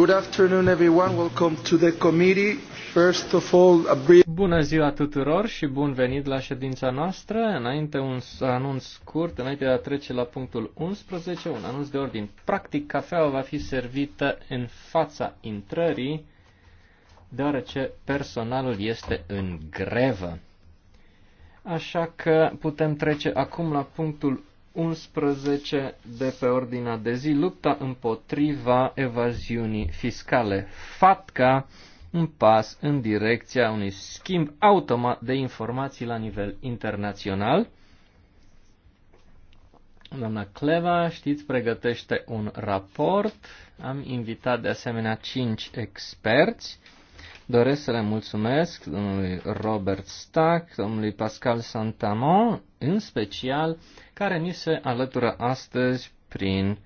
Good afternoon everyone. Welcome to the committee. First of all, a brief... Bună ziua tuturor și bun venit la ședința noastră. Înainte un anunț scurt, înainte de a trece la punctul 11, un anunț de ordin. Practic, cafeaua va fi servită în fața intrării, deoarece personalul este în grevă. Așa că putem trece acum la punctul 11 de pe ordinea de zi, lupta împotriva evaziunii fiscale. FATCA, un pas în direcția unui schimb automat de informații la nivel internațional. Doamna Cleva, știți, pregătește un raport. Am invitat de asemenea cinci experți. Doresc să le mulțumesc domnului Robert Stack, domnului Pascal Santamon, în special care ni se alătură astăzi prin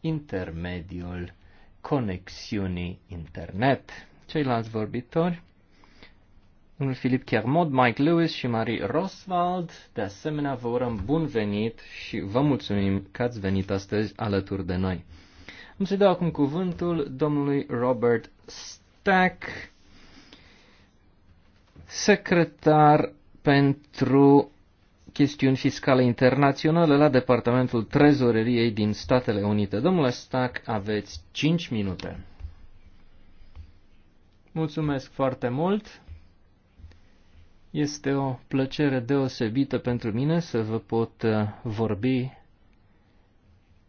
intermediul conexiunii internet. Ceilalți vorbitori, unul Filip Chermod, Mike Lewis și Marie Roswald, de asemenea vă urăm bun venit și vă mulțumim că ați venit astăzi alături de noi. Am să-i dau acum cuvântul domnului Robert Stack, secretar pentru chestiuni fiscale internaționale la Departamentul Trezoreriei din Statele Unite. Domnule Stack, aveți 5 minute. Mulțumesc foarte mult. Este o plăcere deosebită pentru mine să vă pot uh, vorbi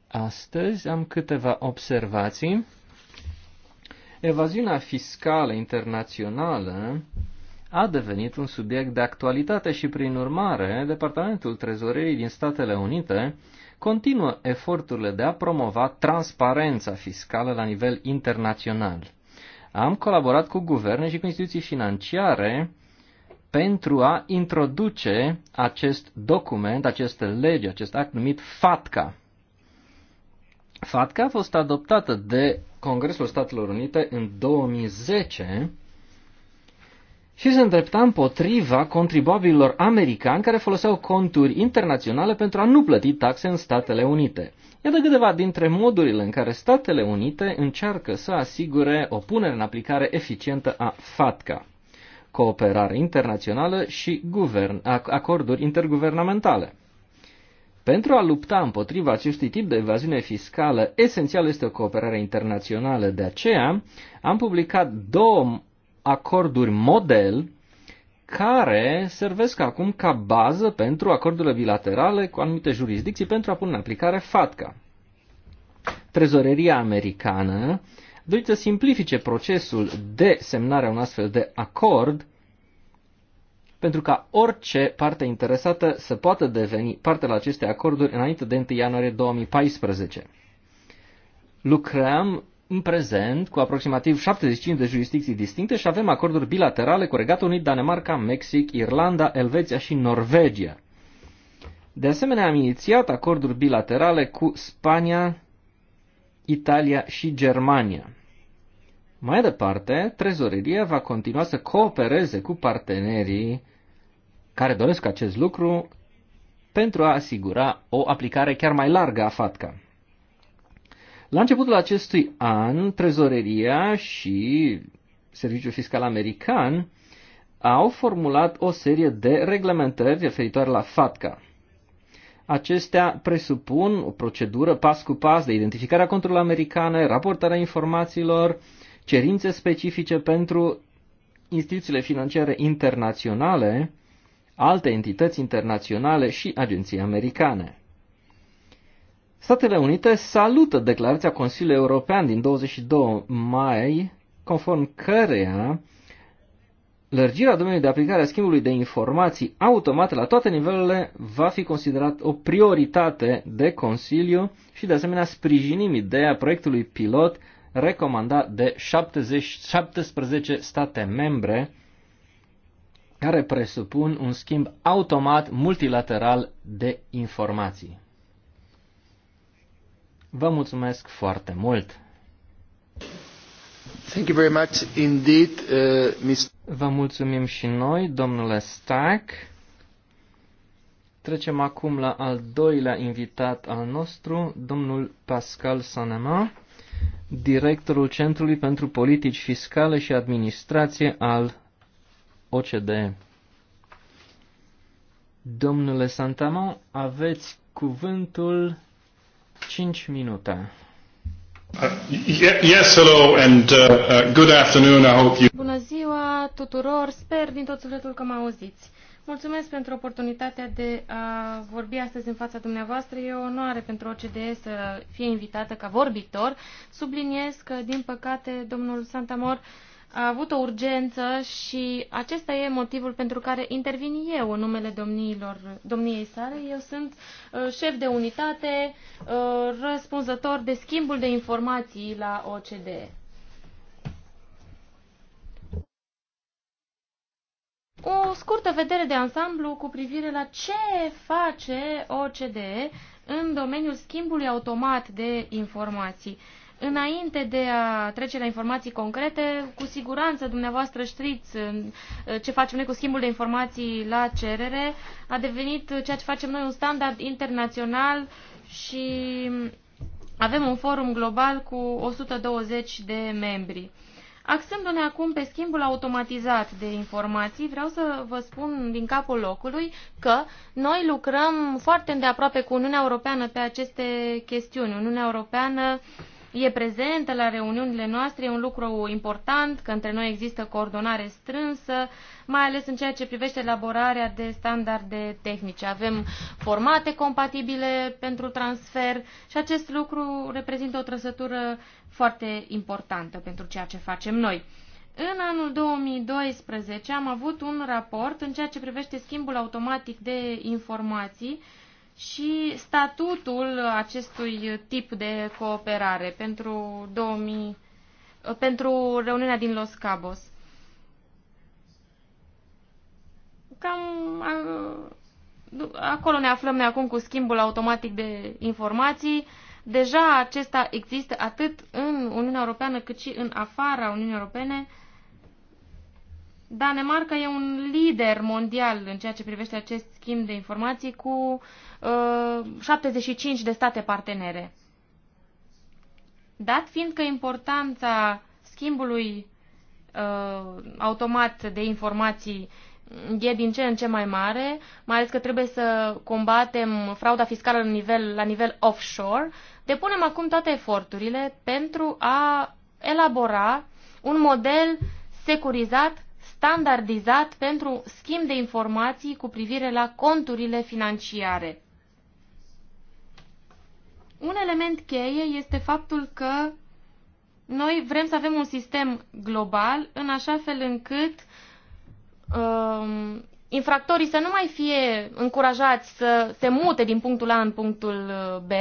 astăzi. Am câteva observații. Evaziunea fiscală internațională a devenit un subiect de actualitate și, prin urmare, Departamentul Trezoreriei din Statele Unite continuă eforturile de a promova transparența fiscală la nivel internațional. Am colaborat cu guverne și cu instituții financiare pentru a introduce acest document, aceste lege, acest act numit FATCA. FATCA a fost adoptată de Congresul Statelor Unite în 2010 și se îndrepta împotriva contribuabililor americani care foloseau conturi internaționale pentru a nu plăti taxe în Statele Unite. Iată câteva dintre modurile în care Statele Unite încearcă să asigure o punere în aplicare eficientă a FATCA, cooperare internațională și guvern, acorduri interguvernamentale. Pentru a lupta împotriva acestui tip de evaziune fiscală, esențial este o cooperare internațională. De aceea, am publicat două acorduri model care servesc acum ca bază pentru acordurile bilaterale cu anumite jurisdicții pentru a pune în aplicare FATCA. Trezoreria americană dorit să simplifice procesul de semnare a un astfel de acord pentru ca orice parte interesată să poată deveni parte la aceste acorduri înainte de 1 ianuarie 2014. Lucrăm în prezent cu aproximativ 75 de jurisdicții distincte și avem acorduri bilaterale cu Regatul Unit, Danemarca, Mexic, Irlanda, Elveția și Norvegia. De asemenea, am inițiat acorduri bilaterale cu Spania, Italia și Germania. Mai departe, trezoreria va continua să coopereze cu partenerii care doresc acest lucru pentru a asigura o aplicare chiar mai largă a FATCA. La începutul acestui an, trezoreria și Serviciul Fiscal American au formulat o serie de reglementări referitoare la FATCA. Acestea presupun o procedură pas cu pas de identificare a conturilor americane, raportarea informațiilor, cerințe specifice pentru instituțiile financiare internaționale, alte entități internaționale și agenții americane. Statele Unite salută declarația Consiliului European din 22 mai, conform căreia lărgirea domeniului de aplicare a schimbului de informații automate la toate nivelurile va fi considerat o prioritate de Consiliu și de asemenea sprijinim ideea proiectului pilot recomandat de 70, 17 state membre care presupun un schimb automat multilateral de informații. Vă mulțumesc foarte mult! Thank you very much indeed, uh, Mr. Vă mulțumim și noi, domnule Stack. Trecem acum la al doilea invitat al nostru, domnul Pascal Sanema, directorul Centrului pentru Politici Fiscale și Administrație al OCDE. Domnule Santama, aveți cuvântul 5 minute. Uh, yes, hello and uh, uh, good afternoon. I hope you... Bună ziua tuturor. Sper din tot sufletul că mă auziți. Mulțumesc pentru oportunitatea de a vorbi astăzi în fața dumneavoastră. E o onoare pentru OCDE să fie invitată ca vorbitor. Subliniez că, din păcate, domnul Santamor uh, a avut o urgență și acesta e motivul pentru care intervin eu în numele domniilor, domniei sale. Eu sunt uh, șef de unitate uh, răspunzător de schimbul de informații la OCDE. O scurtă vedere de ansamblu cu privire la ce face OCDE în domeniul schimbului automat de informații. Uh, Înainte de a trece la informații concrete, cu siguranță dumneavoastră știți uh, ce facem noi cu schimbul de informații la cerere. A devenit ceea ce facem noi un standard internațional și avem un forum global cu 120 de membri. Axându-ne acum pe schimbul automatizat de informații, vreau să vă spun din capul locului că noi lucrăm foarte îndeaproape cu Uniunea Europeană pe aceste chestiuni. Uniunea Europeană uh, e prezentă la reuniunile noastre, e un lucru important, că între noi există coordonare strânsă, mai ales în ceea ce privește elaborarea de standarde tehnice. Avem formate compatibile pentru transfer și acest lucru reprezintă o trăsătură foarte importantă pentru ceea ce facem noi. În anul 2012 am avut un raport în ceea ce privește schimbul automatic de informații și statutul acestui tip de cooperare pentru, 2000, pentru reuniunea din Los Cabos. Cam acolo ne aflăm ne acum cu schimbul automatic de informații. Deja acesta există atât în Uniunea Europeană cât și în afara Uniunii Europene. Danemarca e un lider mondial în ceea ce privește acest schimb de informații cu uh, 75 uh, de state partenere. Dat fiind că importanța schimbului uh, automat de informații e din ce în ce mai mare, mai ales că trebuie să combatem frauda fiscală la nivel, la nivel offshore, depunem acum toate eforturile pentru a elabora un model securizat, standardizat pentru schimb de informații cu privire la conturile financiare. Un element cheie este faptul că noi vrem să avem un sistem global în așa fel încât um, infractorii să nu mai fie încurajați să se mute din punctul A în punctul uh, B.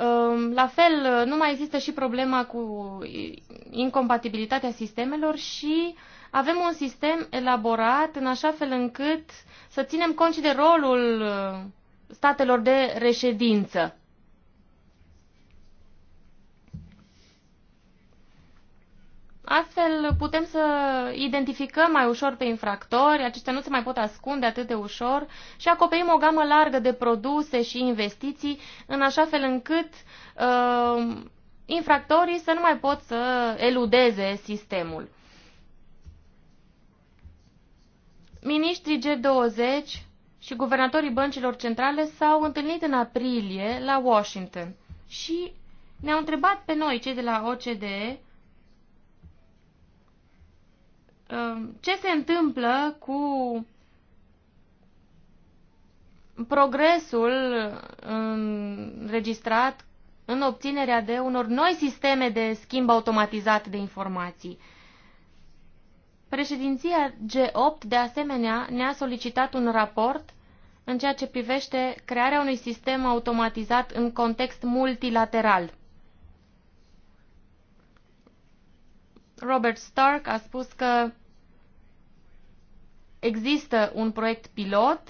Um, la fel, uh, nu mai există și problema cu incompatibilitatea sistemelor și avem un sistem elaborat în așa fel încât să ținem cont și de rolul uh, statelor de reședință. Astfel putem să identificăm mai ușor pe infractori, aceștia nu se mai pot ascunde atât de ușor și acoperim o gamă largă de produse și investiții în așa fel încât uh, infractorii să nu mai pot să eludeze sistemul. Ministrii G20 și guvernatorii băncilor centrale s-au întâlnit în aprilie la Washington și ne-au întrebat pe noi, cei de la OCDE, Ehm, ce se întâmplă cu progresul ehm, înregistrat în obținerea de unor noi sisteme de schimb automatizat de informații. Președinția G8, de asemenea, ne-a solicitat un raport în ceea ce privește crearea unui sistem automatizat în context multilateral. Robert Stark a spus că Există un proiect pilot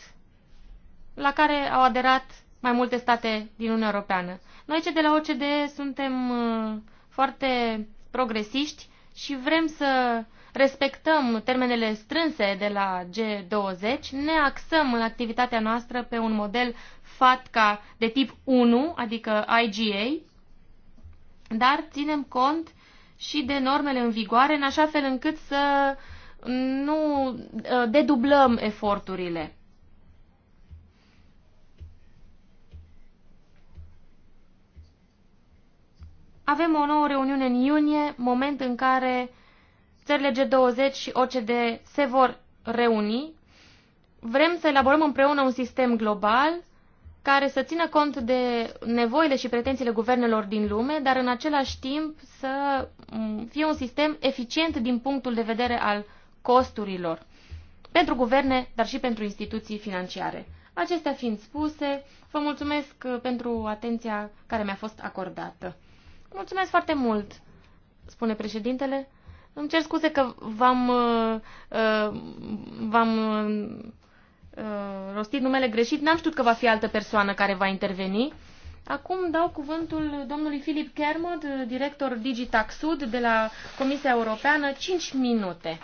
la care au aderat mai multe state din Uniunea Europeană. Noi, cei de la OCDE, suntem uh, foarte progresiști și vrem să respectăm termenele strânse de la G20, ne axăm în activitatea noastră pe un model FATCA de tip 1, adică IGA, dar ținem cont și de normele în vigoare, în așa fel încât să uh, nu uh, dedublăm eforturile. Avem o nouă reuniune în iunie, moment în care țările G20 și OCDE se vor reuni. Vrem să elaborăm împreună un sistem global care să țină cont de nevoile și pretențiile guvernelor din lume, dar în același timp să mm, fie un sistem eficient din punctul de vedere al costurilor pentru guverne, dar și pentru instituții financiare. Acestea fiind spuse, vă mulțumesc uh, pentru atenția care mi-a fost acordată. Mulțumesc foarte mult, spune președintele. Îmi cer scuze că v-am, uh, uh, v-am rostit numele greșit. N-am știut că va fi altă persoană care va interveni. Acum dau cuvântul domnului Filip Kermod, director Digitax Sud de la Comisia Europeană, 5 minute.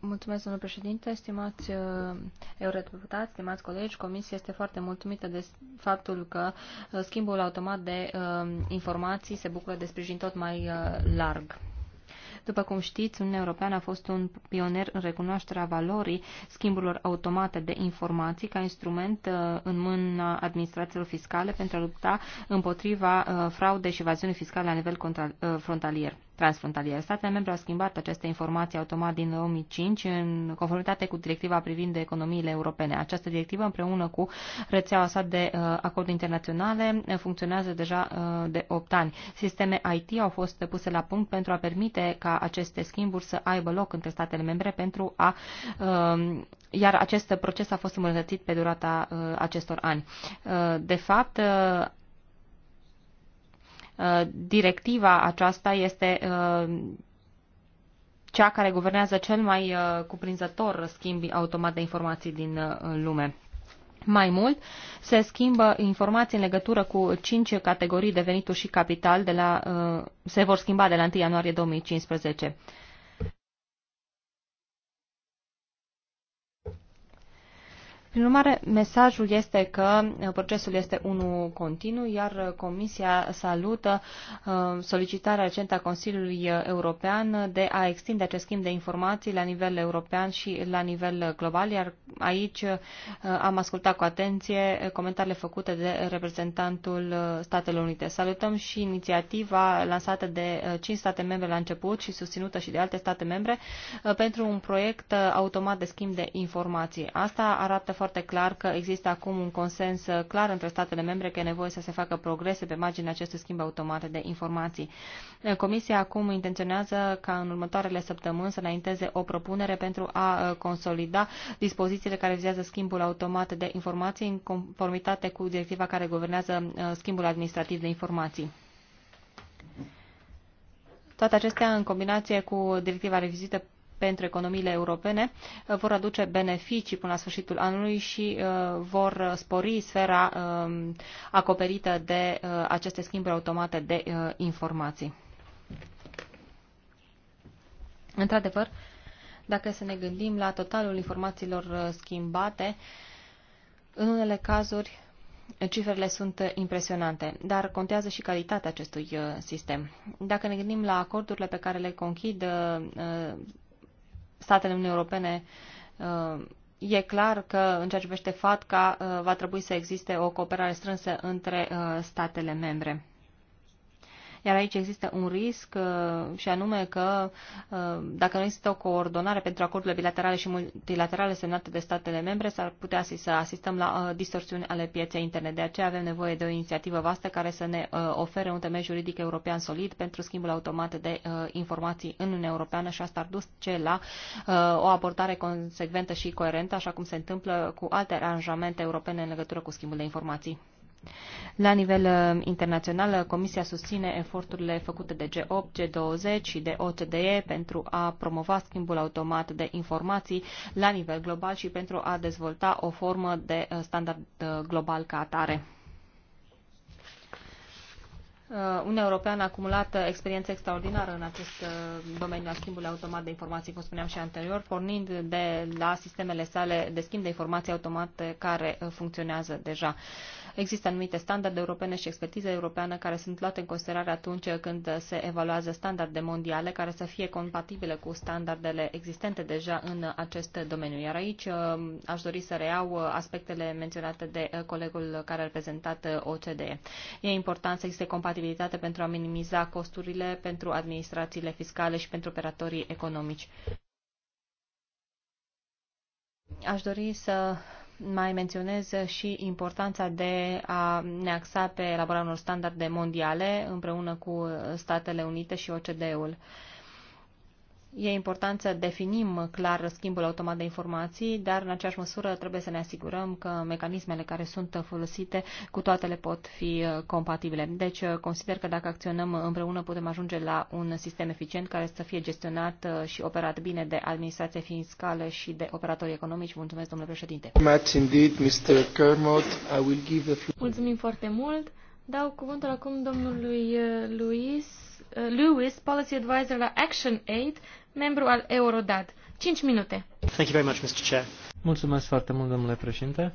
Mulțumesc, domnule președinte, stimați uh, eurodeputați, stimați colegi. Comisia este foarte mulțumită de faptul că uh, schimbul automat de uh, informații se bucură de sprijin tot mai larg. După cum știți, Uniunea Europeană a fost un pionier în recunoașterea valorii schimburilor automate de informații ca instrument uh, în mâna administrațiilor fiscale pentru a lupta împotriva uh, fraudei și evaziunii fiscale la nivel uh, frontalier transfrontalier. Statele membre au schimbat aceste informații automat din 2005 în conformitate cu directiva privind economiile europene. Această directivă împreună cu rețeaua sa de uh, acorduri internaționale uh, funcționează deja uh, de 8 ani. Sisteme IT au fost puse la punct pentru a permite ca aceste schimburi să aibă loc între statele membre pentru a uh, iar acest proces a fost îmbunătățit pe durata uh, acestor ani. Uh, de fapt, uh, Uh, directiva aceasta este uh, cea care guvernează cel mai uh, cuprinzător schimb automat de informații din lume. Mai mult, se schimbă informații în legătură cu cinci categorii de venituri și capital de la, se vor schimba de la 1 ianuarie 2015. Prin urmare, mesajul este că uh, procesul este unul continuu, iar uh, Comisia salută uh, solicitarea recentă a Consiliului European de a extinde acest schimb de informații la nivel european și la nivel global, iar aici am ascultat cu atenție comentariile făcute de reprezentantul Statelor Unite. Salutăm și inițiativa lansată de 5 state membre la început și susținută și de alte state membre pentru un proiect automat de schimb de informații. Asta arată foarte foarte clar că există acum un consens clar între statele membre că e nevoie să se facă progrese pe marginea acestui schimb automat de informații. Comisia acum intenționează ca în următoarele săptămâni să înainteze o propunere pentru a uh, consolida dispozițiile care vizează schimbul automat de informații în conformitate cu directiva care guvernează uh, schimbul administrativ de informații. Toate acestea în combinație cu directiva revizită pentru economiile europene uh, vor aduce beneficii până la sfârșitul anului și uh, vor spori sfera um, acoperită de uh, aceste schimburi automate de informații. Într-adevăr, dacă să ne gândim la totalul informațiilor schimbate, în unele cazuri cifrele sunt impresionante, dar contează și calitatea acestui sistem. Dacă ne gândim la acordurile pe care le conchid statele Uniunii Europene, uh, e clar că în ceea ce privește FATCA uh, va trebui să existe o cooperare strânsă între uh, statele membre. Iar aici există un risc uh, și anume că uh, dacă nu există o coordonare pentru acordurile bilaterale și multilaterale semnate de statele membre, s-ar putea să asistăm la uh, distorsiuni ale pieței interne. De aceea avem nevoie de o inițiativă vastă care să ne ofere un temei juridic european solid pentru schimbul automat de informații în Uniunea Europeană și asta ar duce la o abordare consecventă și coerentă, așa cum se întâmplă cu alte aranjamente europene în legătură cu schimbul de informații. La nivel uh, internațional, uh, Comisia susține eforturile făcute de G8, G20 și de OCDE pentru a promova schimbul automat de informații la nivel global și pentru a dezvolta o formă de uh, standard global ca atare. Uniunea Europeană a acumulat experiență extraordinară în acest domeniu al schimbului automat de informații, cum spuneam și anterior, pornind de la sistemele sale de schimb de informații automate care funcționează deja. Există anumite standarde europene și expertiză europeană care sunt luate în considerare atunci când se evaluează standarde mondiale care să fie compatibile cu standardele existente deja în acest domeniu. Iar aici uh, aș dori să reiau uh, aspectele menționate de uh, colegul care a reprezentat OCDE. E important să existe compatibilitate pentru a minimiza costurile pentru administrațiile fiscale și pentru operatorii economici. Aș dori să mai menționez și importanța de a ne axa pe elaborarea unor standarde mondiale împreună cu Statele Unite și OCDE-ul. Uh, E important să definim clar schimbul automat de informații, dar în aceeași măsură trebuie să ne asigurăm că mecanismele care sunt folosite cu toate le pot fi uh, compatibile. Deci uh, consider că dacă acționăm împreună putem ajunge la un sistem eficient care să fie gestionat uh, și operat bine de administrație fiscală și de operatori economici. Mulțumesc, domnule președinte. Mulțumim foarte mult. Dau cuvântul acum domnului Luis Lewis, Policy Advisor la Action Aid, membru al Eurodad. 5 minute. Thank you very much, Mr. Chair. Mulțumesc foarte mult, domnule președinte.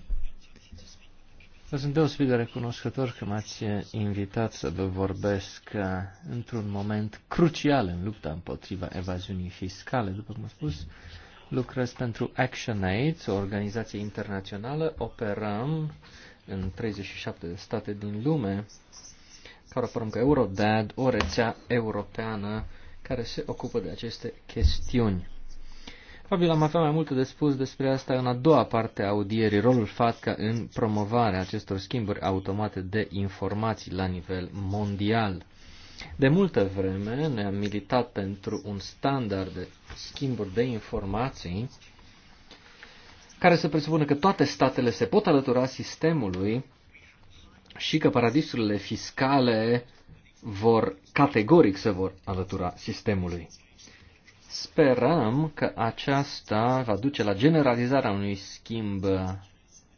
Vă sunt deosebit de recunoscător că m-ați invitat să vă vorbesc uh, într-un moment crucial în lupta împotriva evaziunii fiscale. După cum am spus, lucrez pentru ActionAid, o organizație internațională. Operăm în 37 de state din lume care o poruncă Eurodad, o rețea europeană care se ocupă de aceste chestiuni. Probabil am avea mai multe de spus despre asta în a doua parte a audierii, rolul FATCA în promovarea acestor schimburi automate de informații la nivel mondial. De multă vreme ne-am militat pentru un standard de schimburi de informații care să presupună că toate statele se pot alătura sistemului și că paradisurile fiscale vor categoric se vor alătura sistemului. Sperăm că aceasta va duce la generalizarea unui schimb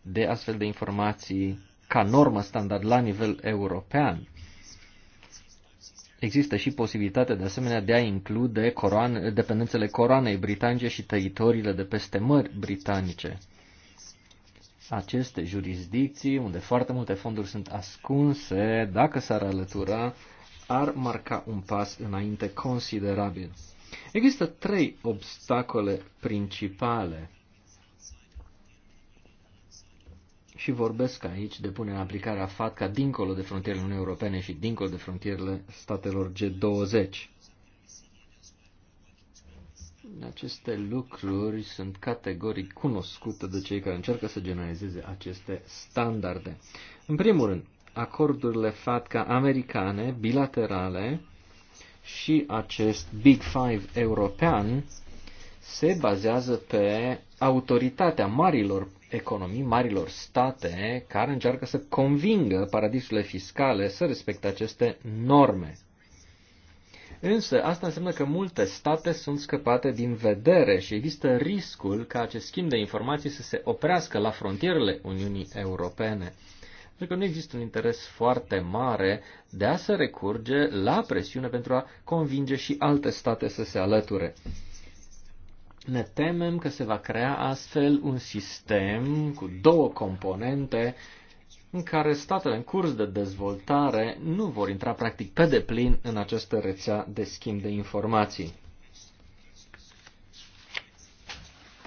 de astfel de informații ca normă standard la nivel european. Există și posibilitatea de asemenea de a include coroane, dependențele coroanei britanice și teritoriile de peste mări britanice aceste jurisdicții, unde foarte multe fonduri sunt ascunse, dacă s-ar alătura, ar marca un pas înainte considerabil. Există trei obstacole principale și vorbesc aici de punerea în aplicare a FATCA dincolo de frontierele Uniunii Europene și dincolo de frontierele statelor G20. Aceste lucruri sunt categoric cunoscute de cei care încearcă să generalizeze aceste standarde. În primul rând, acordurile FATCA americane, bilaterale și acest Big Five european se bazează pe autoritatea marilor economii, marilor state care încearcă să convingă paradisurile fiscale să respecte aceste norme. Însă, asta înseamnă că multe state sunt scăpate din vedere și există riscul ca acest schimb de informații să se oprească la frontierele Uniunii Europene. Pentru că nu există un interes foarte mare de a se recurge la presiune pentru a convinge și alte state să se alăture. Ne temem că se va crea astfel un sistem cu două componente în care statele în curs de dezvoltare nu vor intra practic pe deplin în această rețea de schimb de informații.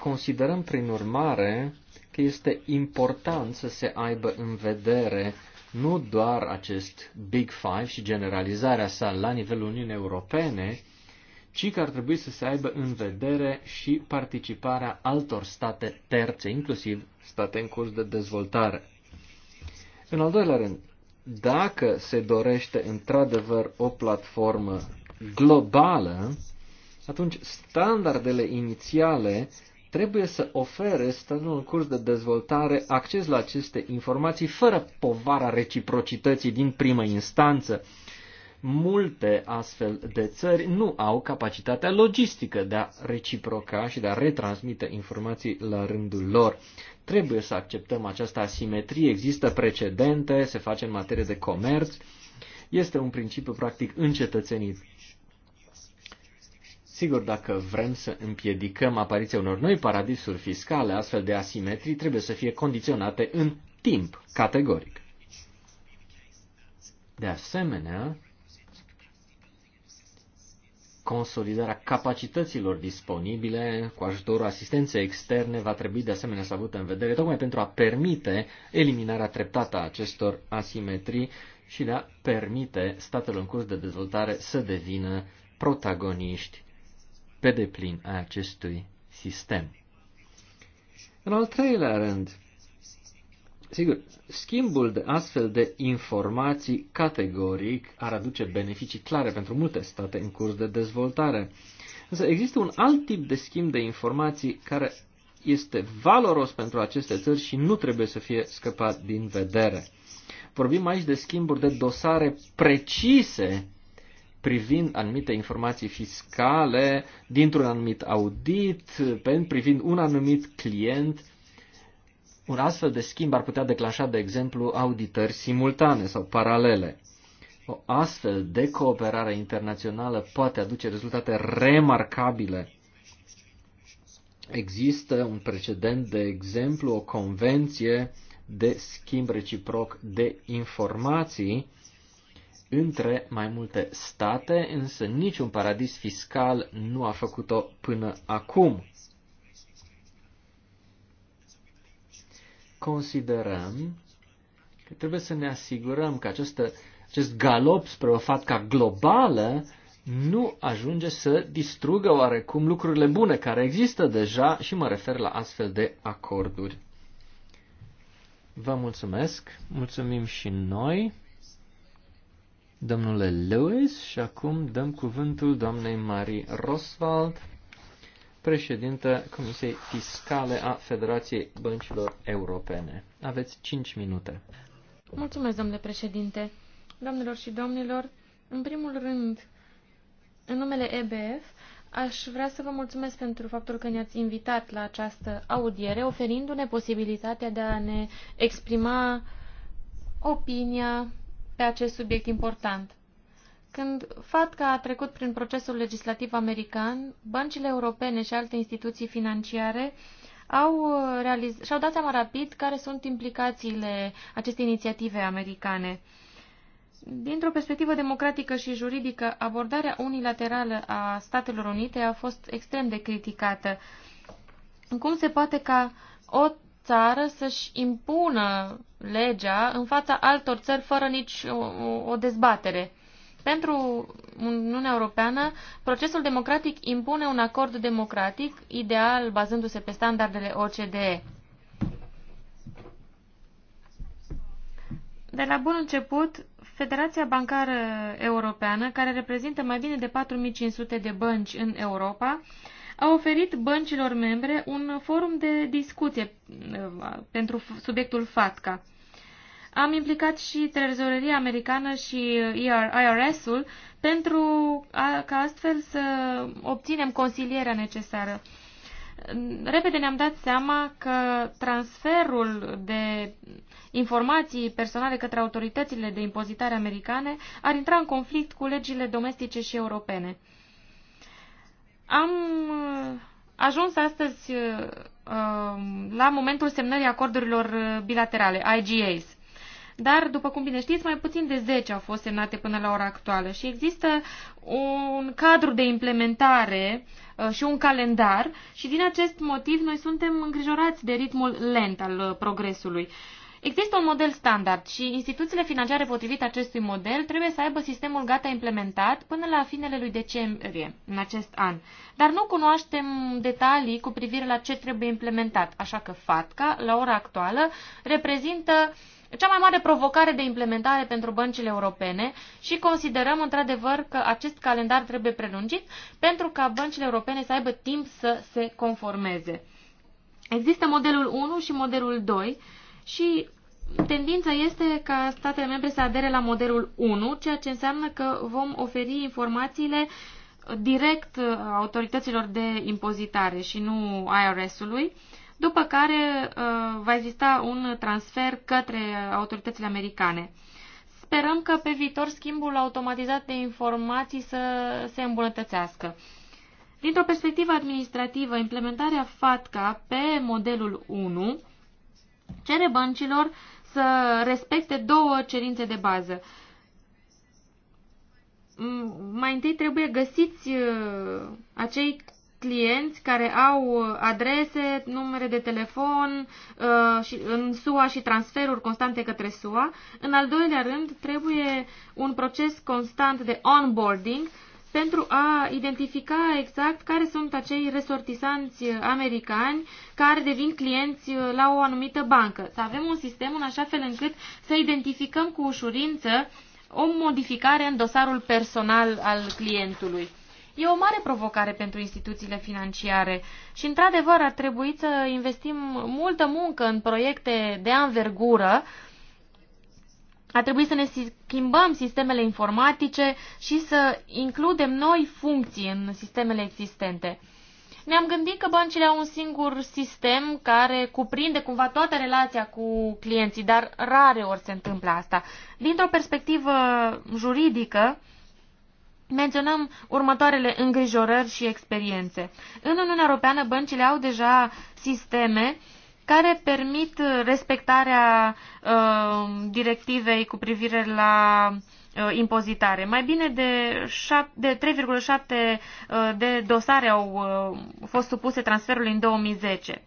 Considerăm prin urmare că este important să se aibă în vedere nu doar acest Big Five și generalizarea sa la nivelul Uniunii Europene, ci că ar trebui să se aibă în vedere și participarea altor state terțe, inclusiv state în curs de dezvoltare. În al doilea rând, dacă se dorește într-adevăr o platformă globală, atunci standardele inițiale trebuie să ofere statelor în curs de dezvoltare acces la aceste informații fără povara reciprocității din primă instanță multe astfel de țări nu au capacitatea logistică de a reciproca și de a retransmite informații la rândul lor. Trebuie să acceptăm această asimetrie. Există precedente, se face în materie de comerț. Este un principiu practic încetățenit. Sigur, dacă vrem să împiedicăm apariția unor noi paradisuri fiscale, astfel de asimetrii trebuie să fie condiționate în timp, categoric. De asemenea, consolidarea capacităților disponibile cu ajutorul asistenței externe va trebui de asemenea să avută în vedere, tocmai pentru a permite eliminarea treptată a acestor asimetrii și de a permite statelor în curs de dezvoltare să devină protagoniști pe deplin a acestui sistem. În al treilea rând, Sigur, schimbul de astfel de informații categoric ar aduce beneficii clare pentru multe state în curs de dezvoltare. Însă există un alt tip de schimb de informații care este valoros pentru aceste țări și nu trebuie să fie scăpat din vedere. Vorbim aici de schimburi de dosare precise privind anumite informații fiscale dintr-un anumit audit, privind un anumit client un astfel de schimb ar putea declanșa, de exemplu, auditări simultane sau paralele. O astfel de cooperare internațională poate aduce rezultate remarcabile. Există un precedent, de exemplu, o convenție de schimb reciproc de informații între mai multe state, însă niciun paradis fiscal nu a făcut-o până acum. considerăm că trebuie să ne asigurăm că această, acest galop spre o fatca globală nu ajunge să distrugă oarecum lucrurile bune care există deja și mă refer la astfel de acorduri. Vă mulțumesc, mulțumim și noi, domnule Lewis, și acum dăm cuvântul doamnei Marie Roswald președintă Comisiei Fiscale a Federației Băncilor Europene. Aveți 5 minute. Mulțumesc, domnule președinte. Doamnelor și domnilor, în primul rând, în numele EBF, aș vrea să vă mulțumesc pentru faptul că ne-ați invitat la această audiere, oferindu-ne posibilitatea de a ne exprima opinia pe acest subiect important. Când FATCA a trecut prin procesul legislativ american, băncile europene și alte instituții financiare au uh, realiz- și-au dat seama rapid care sunt implicațiile acestei inițiative americane. Dintr-o perspectivă democratică și juridică, abordarea unilaterală a Statelor Unite a fost extrem de criticată. Cum se poate ca o țară să-și impună legea în fața altor țări fără nici o, o dezbatere? Pentru Uniunea Europeană, procesul democratic impune un acord democratic, ideal bazându-se pe standardele OCDE. De la bun început, Federația Bancară Europeană, care reprezintă mai bine de 4500 de bănci în Europa, a oferit băncilor membre un forum de discuție eh, pentru subiectul FATCA am implicat și trezoreria americană și IRS-ul pentru a, ca astfel să obținem consilierea necesară. Repede ne-am dat seama că transferul de informații personale către autoritățile de impozitare americane ar intra în conflict cu legile domestice și europene. Am uh, ajuns astăzi uh, la momentul semnării acordurilor bilaterale, IGAs dar, după cum bine știți, mai puțin de 10 au fost semnate până la ora actuală și există un cadru de implementare uh, și un calendar și din acest motiv noi suntem îngrijorați de ritmul lent al uh, progresului. Există un model standard și instituțiile financiare potrivit acestui model trebuie să aibă sistemul gata implementat până la finele lui decembrie în acest an. Dar nu cunoaștem detalii cu privire la ce trebuie implementat, așa că FATCA, la ora actuală, reprezintă uh, cea mai mare provocare de implementare pentru băncile europene și considerăm într-adevăr că acest calendar trebuie prelungit pentru ca băncile europene să aibă timp să se conformeze. Există modelul 1 și modelul 2 și tendința este ca statele membre să adere la modelul 1, ceea ce înseamnă că vom oferi informațiile direct uh, autorităților de impozitare și nu IRS-ului. Uh, după care uh, va exista un transfer către autoritățile americane. Sperăm că pe viitor schimbul automatizat de informații să se îmbunătățească. Dintr-o perspectivă administrativă, implementarea FATCA pe modelul 1 cere băncilor să respecte două cerințe de bază. Mai întâi trebuie găsiți uh, acei clienți care au uh, adrese, numere de telefon uh, și, în SUA și transferuri constante către SUA. În al doilea rând, trebuie un proces constant de onboarding pentru a identifica exact care sunt acei resortisanți americani care devin clienți uh, la o anumită bancă. Să avem un sistem în așa fel încât să identificăm cu ușurință o modificare în dosarul personal al clientului. E o mare provocare pentru instituțiile financiare și, într-adevăr, ar trebui să investim multă muncă în proiecte de anvergură ar trebui să ne schimbăm sistemele informatice și să includem noi funcții în sistemele existente. Ne-am gândit că băncile au un singur sistem care cuprinde cumva toată relația cu clienții, dar rare ori se întâmplă asta. Dintr-o perspectivă juridică, menționăm următoarele îngrijorări și experiențe. În Uniunea Europeană, băncile au deja sisteme care permit respectarea uh, directivei cu privire la uh, impozitare. Mai bine de, de 3,7 uh, de dosare au uh, fost supuse transferului în 2010.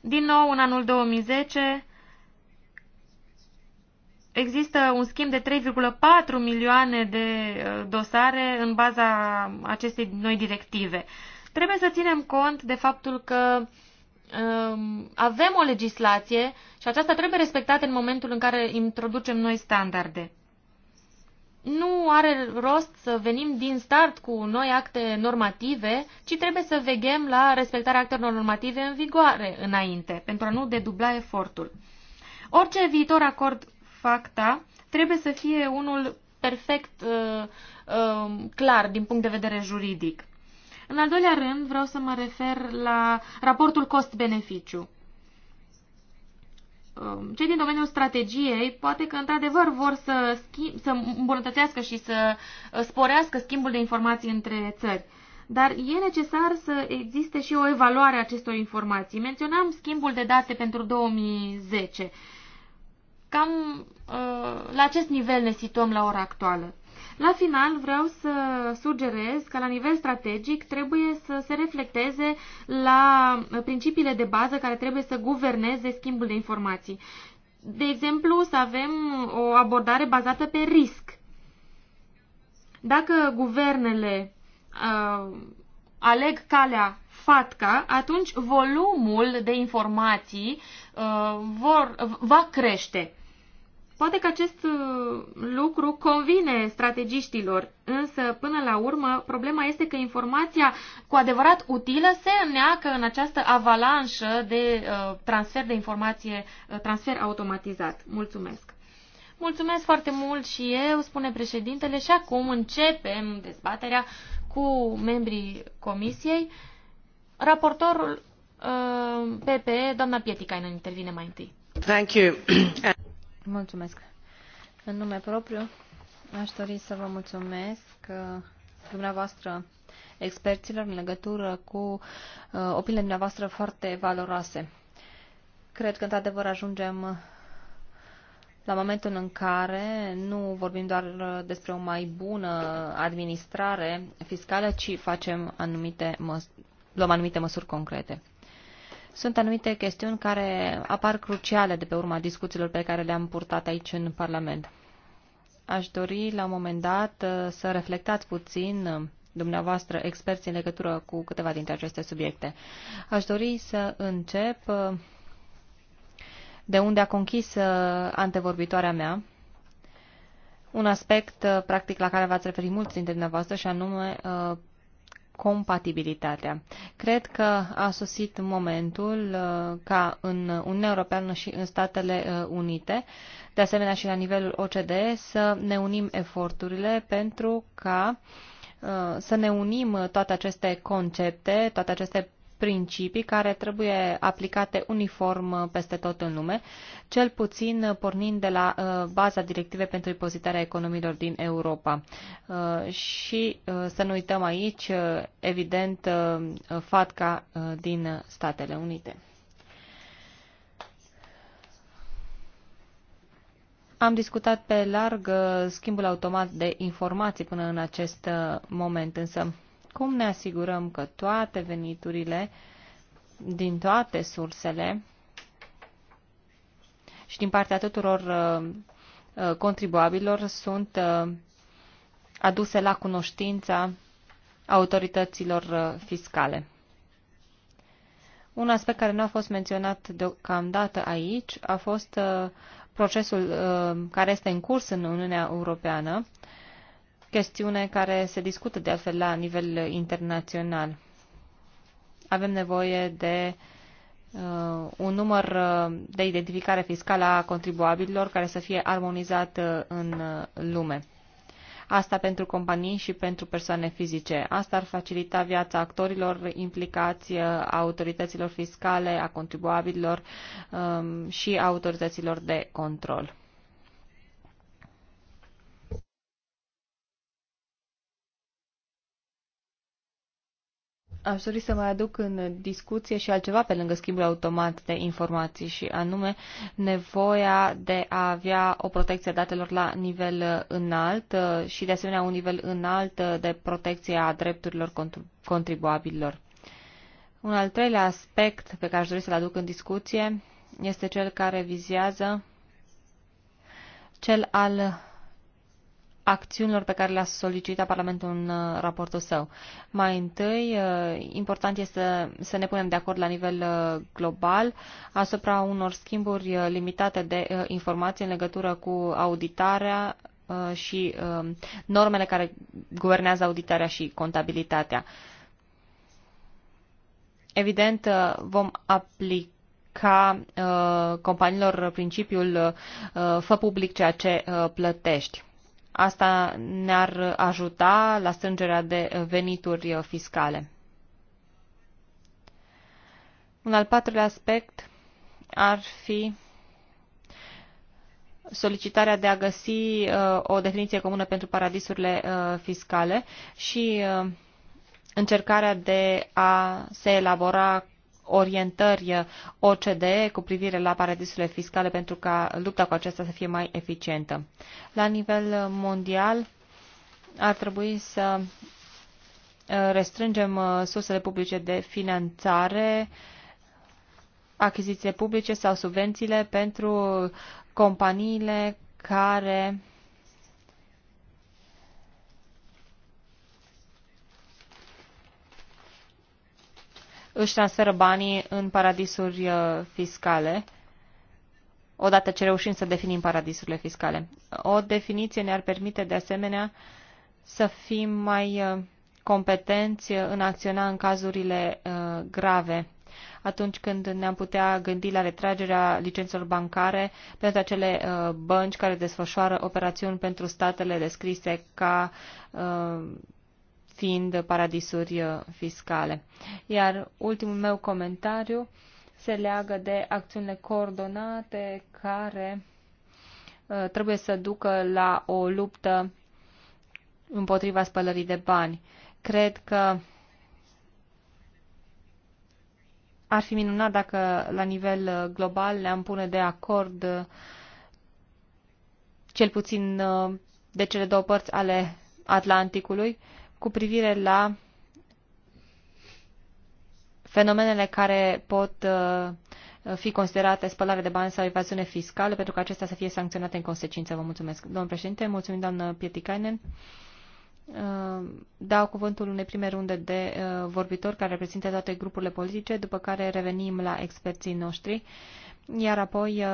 Din nou, în anul 2010, Există un schimb de 3,4 milioane de uh, dosare în baza acestei noi directive. Trebuie să ținem cont de faptul că um, avem o legislație și aceasta trebuie respectată în momentul în care introducem noi standarde. Nu are rost să venim din start cu noi acte normative, ci trebuie să veghem la respectarea actelor normative în vigoare înainte, pentru a nu dedubla efortul. Orice viitor acord FACTA trebuie să fie unul perfect uh, uh, clar din punct de vedere juridic. În al doilea rând, vreau să mă refer la raportul cost-beneficiu. Um, cei din domeniul strategiei poate că într-adevăr vor să, schimb, să îmbunătățească și să uh, sporească schimbul de informații între țări. Dar e necesar să existe și o evaluare a acestor informații. Menționam schimbul de date pentru 2010. Cam uh, la acest nivel ne situăm la ora actuală. La final vreau să sugerez că la nivel strategic trebuie să se reflecteze la principiile de bază care trebuie să guverneze schimbul de informații. De exemplu, să avem o abordare bazată pe risc. Dacă guvernele uh, aleg calea FATCA, atunci volumul de informații uh, vor, va crește. Poate că acest uh, lucru convine strategiștilor, însă până la urmă problema este că informația cu adevărat utilă se înneacă în această avalanșă de uh, transfer de informație, uh, transfer automatizat. Mulțumesc! Mulțumesc foarte mult și eu, spune președintele, și acum începem dezbaterea cu membrii comisiei. Raportorul uh, PPE, doamna Pieticainen, intervine mai întâi. Thank you. Mulțumesc. În nume propriu, aș dori să vă mulțumesc uh, dumneavoastră experților în legătură cu uh, opiniile dumneavoastră foarte valoroase. Cred că, într-adevăr, ajungem uh, la momentul în care nu vorbim doar uh, despre o mai bună administrare fiscală, ci facem anumite luăm anumite măsuri concrete. Sunt anumite chestiuni care apar cruciale de pe urma discuțiilor pe care le-am purtat aici în Parlament. Aș dori la un moment dat uh, să reflectați puțin uh, dumneavoastră experți în legătură cu câteva dintre aceste subiecte. Aș dori să încep uh, de unde a conchis antevorbitoarea mea, un aspect practic la care v-ați referit mulți dintre dumneavoastră și anume compatibilitatea. Cred că a sosit momentul uh, ca în Uniunea Europeană și în Statele uh, Unite, de asemenea și la nivelul OCDE, să ne unim eforturile pentru ca uh, să ne unim toate aceste concepte, toate aceste principii care trebuie aplicate uniform peste tot în lume, cel puțin pornind de la uh, baza directivei pentru impozitarea economiilor din Europa. Uh, și uh, să nu uităm aici, evident, FATCA din Statele Unite. Am discutat pe larg schimbul automat de informații până în acest moment, însă cum ne asigurăm că toate veniturile din toate sursele și din partea tuturor uh, uh, contribuabilor sunt uh, aduse la cunoștința autorităților fiscale. Un aspect care nu a fost menționat deocamdată aici a fost procesul care este în curs în Uniunea Europeană chestiune care se discută de altfel la nivel internațional. Avem nevoie de uh, un număr uh, de identificare fiscală a contribuabililor care să fie armonizat uh, în uh, lume. Asta pentru companii și pentru persoane fizice. Asta ar facilita viața actorilor implicați, a autorităților fiscale, a contribuabililor um, și a autorităților de control. Aș dori să mai aduc în discuție și altceva pe lângă schimbul automat de informații și anume nevoia de a avea o protecție a datelor la nivel înalt uh, și de asemenea un nivel înalt uh, de protecție a drepturilor contribuabililor. Un al treilea aspect pe care aș dori să-l aduc în discuție este cel care vizează cel al acțiunilor pe care le-a solicitat Parlamentul în uh, raportul său. Mai întâi, uh, important este să ne punem de acord la nivel uh, global asupra unor schimburi limitate de informații în legătură cu auditarea și um, normele care guvernează auditarea și contabilitatea. Evident, vom aplica ca uh, companiilor principiul uh, fă public ceea ce uh, plătești. Asta ne-ar ajuta la strângerea de venituri fiscale. Un al patrulea aspect ar fi solicitarea de a găsi uh, o definiție comună pentru paradisurile uh, fiscale și uh, încercarea de a se elabora orientări OCDE cu privire la paradisurile fiscale pentru ca lupta cu acesta să fie mai eficientă. La nivel mondial ar trebui să uh, restrângem uh, sursele publice de finanțare, achizițiile publice sau subvențiile pentru companiile care își transferă banii în paradisuri uh, fiscale, odată ce reușim să definim paradisurile fiscale. O definiție ne-ar permite, de asemenea, să fim mai uh, competenți în a acționa în cazurile uh, grave atunci când ne-am putea gândi la retragerea licențelor bancare pentru acele bănci care desfășoară operațiuni pentru statele descrise ca fiind paradisuri uh, fiscale. Iar ultimul meu comentariu se leagă de acțiunile coordonate care uh, trebuie să ducă la o luptă împotriva spălării de bani. Cred că ar fi minunat dacă la nivel uh, global le am pune de acord cel puțin de cele două părți ale Atlanticului cu privire la fenomenele care pot uh, fi considerate spălare de bani sau evaziune fiscală, pentru că acestea să fie sancționate în consecință. Vă mulțumesc, domnul președinte. Mulțumim, doamnă Pieticainen. Uh, dau cuvântul unei prime runde de uh, vorbitori care reprezintă toate grupurile politice, după care revenim la experții noștri, iar apoi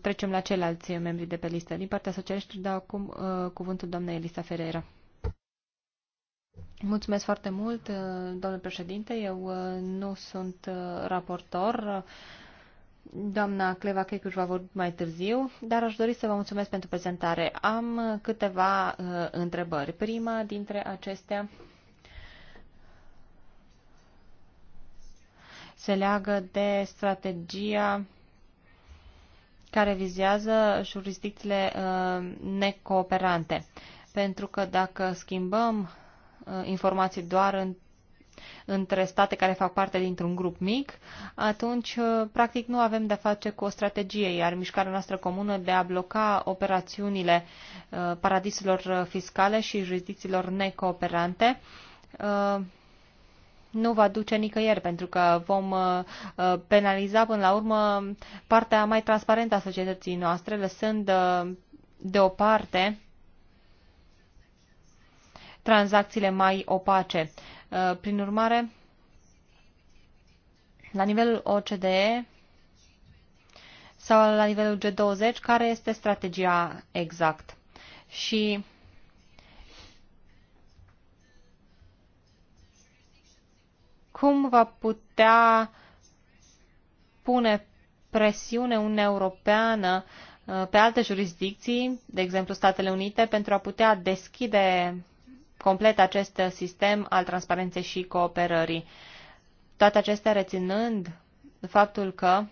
trecem la ceilalți membri de pe listă. Din partea socialiștilor dau acum cuvântul doamnei Elisa Ferreira. Mulțumesc foarte mult, uh, domnule președinte. Eu uh, nu sunt uh, raportor. Doamna Cleva Checuș va vorbi mai târziu, dar aș dori să vă mulțumesc pentru prezentare. Am câteva întrebări. Prima dintre acestea se leagă de strategia care vizează jurisdicțiile necooperante. Pentru că dacă schimbăm Uh, informații doar în, între state care fac parte dintr-un grup mic, atunci uh, practic nu avem de-a face cu o strategie, iar mișcarea noastră comună de a bloca operațiunile uh, paradisurilor fiscale și jurisdicțiilor necooperante nu va duce nicăieri, pentru că vom penaliza până la urmă partea mai transparentă a societății noastre, lăsând deoparte tranzacțiile mai opace. Uh, prin urmare, la nivelul OCDE sau la nivelul G20, care este strategia exact? Și cum va putea pune presiune Uniunea Europeană uh, pe alte jurisdicții, de exemplu Statele Unite, pentru a putea deschide complet acest sistem al transparenței și cooperării. Toate acestea reținând faptul că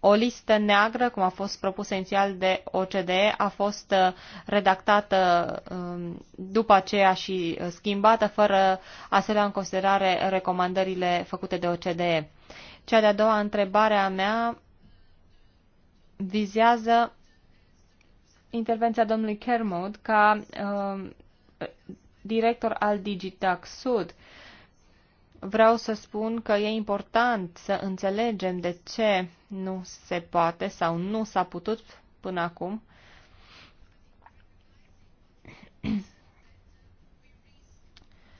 o listă neagră, cum a fost propusă inițial de OCDE, a fost uh, redactată um, după aceea și uh, schimbată fără a se lua în considerare recomandările făcute de OCDE. Cea de-a doua întrebare a mea vizează intervenția domnului Kermod ca um, director al Digitax Sud. Vreau să spun că e important să înțelegem de ce nu se poate sau nu s-a putut până acum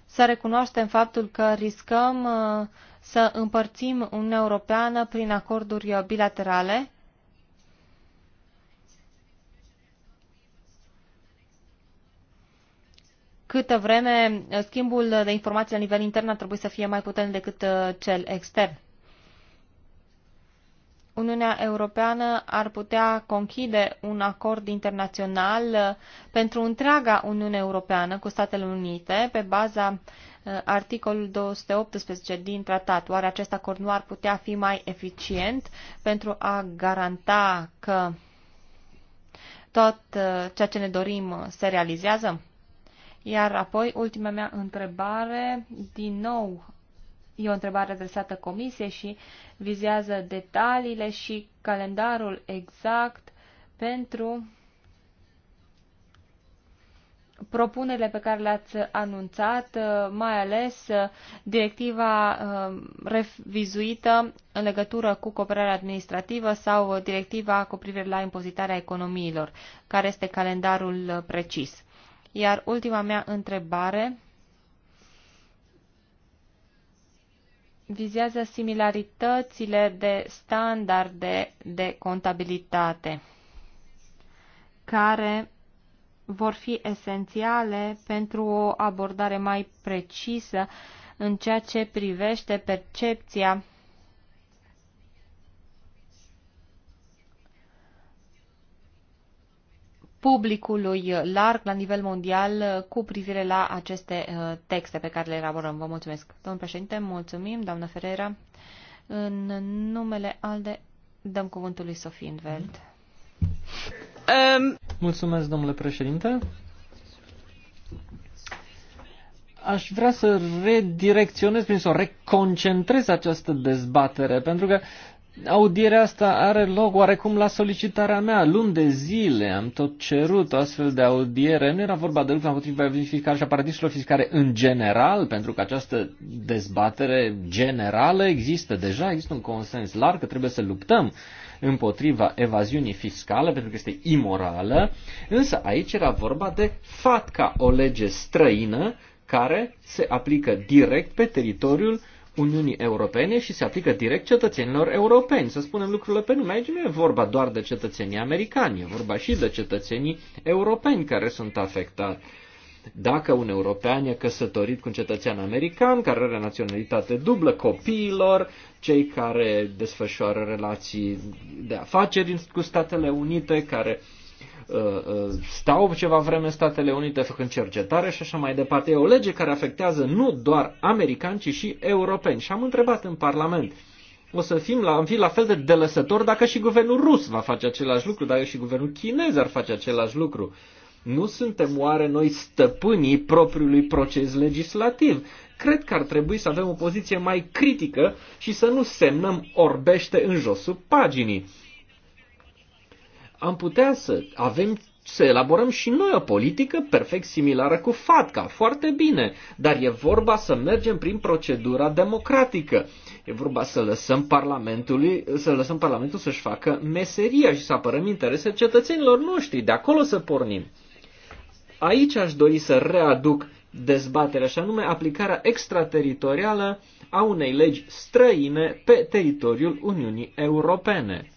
să recunoaștem faptul că riscăm uh, să împărțim Uniunea Europeană prin acorduri bilaterale câtă vreme uh, schimbul de informații la nivel intern ar trebui să fie mai puternic decât uh, cel extern. Uniunea Europeană ar putea conchide un acord internațional uh, pentru întreaga Uniune Europeană cu Statele Unite pe baza articolul 218 din tratat. Oare acest acord nu ar putea fi mai eficient pentru a garanta că tot ceea ce ne dorim se realizează? Iar apoi, ultima mea întrebare, din nou, e o întrebare adresată comisiei și vizează detaliile și calendarul exact pentru propunerile pe care le-ați anunțat, mai ales uh, directiva uh, revizuită în legătură cu cooperarea administrativă sau uh, directiva cu privire la impozitarea economiilor, care este calendarul precis. Iar ultima mea întrebare vizează similaritățile de standarde de contabilitate care vor fi esențiale pentru o abordare mai precisă în ceea ce privește percepția publicului larg la nivel mondial cu privire la aceste uh, texte pe care le elaborăm. Vă mulțumesc. Domnul președinte, mulțumim. Doamnă Ferreira, în numele ALDE dăm cuvântul lui Sofie Inveld. Um... Mulțumesc, domnule președinte. Aș vrea să redirecționez, prin să reconcentrez această dezbatere, pentru că audierea asta are loc oarecum la solicitarea mea. Luni de zile am tot cerut o astfel de audiere. Nu era vorba de lupta împotriva fiscale, și a paradisurilor fiscale în general, pentru că această dezbatere generală există deja, există un consens larg că trebuie să luptăm împotriva evaziunii fiscale, pentru că este imorală, însă aici era vorba de FATCA, o lege străină care se aplică direct pe teritoriul uh, Uniunii Europene și se aplică direct cetățenilor europeni. Să spunem lucrurile pe nume. Aici nu e vorba doar de cetățenii americani, e vorba și de cetățenii europeni care sunt afectați. Dacă un european e căsătorit cu un cetățean american care are naționalitate dublă, copiilor, cei care desfășoară relații de afaceri cu Statele Unite, care uh, Uh, uh, stau ceva vreme în Statele Unite făcând cercetare și așa mai departe. E o lege care afectează nu doar americani, ci și europeni. Și am întrebat în Parlament, o să fim la, am fi la fel de delăsător dacă și guvernul rus va face același lucru, dacă și guvernul chinez ar face același lucru. Nu suntem oare noi stăpânii propriului proces legislativ? Cred că ar trebui să avem o poziție mai critică și să nu semnăm orbește în josul paginii am putea să avem să elaborăm și noi o politică perfect similară cu FATCA, foarte bine, dar e vorba să mergem prin procedura democratică. E vorba să lăsăm, parlamentului, să lăsăm Parlamentul să-și facă meseria și să apărăm interesele cetățenilor noștri. De acolo să pornim. Aici aș dori să readuc dezbaterea, și anume aplicarea extrateritorială a unei legi străine pe teritoriul Uniunii Europene.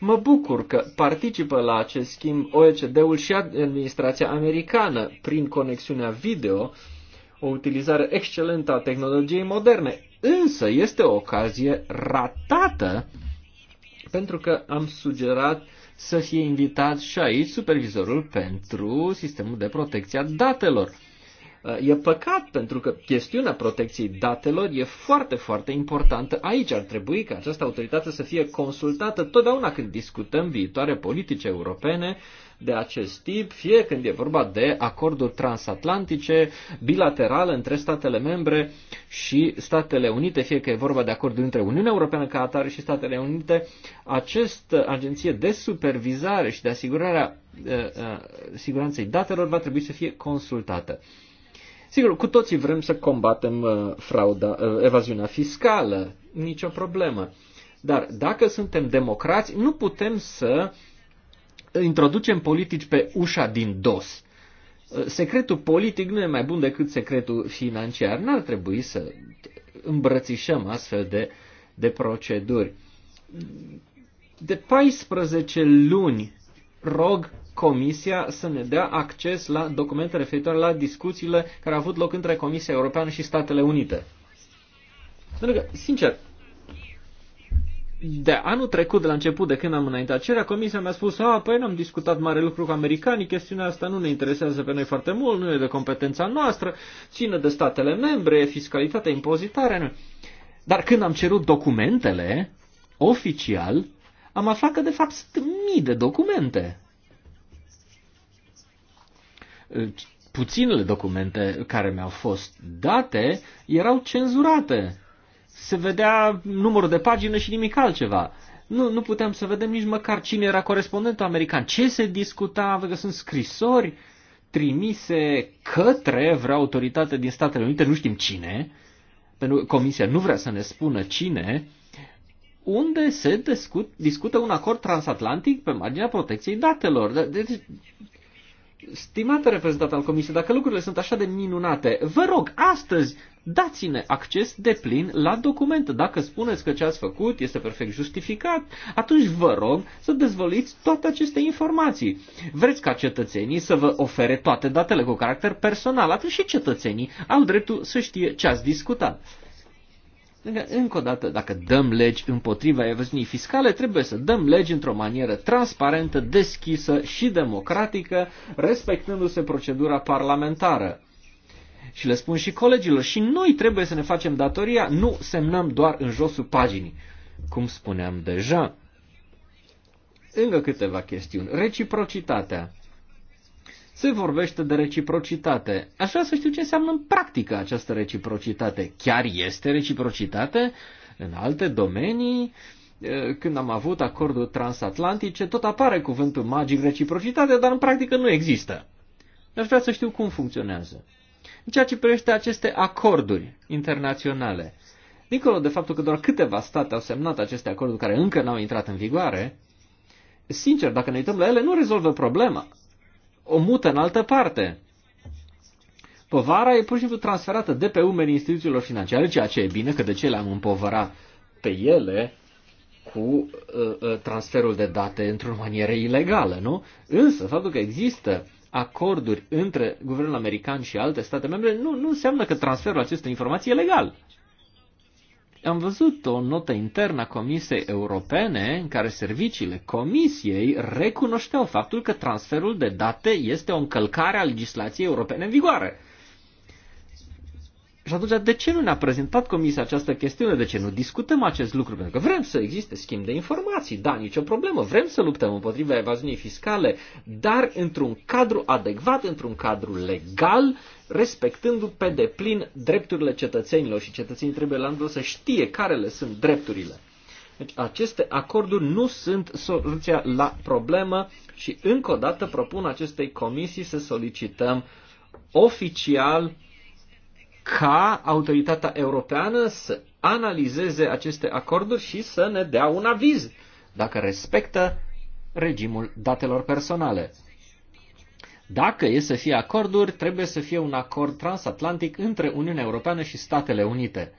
Mă bucur că participă la acest schimb OECD-ul și administrația americană prin conexiunea video, o utilizare excelentă a tehnologiei moderne. Însă este o ocazie ratată pentru că am sugerat să fie invitat și aici supervizorul pentru sistemul de protecție a datelor. Uh, e păcat pentru că chestiunea protecției datelor e foarte, foarte importantă. Aici ar trebui ca această autoritate să fie consultată totdeauna când discutăm viitoare politici europene de acest tip, fie când e vorba de acorduri transatlantice, bilaterale între statele membre și Statele Unite, fie că e vorba de acorduri între Uniunea Europeană ca atare și Statele Unite, această agenție de supervizare și de asigurarea uh, uh, siguranței datelor va trebui să fie consultată. Sigur, cu toții vrem să combatem uh, frauda, uh, evaziunea fiscală, nicio problemă. Dar dacă suntem democrați, nu putem să introducem politici pe ușa din dos. Uh, secretul politic nu e mai bun decât secretul financiar. N-ar trebui să îmbrățișăm astfel de, de proceduri. De 14 luni rog Comisia să ne dea acces la documente referitoare la discuțiile care au avut loc între Comisia Europeană și Statele Unite. Pentru că, sincer, de anul trecut, de la început, de când am înaintat cererea, comisia mi-a spus, a, păi n-am discutat mare lucru cu americanii, chestiunea asta nu ne interesează pe noi foarte mult, nu e de competența noastră, ține de statele membre, fiscalitatea, impozitarea. Nu. Dar când am cerut documentele, oficial, am aflat că de fapt sunt mii de documente puținele documente care mi-au fost date erau cenzurate. Se vedea numărul de pagină și nimic altceva. Nu, nu puteam să vedem nici măcar cine era corespondentul american, ce se discuta, că sunt scrisori trimise către vreo autoritate din Statele Unite, nu știm cine, pentru că Comisia nu vrea să ne spună cine, unde se discut, discută un acord transatlantic pe marginea protecției datelor. Deci, Stimate reprezentată al Comisiei, dacă lucrurile sunt așa de minunate, vă rog, astăzi dați-ne acces de plin la documente. Dacă spuneți că ce ați făcut este perfect justificat, atunci vă rog să dezvăluiți toate aceste informații. Vreți ca cetățenii să vă ofere toate datele cu caracter personal, atunci și cetățenii au dreptul să știe ce ați discutat. Încă o dată, dacă dăm legi împotriva evaziunii fiscale, trebuie să dăm legi într-o manieră transparentă, deschisă și democratică, respectându-se procedura parlamentară. Și le spun și colegilor, și noi trebuie să ne facem datoria, nu semnăm doar în josul paginii. Cum spuneam deja, încă câteva chestiuni. Reciprocitatea. Se vorbește de reciprocitate. Aș vrea să știu ce înseamnă în practică această reciprocitate. Chiar este reciprocitate? În alte domenii, când am avut acordul transatlantice, tot apare cuvântul magic reciprocitate, dar în practică nu există. Aș vrea să știu cum funcționează. În ceea ce privește aceste acorduri internaționale, dincolo de faptul că doar câteva state au semnat aceste acorduri care încă n-au intrat în vigoare, sincer, dacă ne uităm la ele, nu rezolvă problema o mută în altă parte. Povara e pur și simplu transferată de pe umerii instituțiilor financiare, ceea ce e bine, că de ce le-am împovărat pe ele cu uh, uh transferul de date într-o manieră ilegală, nu? Însă, faptul că există acorduri între guvernul american și alte state membre nu, nu înseamnă că transferul acestei informații e legal am văzut o notă internă a Comisiei Europene în care serviciile Comisiei recunoșteau faptul că transferul de date este o încălcare a legislației europene în vigoare. Și atunci, de ce nu ne-a prezentat Comisia această chestiune? De ce nu discutăm acest lucru? Pentru că vrem să existe schimb de informații, da, nicio problemă, vrem să luptăm împotriva evaziunii fiscale, dar într-un cadru adecvat, într-un cadru legal, respectându pe deplin drepturile cetățenilor și cetățenii trebuie la să știe care le sunt drepturile. Deci aceste acorduri nu sunt soluția la problemă și încă o dată propun acestei comisii să solicităm oficial ca autoritatea europeană să analizeze aceste acorduri și să ne dea un aviz dacă respectă regimul datelor personale. Dacă e să fie acorduri, trebuie să fie un acord transatlantic între Uniunea Europeană și Statele Unite.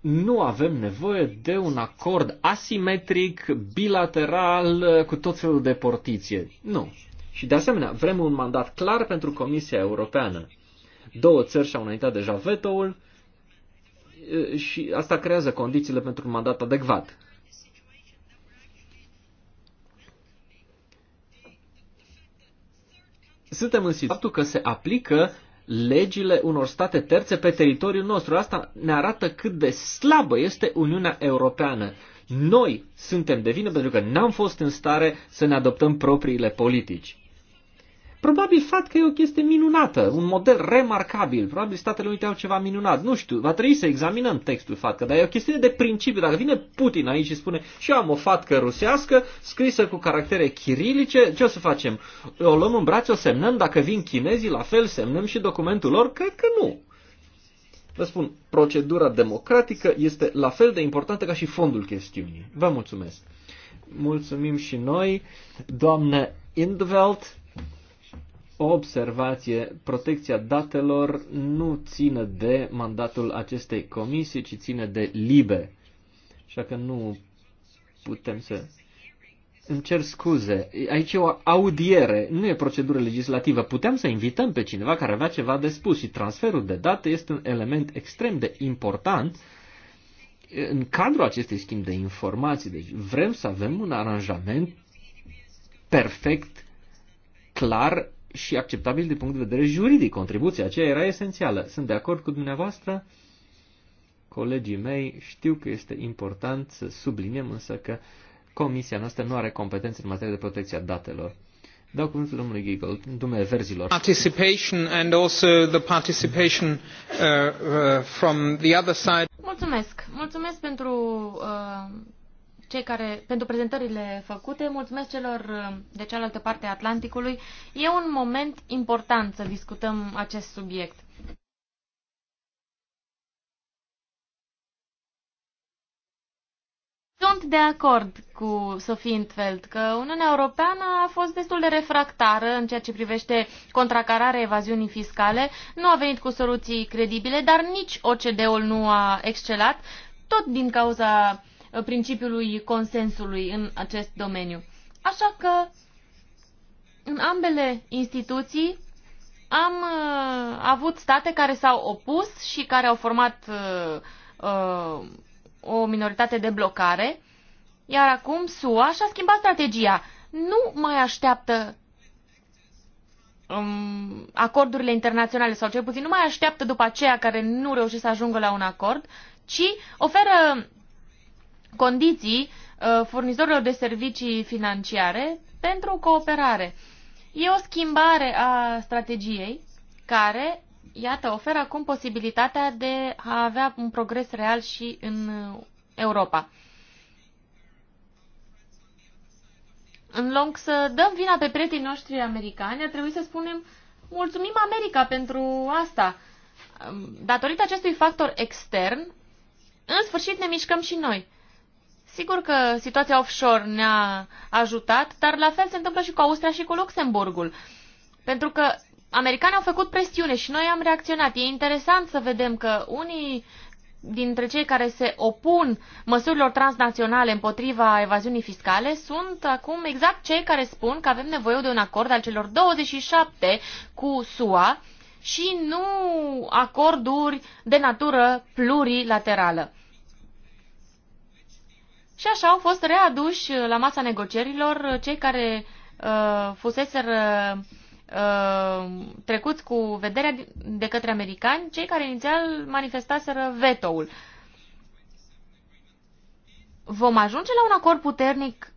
Nu avem nevoie de un acord asimetric, bilateral, cu tot felul de portiție. Nu. Și de asemenea, vrem un mandat clar pentru Comisia Europeană. Două țări și-au înaintat deja veto-ul și asta creează condițiile pentru un mandat adecvat. suntem în faptul că se aplică legile unor state terțe pe teritoriul nostru. Asta ne arată cât de slabă este Uniunea Europeană. Noi suntem de vină pentru că n-am fost în stare să ne adoptăm propriile politici. Probabil fapt că e o chestie minunată, un model remarcabil. Probabil Statele Unite au ceva minunat. Nu știu, va trebui să examinăm textul FATCA, dar e o chestie de principiu. Dacă vine Putin aici și spune și eu am o fatcă rusească scrisă cu caractere chirilice, ce o să facem? O luăm în brațe, o semnăm, dacă vin chinezii la fel, semnăm și documentul lor? Cred că nu. Vă spun, procedura democratică este la fel de importantă ca și fondul chestiunii. Vă mulțumesc. Mulțumim și noi, doamne Indveld o observație, protecția datelor nu ține de mandatul acestei comisii, ci ține de libe. Așa că nu putem să... Îmi cer scuze, aici e o audiere, nu e procedură legislativă. Putem să invităm pe cineva care avea ceva de spus și transferul de date este un element extrem de important în cadrul acestui schimb de informații. Deci vrem să avem un aranjament perfect, clar, și acceptabil din punct de vedere juridic. Contribuția aceea era esențială. Sunt de acord cu dumneavoastră, colegii mei, știu că este important să subliniem însă că comisia noastră nu are competențe în materie de protecție a datelor. Dau cuvântul domnului Giggle, numele verzilor. Participation and also the participation uh, uh, from the other side. Mulțumesc. Mulțumesc pentru uh, cei care, pentru prezentările făcute. Mulțumesc celor uh, de cealaltă parte a Atlanticului. E un moment important să discutăm acest subiect. Sunt de acord cu Sofie Intveld că Uniunea Europeană a fost destul de refractară în ceea ce privește contracararea evaziunii fiscale, nu a venit cu soluții credibile, dar nici OCD-ul nu a excelat, tot din cauza principiului consensului în acest domeniu. Așa că în ambele instituții am uh, avut state care s-au opus și care au format uh, uh, o minoritate de blocare, iar acum SUA și-a schimbat strategia. Nu mai așteaptă um, acordurile internaționale sau cel puțin nu mai așteaptă după aceea care nu reușește să ajungă la un acord, ci oferă condiții uh, furnizorilor de servicii financiare pentru cooperare. E o schimbare a strategiei care, iată, oferă acum posibilitatea de a avea un progres real și în Europa. În loc să dăm vina pe prietenii noștri americani, ar trebui să spunem mulțumim America pentru asta. Um, datorită acestui factor extern, în sfârșit ne mișcăm și noi. Sigur că situația offshore ne-a ajutat, dar la fel se întâmplă și cu Austria și cu Luxemburgul. Pentru că americanii au făcut presiune și noi am reacționat. E interesant să vedem că unii dintre cei care se opun măsurilor transnaționale împotriva evaziunii fiscale sunt acum exact cei care spun că avem nevoie de un acord al celor 27 cu SUA și nu acorduri de natură plurilaterală. Și așa au fost readuși uh, la masa negocierilor uh, cei care uh, fuseseră uh, trecuți cu vederea de către americani, cei care inițial manifestaseră vetoul. Vom ajunge la un acord puternic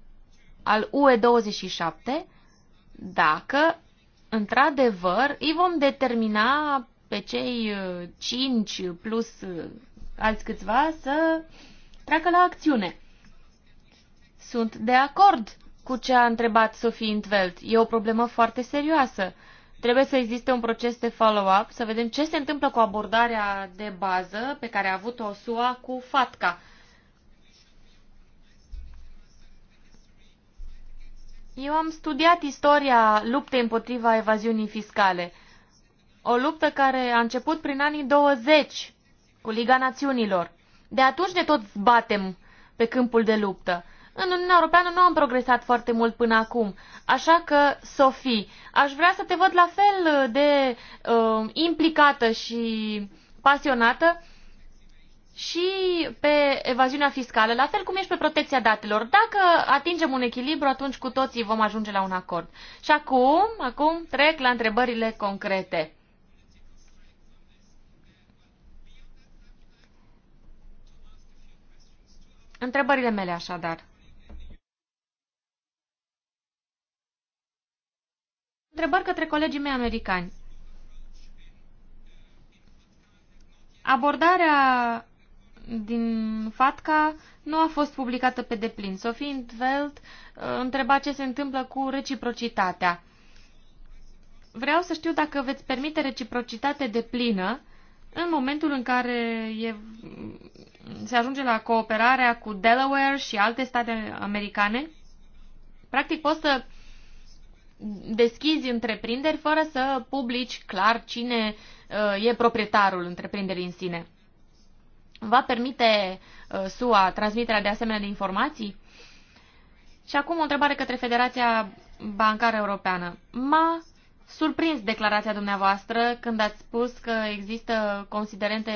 al UE27 dacă, într-adevăr, îi vom determina pe cei 5 uh, plus alți câțiva să treacă la acțiune. Sunt de acord cu ce a întrebat Sophie Intveld. E o problemă foarte serioasă. Trebuie să existe un proces de follow-up, să vedem ce se întâmplă cu abordarea de bază pe care a avut-o SUA cu FATCA. Eu am studiat istoria luptei împotriva evaziunii fiscale. O luptă care a început prin anii 20 cu Liga Națiunilor. De atunci de tot zbatem pe câmpul de luptă în Uniunea Europeană nu am progresat foarte mult până acum. Așa că, Sofie, aș vrea să te văd la fel de uh, implicată și pasionată și pe evaziunea fiscală, la fel cum ești pe protecția datelor. Dacă atingem un echilibru, atunci cu toții vom ajunge la un acord. Și acum, acum trec la întrebările concrete. Întrebările mele așadar. Întrebări către colegii mei americani. Abordarea din FATCA nu a fost publicată pe deplin. Sophie Intveld uh, întreba ce se întâmplă cu reciprocitatea. Vreau să știu dacă veți permite reciprocitate de plină în momentul în care e, se ajunge la cooperarea cu Delaware și alte state americane. Practic poți să deschizi întreprinderi fără să publici clar cine uh, e proprietarul întreprinderii în sine. Va permite uh, SUA transmiterea de asemenea de informații? Și acum o întrebare către Federația Bancară Europeană. M-a surprins declarația dumneavoastră când ați spus că există considerente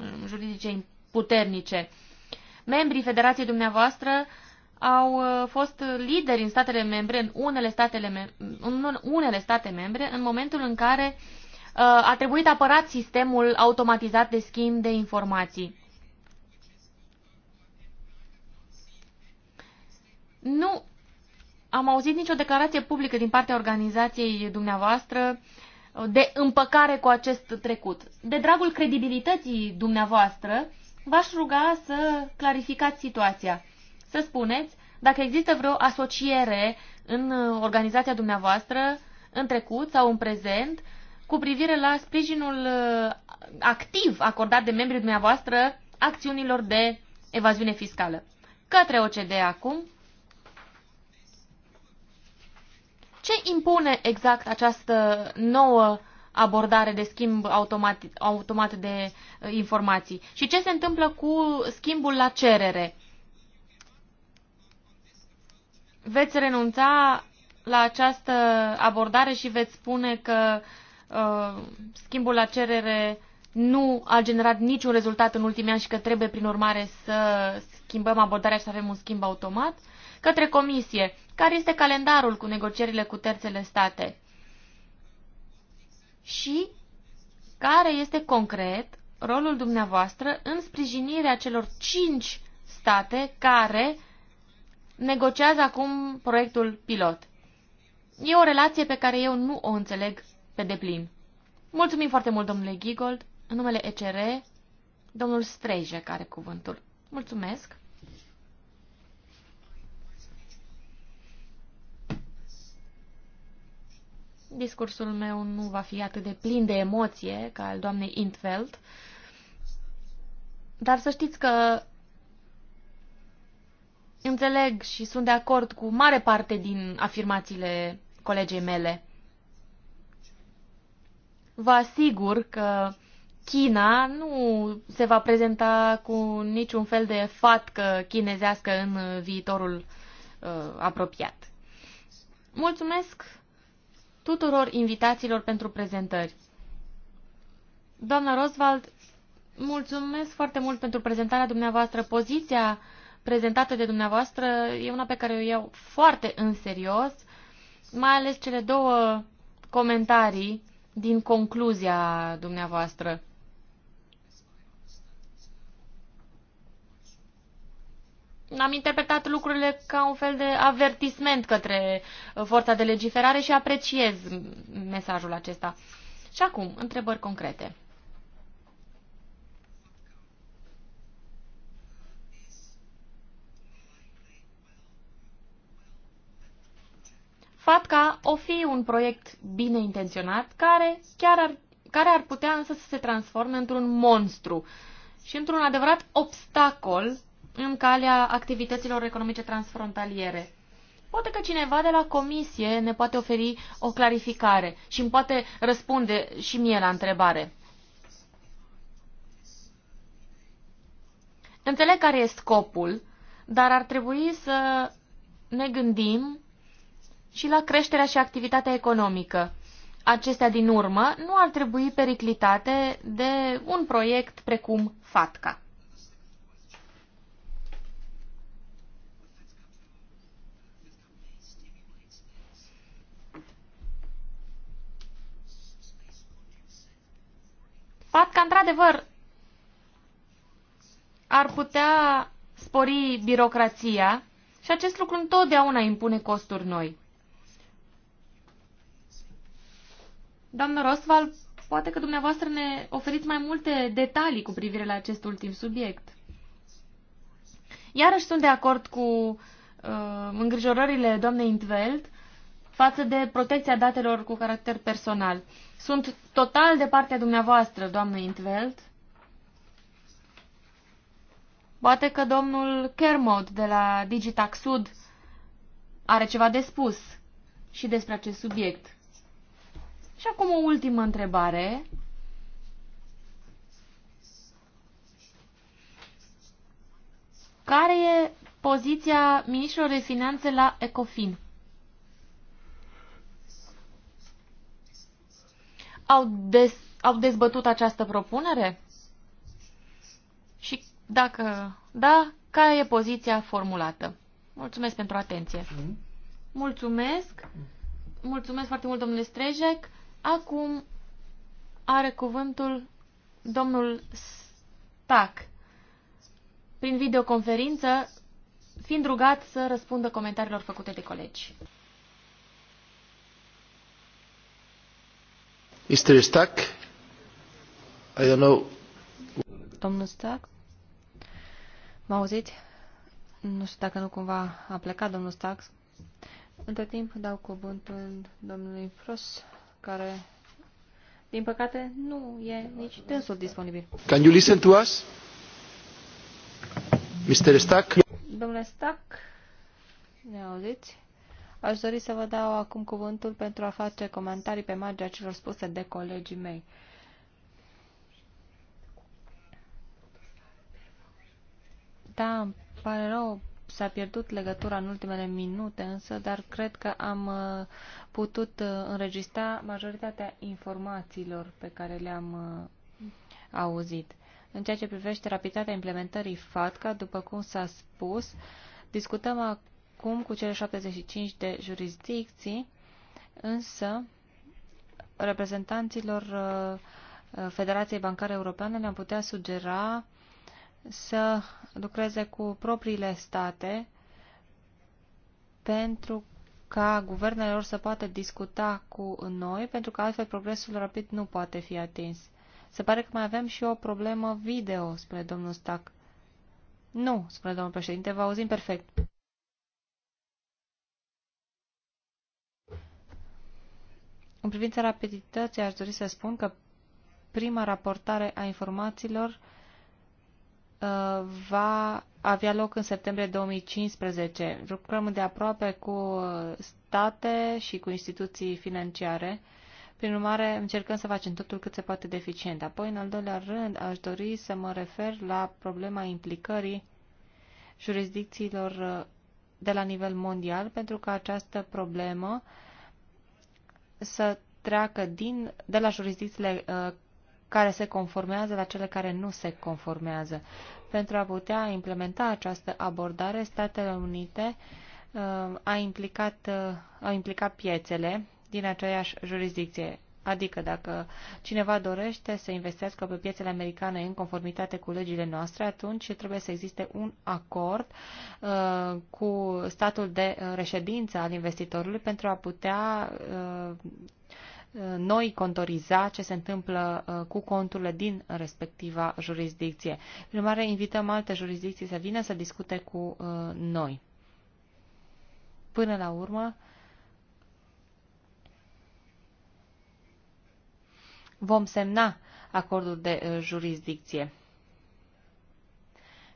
uh, juridice puternice. Membrii Federației dumneavoastră au uh, fost lideri în statele membre, în unele, statele mem în unele state membre, în momentul în care uh, a trebuit apărat sistemul automatizat de schimb de informații. Nu am auzit nicio declarație publică din partea organizației dumneavoastră uh, de împăcare cu acest trecut. De dragul credibilității dumneavoastră, v-aș ruga să clarificați situația să spuneți dacă există vreo asociere în uh, organizația dumneavoastră în trecut sau în prezent cu privire la sprijinul uh, activ acordat de membrii dumneavoastră acțiunilor de evaziune fiscală. Către OCD acum, ce impune exact această nouă abordare de schimb automat, automat de uh, informații și ce se întâmplă cu schimbul la cerere? veți renunța la această abordare și veți spune că uh, schimbul la cerere nu a generat niciun rezultat în ultimii ani și că trebuie, prin urmare, să schimbăm abordarea și să avem un schimb automat? Către Comisie, care este calendarul cu negocierile cu terțele state? Și care este concret rolul dumneavoastră în sprijinirea celor cinci state care negociază acum proiectul pilot. E o relație pe care eu nu o înțeleg pe deplin. Mulțumim foarte mult, domnule Gigold. În numele ECR, domnul Strejje care cuvântul. Mulțumesc. Discursul meu nu va fi atât de plin de emoție ca al doamnei Intveld, dar să știți că Înțeleg și sunt de acord cu mare parte din afirmațiile colegei mele. Vă asigur că China nu se va prezenta cu niciun fel de fatcă chinezească în viitorul uh, apropiat. Mulțumesc tuturor invitațiilor pentru prezentări. Doamna Roswald, mulțumesc foarte mult pentru prezentarea dumneavoastră. Poziția prezentată de dumneavoastră e una pe care o iau foarte în serios, mai ales cele două comentarii din concluzia dumneavoastră. am interpretat lucrurile ca un fel de avertisment către forța de legiferare și apreciez mesajul acesta. Și acum, întrebări concrete. FATCA o fi un proiect bine intenționat care, chiar ar, care ar putea însă să se transforme într-un monstru și într-un adevărat obstacol în calea activităților economice transfrontaliere. Poate că cineva de la comisie ne poate oferi o clarificare și îmi poate răspunde și mie la întrebare. Înțeleg care e scopul, dar ar trebui să ne gândim și la creșterea și activitatea economică. Acestea din urmă nu ar trebui periclitate de un proiect precum FATCA. FATCA, într-adevăr, ar putea spori birocrația și acest lucru întotdeauna impune costuri noi. Doamnă Rosval, poate că dumneavoastră ne oferiți mai multe detalii cu privire la acest ultim subiect. Iarăși sunt de acord cu uh, îngrijorările doamnei Intveld față de protecția datelor cu caracter personal. Sunt total de partea dumneavoastră, doamnă Intveld. Poate că domnul Kermod de la Digitax Sud are ceva de spus și despre acest subiect. Și acum o ultimă întrebare. Care e poziția ministrilor de finanțe la ECOFIN? Au, des, au dezbătut această propunere? Și dacă da, care e poziția formulată? Mulțumesc pentru atenție. Mm. Mulțumesc. Mulțumesc foarte mult, domnule Strejec. Acum are cuvântul domnul Stac prin videoconferință, fiind rugat să răspundă comentariilor făcute de colegi. Mr. Stack, I don't know. Domnul Stack, mă auziți? Nu știu dacă nu cumva a plecat domnul Stack. Între timp dau cuvântul domnului Frost care, din păcate, nu e nici dânsul disponibil. Can you listen to us? Mr. Stack? Domnule Stack, ne auziți? Aș dori să vă dau acum cuvântul pentru a face comentarii pe marginea celor spuse de colegii mei. Da, îmi pare rău s-a pierdut legătura în ultimele minute, însă, dar cred că am uh, putut uh, înregistra majoritatea informațiilor pe care le-am uh, auzit. În ceea ce privește rapiditatea implementării FATCA, după cum s-a spus, discutăm acum cu cele 75 de jurisdicții, însă reprezentanților Federației Bancare Europeane le-am putea sugera să lucreze cu propriile state pentru ca guvernele lor să poată discuta cu noi, pentru că altfel progresul rapid nu poate fi atins. Se pare că mai avem și o problemă video, spune domnul Stac. Nu, spune domnul președinte, vă auzim perfect. În privința rapidității, aș dori să spun că prima raportare a informațiilor Uh, va avea loc în septembrie 2015. Lucrăm de aproape cu state și cu instituții financiare. Prin urmare, încercăm să facem totul cât se poate de eficient. Apoi, în al doilea rând, aș dori să mă refer la problema implicării jurisdicțiilor uh, de la nivel mondial, pentru că această problemă să treacă din, de la jurisdicțiile uh, care se conformează la cele care nu se conformează. Pentru a putea implementa această abordare, Statele Unite uh, a implicat, uh, au implicat piețele din aceeași jurisdicție. Adică dacă cineva dorește să investească pe piețele americane în conformitate cu legile noastre, atunci trebuie să existe un acord uh, cu statul de uh, reședință al investitorului pentru a putea uh, noi contoriza ce se întâmplă uh, cu conturile din respectiva jurisdicție. Prin urmare, invităm alte jurisdicții să vină să discute cu uh, noi. Până la urmă, vom semna acordul de uh, jurisdicție.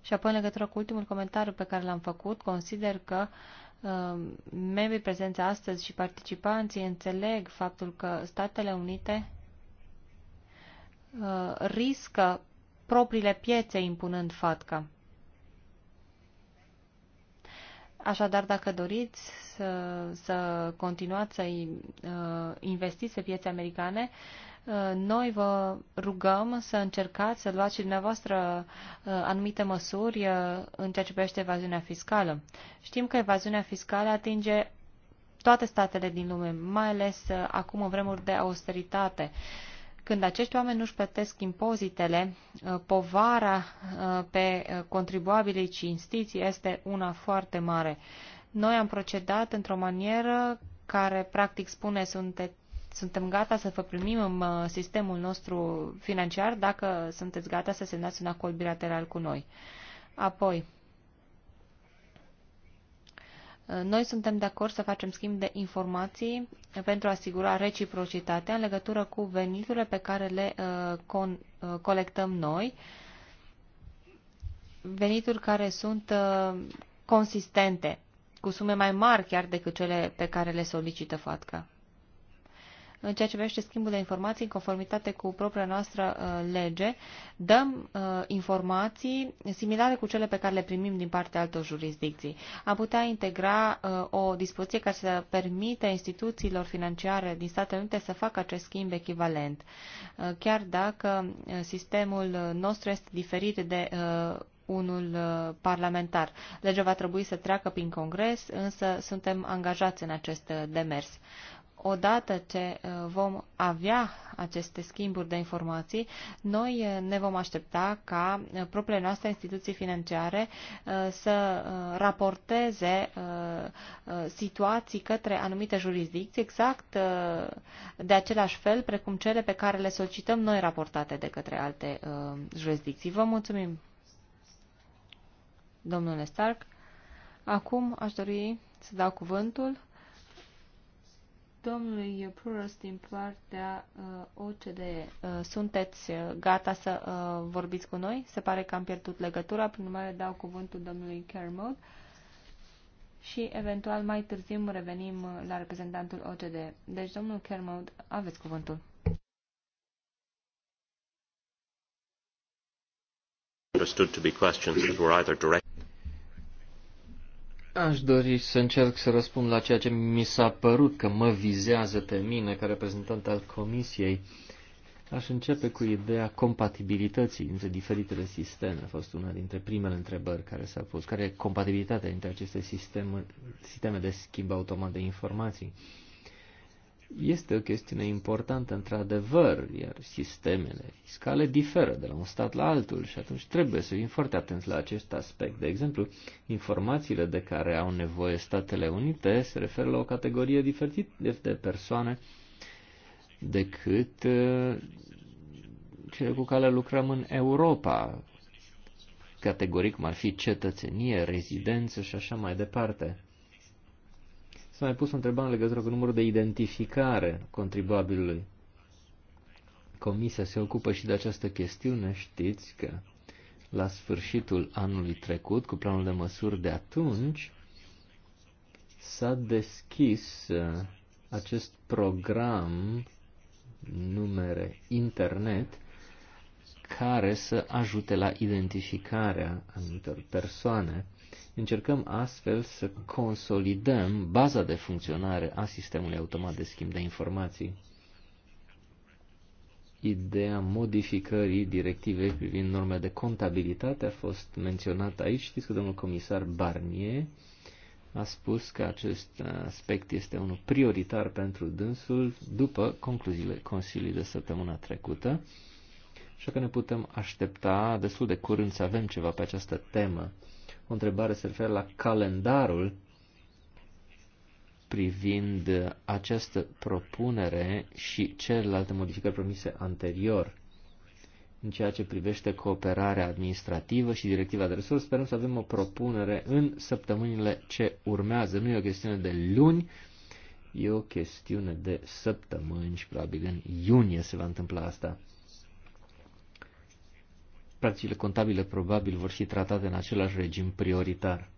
Și apoi, în legătură cu ultimul comentariu pe care l-am făcut, consider că uh, Um, membrii prezenți astăzi și participanții înțeleg faptul că Statele Unite uh, riscă propriile piețe impunând fatca. Așadar, dacă doriți să, să continuați să uh, investiți pe piețe americane, uh, noi vă rugăm să încercați să luați și dumneavoastră uh, anumite măsuri în ceea ce privește evaziunea fiscală. Știm că evaziunea fiscală atinge toate statele din lume, mai ales acum în vremuri de austeritate. Când acești oameni nu-și plătesc impozitele, uh, povara uh, pe uh, contribuabilii cinstiți este una foarte mare. Noi am procedat într-o manieră care practic spune sunte, suntem gata să vă primim în sistemul nostru financiar dacă sunteți gata să semnați un acord bilateral cu noi. Apoi, noi suntem de acord să facem schimb de informații pentru a asigura reciprocitatea în legătură cu veniturile pe care le uh, uh, colectăm noi, venituri care sunt uh, consistente, cu sume mai mari chiar decât cele pe care le solicită FATCA în ceea ce privește schimbul de informații în conformitate cu propria noastră uh, lege, dăm uh, informații similare cu cele pe care le primim din partea altor jurisdicții. Am putea integra uh, o dispoziție care să permite instituțiilor financiare din Statele Unite să facă acest schimb echivalent, chiar dacă sistemul nostru este diferit de unul parlamentar. Legea va trebui să treacă prin Congres, însă suntem angajați în acest demers odată ce uh, vom avea aceste schimburi de informații, noi uh, ne vom aștepta ca uh, propriile noastre instituții financiare să raporteze situații către anumite jurisdicții exact de același fel precum cele pe care le solicităm noi raportate de către alte jurisdicții. Vă mulțumim, domnule Stark. Acum aș dori să dau cuvântul domnului Pruros din partea uh, OCDE. Uh, sunteți uh, gata să vorbiți cu noi? Se pare că am pierdut legătura, prin urmare dau cuvântul domnului Kermod și eventual mai târziu revenim la reprezentantul OCDE. Deci, domnul Kermod aveți cuvântul. Understood to be questions that were either direct Aș dori să încerc să răspund la ceea ce mi s-a părut că mă vizează pe mine ca reprezentant al Comisiei. Aș începe cu ideea compatibilității între diferitele sisteme. A fost una dintre primele întrebări care s-a pus. Care e compatibilitatea dintre aceste sisteme, sisteme de schimb automat de informații? Uh, este o chestiune importantă, într-adevăr, iar sistemele fiscale diferă de la un stat la altul și atunci trebuie să fim foarte atenți la acest aspect. De exemplu, informațiile de care au nevoie Statele Unite se referă la o categorie diferită de persoane decât uh, cele cu care lucrăm în Europa, categoric cum ar fi cetățenie, rezidență și așa mai departe. S-a mai pus o întrebare în legătură cu numărul de identificare contribuabilului. Comisia se ocupă și de această chestiune. Știți că la sfârșitul anului trecut, cu planul de măsuri de atunci, s-a deschis uh, acest program numere internet care să ajute la identificarea anumitor persoane Încercăm astfel să consolidăm baza de funcționare a sistemului automat de schimb de informații. Ideea modificării directivei privind norme de contabilitate a fost menționată aici. Știți că domnul comisar Barnier a spus că acest aspect este unul prioritar pentru dânsul după concluziile Consiliului de săptămâna trecută, așa că ne putem aștepta destul de curând să avem ceva pe această temă. O întrebare se referă la calendarul privind această propunere și celelalte modificări promise anterior în ceea ce privește cooperarea administrativă și directiva de resurse. Sperăm să avem o propunere în săptămânile ce urmează. Nu e o chestiune de luni, e o chestiune de săptămâni și probabil în iunie se va întâmpla asta practicile contabile probabil vor fi tratate în același regim prioritar.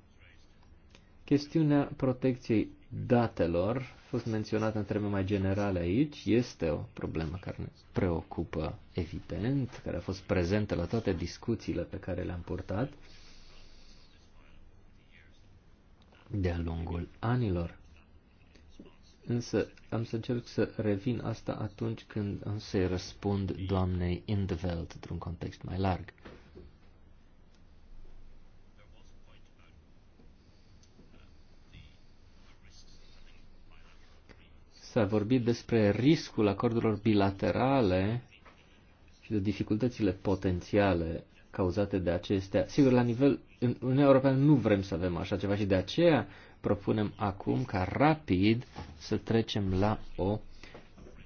Chestiunea protecției datelor, a fost menționată în termeni mai generale aici, este o problemă care ne preocupă evident, care a fost prezentă la toate discuțiile pe care le-am purtat de-a lungul anilor. Însă am să încerc să revin asta atunci când am să-i răspund doamnei world, într-un context mai larg. S-a vorbit despre riscul acordurilor bilaterale și de dificultățile potențiale cauzate de acestea. Sigur, la nivel, în Uniunea Europeană nu vrem să avem așa ceva și de aceea propunem acum ca rapid să trecem la o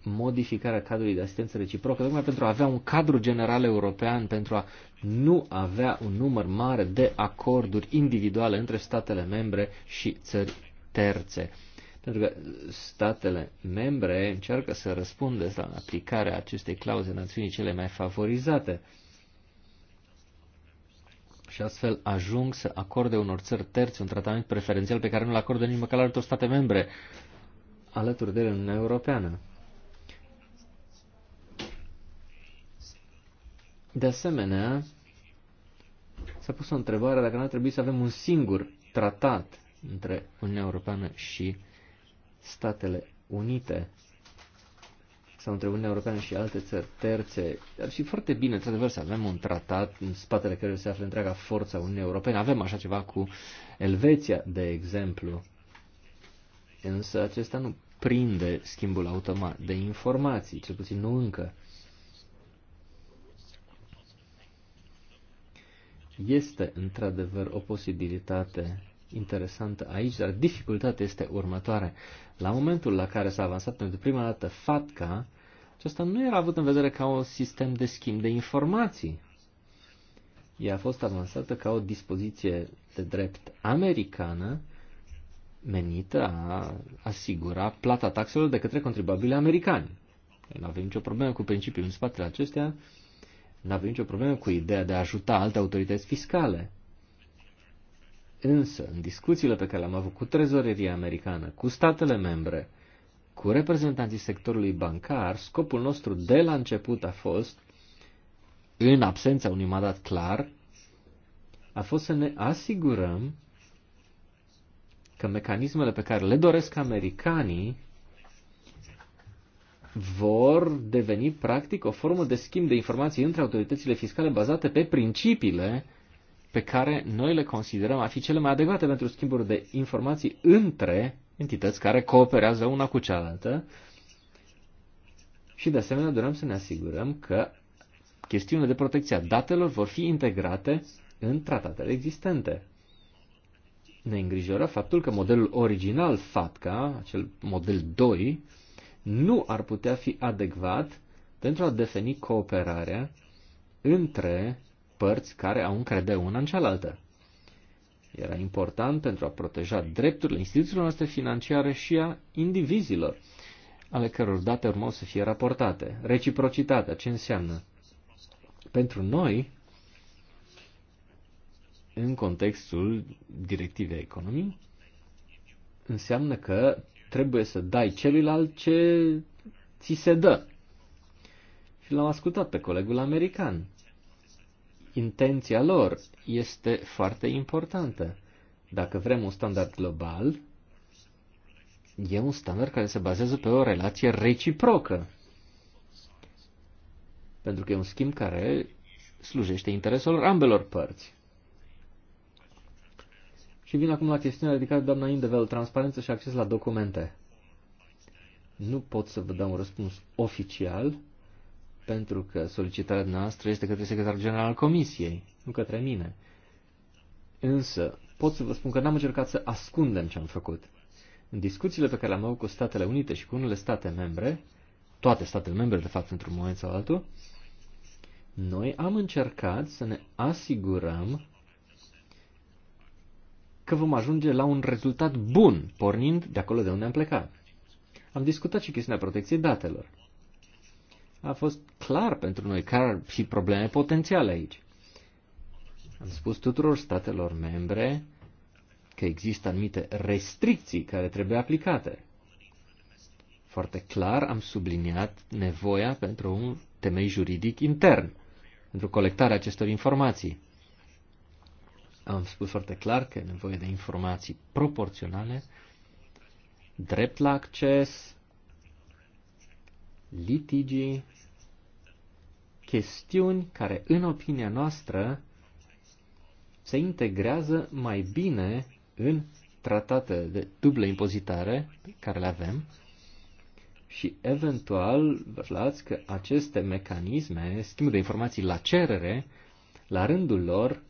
modificare a cadrului de asistență reciprocă, tocmai pentru a avea un cadru general european, pentru a nu avea un număr mare de acorduri individuale între statele membre și țări terțe. Pentru că statele membre încearcă să răspundă la aplicarea acestei clauze națiunii cele mai favorizate. Uh, și astfel ajung să acorde unor țări terți un tratament preferențial pe care nu-l acordă nici măcar altor state membre alături de Uniunea Europeană. De asemenea, s-a pus o întrebare dacă n-ar trebui să avem un singur tratat între Uniunea Europeană și Statele Unite sau între Uniunea Europeană și alte țări terțe. Ar fi foarte bine, într-adevăr, să avem un tratat în spatele căruia se află întreaga forță a Uniunii Europene. Avem așa ceva cu Elveția, de exemplu. Însă acesta nu prinde schimbul automat de informații, cel puțin nu încă. Este într-adevăr o posibilitate interesantă aici, dar dificultatea este următoare. La momentul la care s-a avansat pentru prima dată FATCA, acesta nu era avut în vedere ca un sistem de schimb de informații. Ea a fost avansată ca o dispoziție de drept americană menită a asigura plata taxelor de către contribuabili americani. Nu avem nicio problemă cu principiul în spatele acestea, nu avem nicio problemă cu ideea de a ajuta alte autorități fiscale. Însă, în discuțiile pe care le-am avut cu trezoreria americană, cu statele membre, cu reprezentanții sectorului bancar, scopul nostru de la început a fost, în absența unui mandat clar, a fost să ne asigurăm că mecanismele pe care le doresc americanii vor deveni practic o formă de schimb de informații între autoritățile fiscale bazate pe principiile pe care noi le considerăm a fi cele mai adecvate pentru schimburi de informații între entități care cooperează una cu cealaltă și de asemenea dorim să ne asigurăm că chestiunile de protecție a datelor vor fi integrate în tratatele existente. Ne îngrijoră faptul că modelul original FATCA, acel model 2, nu ar putea fi adecvat pentru a defini cooperarea între părți care au încredere una în cealaltă. Era important pentru a proteja drepturile instituțiilor noastre financiare și a indivizilor, ale căror date urmau să fie raportate. Reciprocitatea, ce înseamnă? Pentru noi, în contextul directivei economii, înseamnă că trebuie să dai celuilalt ce ți se dă. Și l-am ascultat pe colegul american intenția lor este foarte importantă. Dacă vrem un standard global, e un standard care se bazează pe o relație reciprocă. Pentru că e un schimb care slujește intereselor ambelor părți. Și vin acum la chestiunea ridicată doamna Indevel, transparență și acces la documente. Nu pot să vă dau un răspuns oficial, pentru că solicitarea noastră este către secretarul general al Comisiei, nu către mine. Însă, pot să vă spun că n-am încercat să ascundem ce am făcut. În discuțiile pe care le-am avut cu Statele Unite și cu unele state membre, toate statele membre, de fapt, într-un moment sau altul, noi am încercat să ne asigurăm că vom ajunge la un rezultat bun, pornind de acolo de unde am plecat. Am discutat și chestiunea protecției datelor a fost clar pentru noi care ar fi probleme potențiale aici. Am spus tuturor statelor membre că există anumite restricții care trebuie aplicate. Foarte clar am subliniat nevoia pentru un temei juridic intern, pentru colectarea acestor informații. Am spus foarte clar că e nevoie de informații proporționale, drept la acces, litigii chestiuni care, în opinia noastră, se integrează mai bine în tratate de dublă impozitare pe care le avem și eventual vă aflați că aceste mecanisme, schimbul de informații la cerere, la rândul lor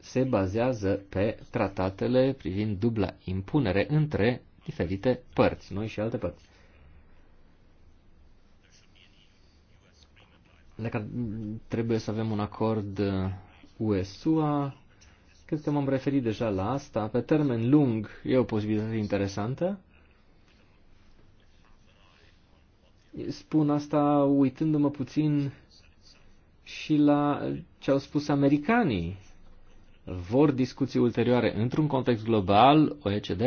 se bazează pe tratatele privind dubla impunere între diferite părți, noi și alte părți. dacă trebuie să avem un acord U.S.U.A. Uh, cred că m-am referit deja la asta. Pe termen lung e o posibilitate interesantă. Spun asta uitându-mă puțin și la ce au spus americanii. Vor discuții ulterioare într-un context global, OECD,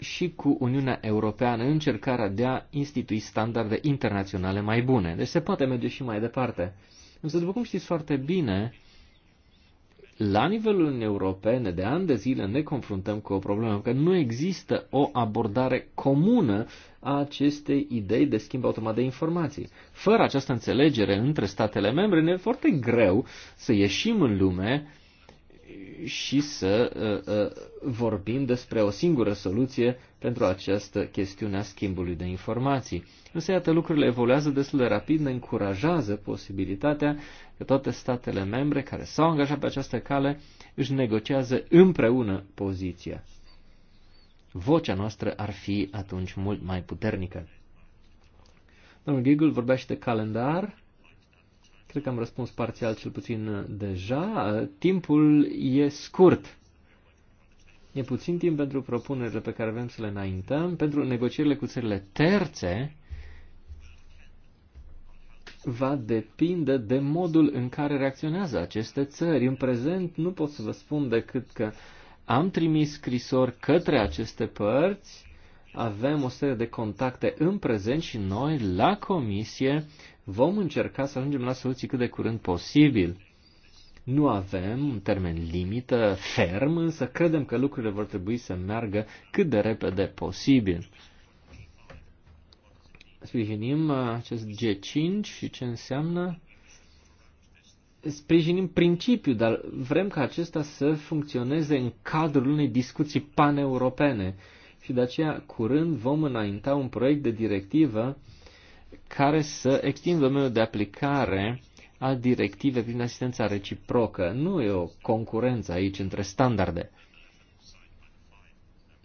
și cu Uniunea Europeană încercarea de a institui standarde internaționale mai bune. Deci se poate merge și mai departe. Însă, după cum știți foarte bine, la nivelul Uniunii Europene, de ani de zile ne confruntăm cu o problemă, că nu există o abordare comună a acestei idei de schimb automat de informații. Fără această înțelegere între statele membre, ne e foarte greu să ieșim în lume și să uh, uh, vorbim despre o singură soluție pentru această chestiune a schimbului de informații. Însă, iată, lucrurile evoluează destul de rapid, ne încurajează posibilitatea că toate statele membre care s-au angajat pe această cale își negociază împreună poziția. Vocea noastră ar fi atunci mult mai puternică. Domnul Giggle vorbea și de calendar. Cred că am răspuns parțial cel puțin uh, deja. Uh, timpul e scurt. E puțin timp pentru propunerile pe care avem să le înaintăm. Pentru negocierile cu țările terțe va depinde de modul în care reacționează aceste țări. În prezent nu pot să vă spun decât că am trimis scrisori către aceste părți avem o serie de contacte în prezent și noi, la comisie, vom încerca să ajungem la soluții cât de curând posibil. Nu avem un termen limită ferm, însă credem că lucrurile vor trebui să meargă cât de repede posibil. Sprijinim acest G5 și ce înseamnă? Sprijinim principiul, dar vrem ca acesta să funcționeze în cadrul unei discuții paneuropene. europene și de aceea curând vom înainta un proiect de directivă care să extindă domeniul de aplicare al directivei prin asistența reciprocă. Nu e o concurență aici între standarde.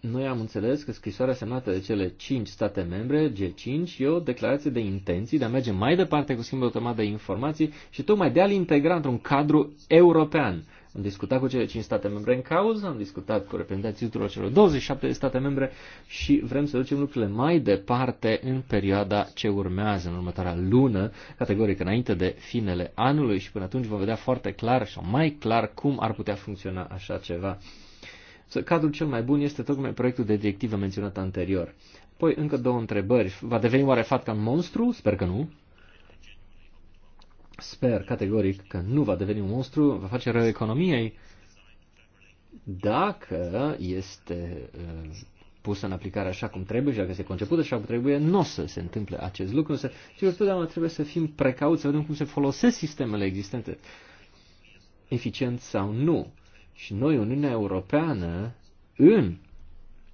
Noi am înțeles că scrisoarea semnată de cele 5 state membre, G5, e o declarație de intenții de a merge mai departe cu schimbul automat de informații și tocmai de a-l integra într-un cadru european. Am discutat cu cele 5 state membre în cauză, am discutat cu reprezentanții tuturor celor 27 de state membre și vrem să ducem lucrurile mai departe în perioada ce urmează, în următoarea lună, categoric înainte de finele anului și până atunci vom vedea foarte clar și mai clar cum ar putea funcționa așa ceva. Cadrul cel mai bun este tocmai proiectul de directivă menționat anterior. Păi încă două întrebări. Va deveni oare FATCA un monstru? Sper că nu. Sper categoric că nu va deveni un monstru, va face rău economiei dacă este uh, pusă în aplicare așa cum trebuie și dacă se concepută așa cum trebuie, nu o să se întâmple acest lucru. și sigur, totdeauna trebuie să fim precauți, să vedem cum se folosesc sistemele existente, eficient sau nu. Și noi, Uniunea Europeană, în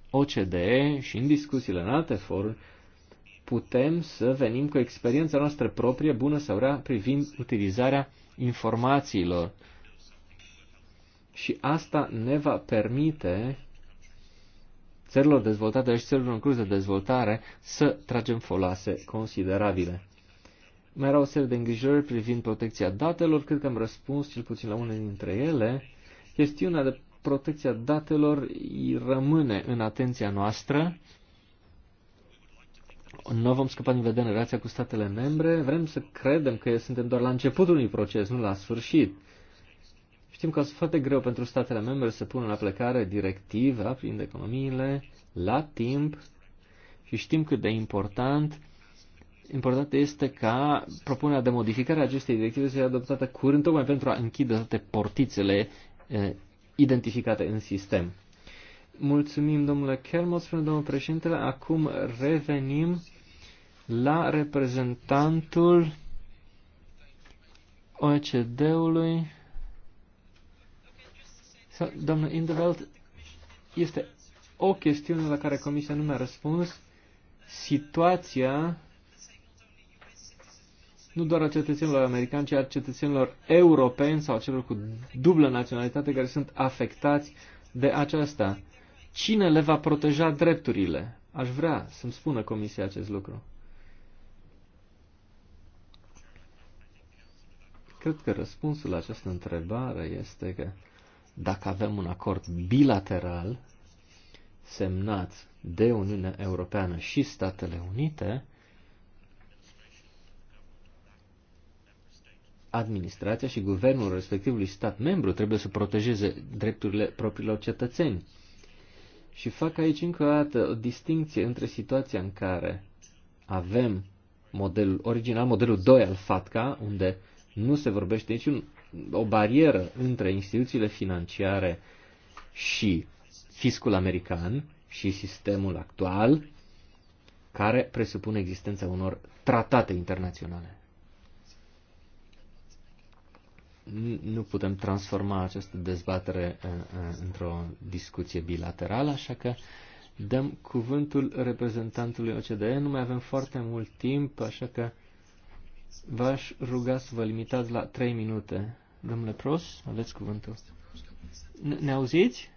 OCDE și în discuțiile în alte foruri, putem să venim cu experiența noastră proprie, bună sau rea, privind utilizarea informațiilor. Și asta ne va permite țărilor dezvoltate și țărilor în curs de dezvoltare să tragem folase considerabile. Mai erau o serie de îngrijorări privind protecția datelor, cred că am răspuns cel puțin la unele dintre ele. Chestiunea de protecția datelor rămâne în atenția noastră nu vom scăpa din vedere în relația cu statele membre, vrem să credem că suntem doar la începutul unui proces, nu la sfârșit. Știm că este foarte greu pentru statele membre să pună în aplicare directiva prin economiile la timp și știm cât de important important este ca propunerea de modificare a acestei directive să fie adoptată curând, tocmai pentru a închide toate portițele e, identificate în sistem. Mulțumim, domnule Kermos, spune domnul președintele. Acum revenim la reprezentantul OECD-ului. Domnul Indeveld, este o chestiune la care Comisia nu mi-a răspuns. Situația nu doar a cetățenilor americani, ci a cetățenilor europeni sau celor cu dublă naționalitate care sunt afectați de aceasta. Cine le va proteja drepturile? Aș vrea să-mi spună Comisia acest lucru. Cred că răspunsul la această întrebare este că dacă avem un acord bilateral semnat de Uniunea Europeană și Statele Unite, administrația și guvernul respectivului stat membru trebuie să protejeze drepturile propriilor cetățeni. Și fac aici încă o dată o distinție între situația în care avem modelul original, modelul 2 al FATCA, unde nu se vorbește un, o barieră între instituțiile financiare și fiscul american și sistemul actual, care presupune existența unor tratate internaționale. Nu putem transforma această dezbatere uh, uh, într-o discuție bilaterală, așa că dăm cuvântul reprezentantului OCDE. Nu mai avem foarte mult timp, așa că v-aș ruga să vă limitați la 3 minute. Domnule Pros, aveți cuvântul. Ne auziți?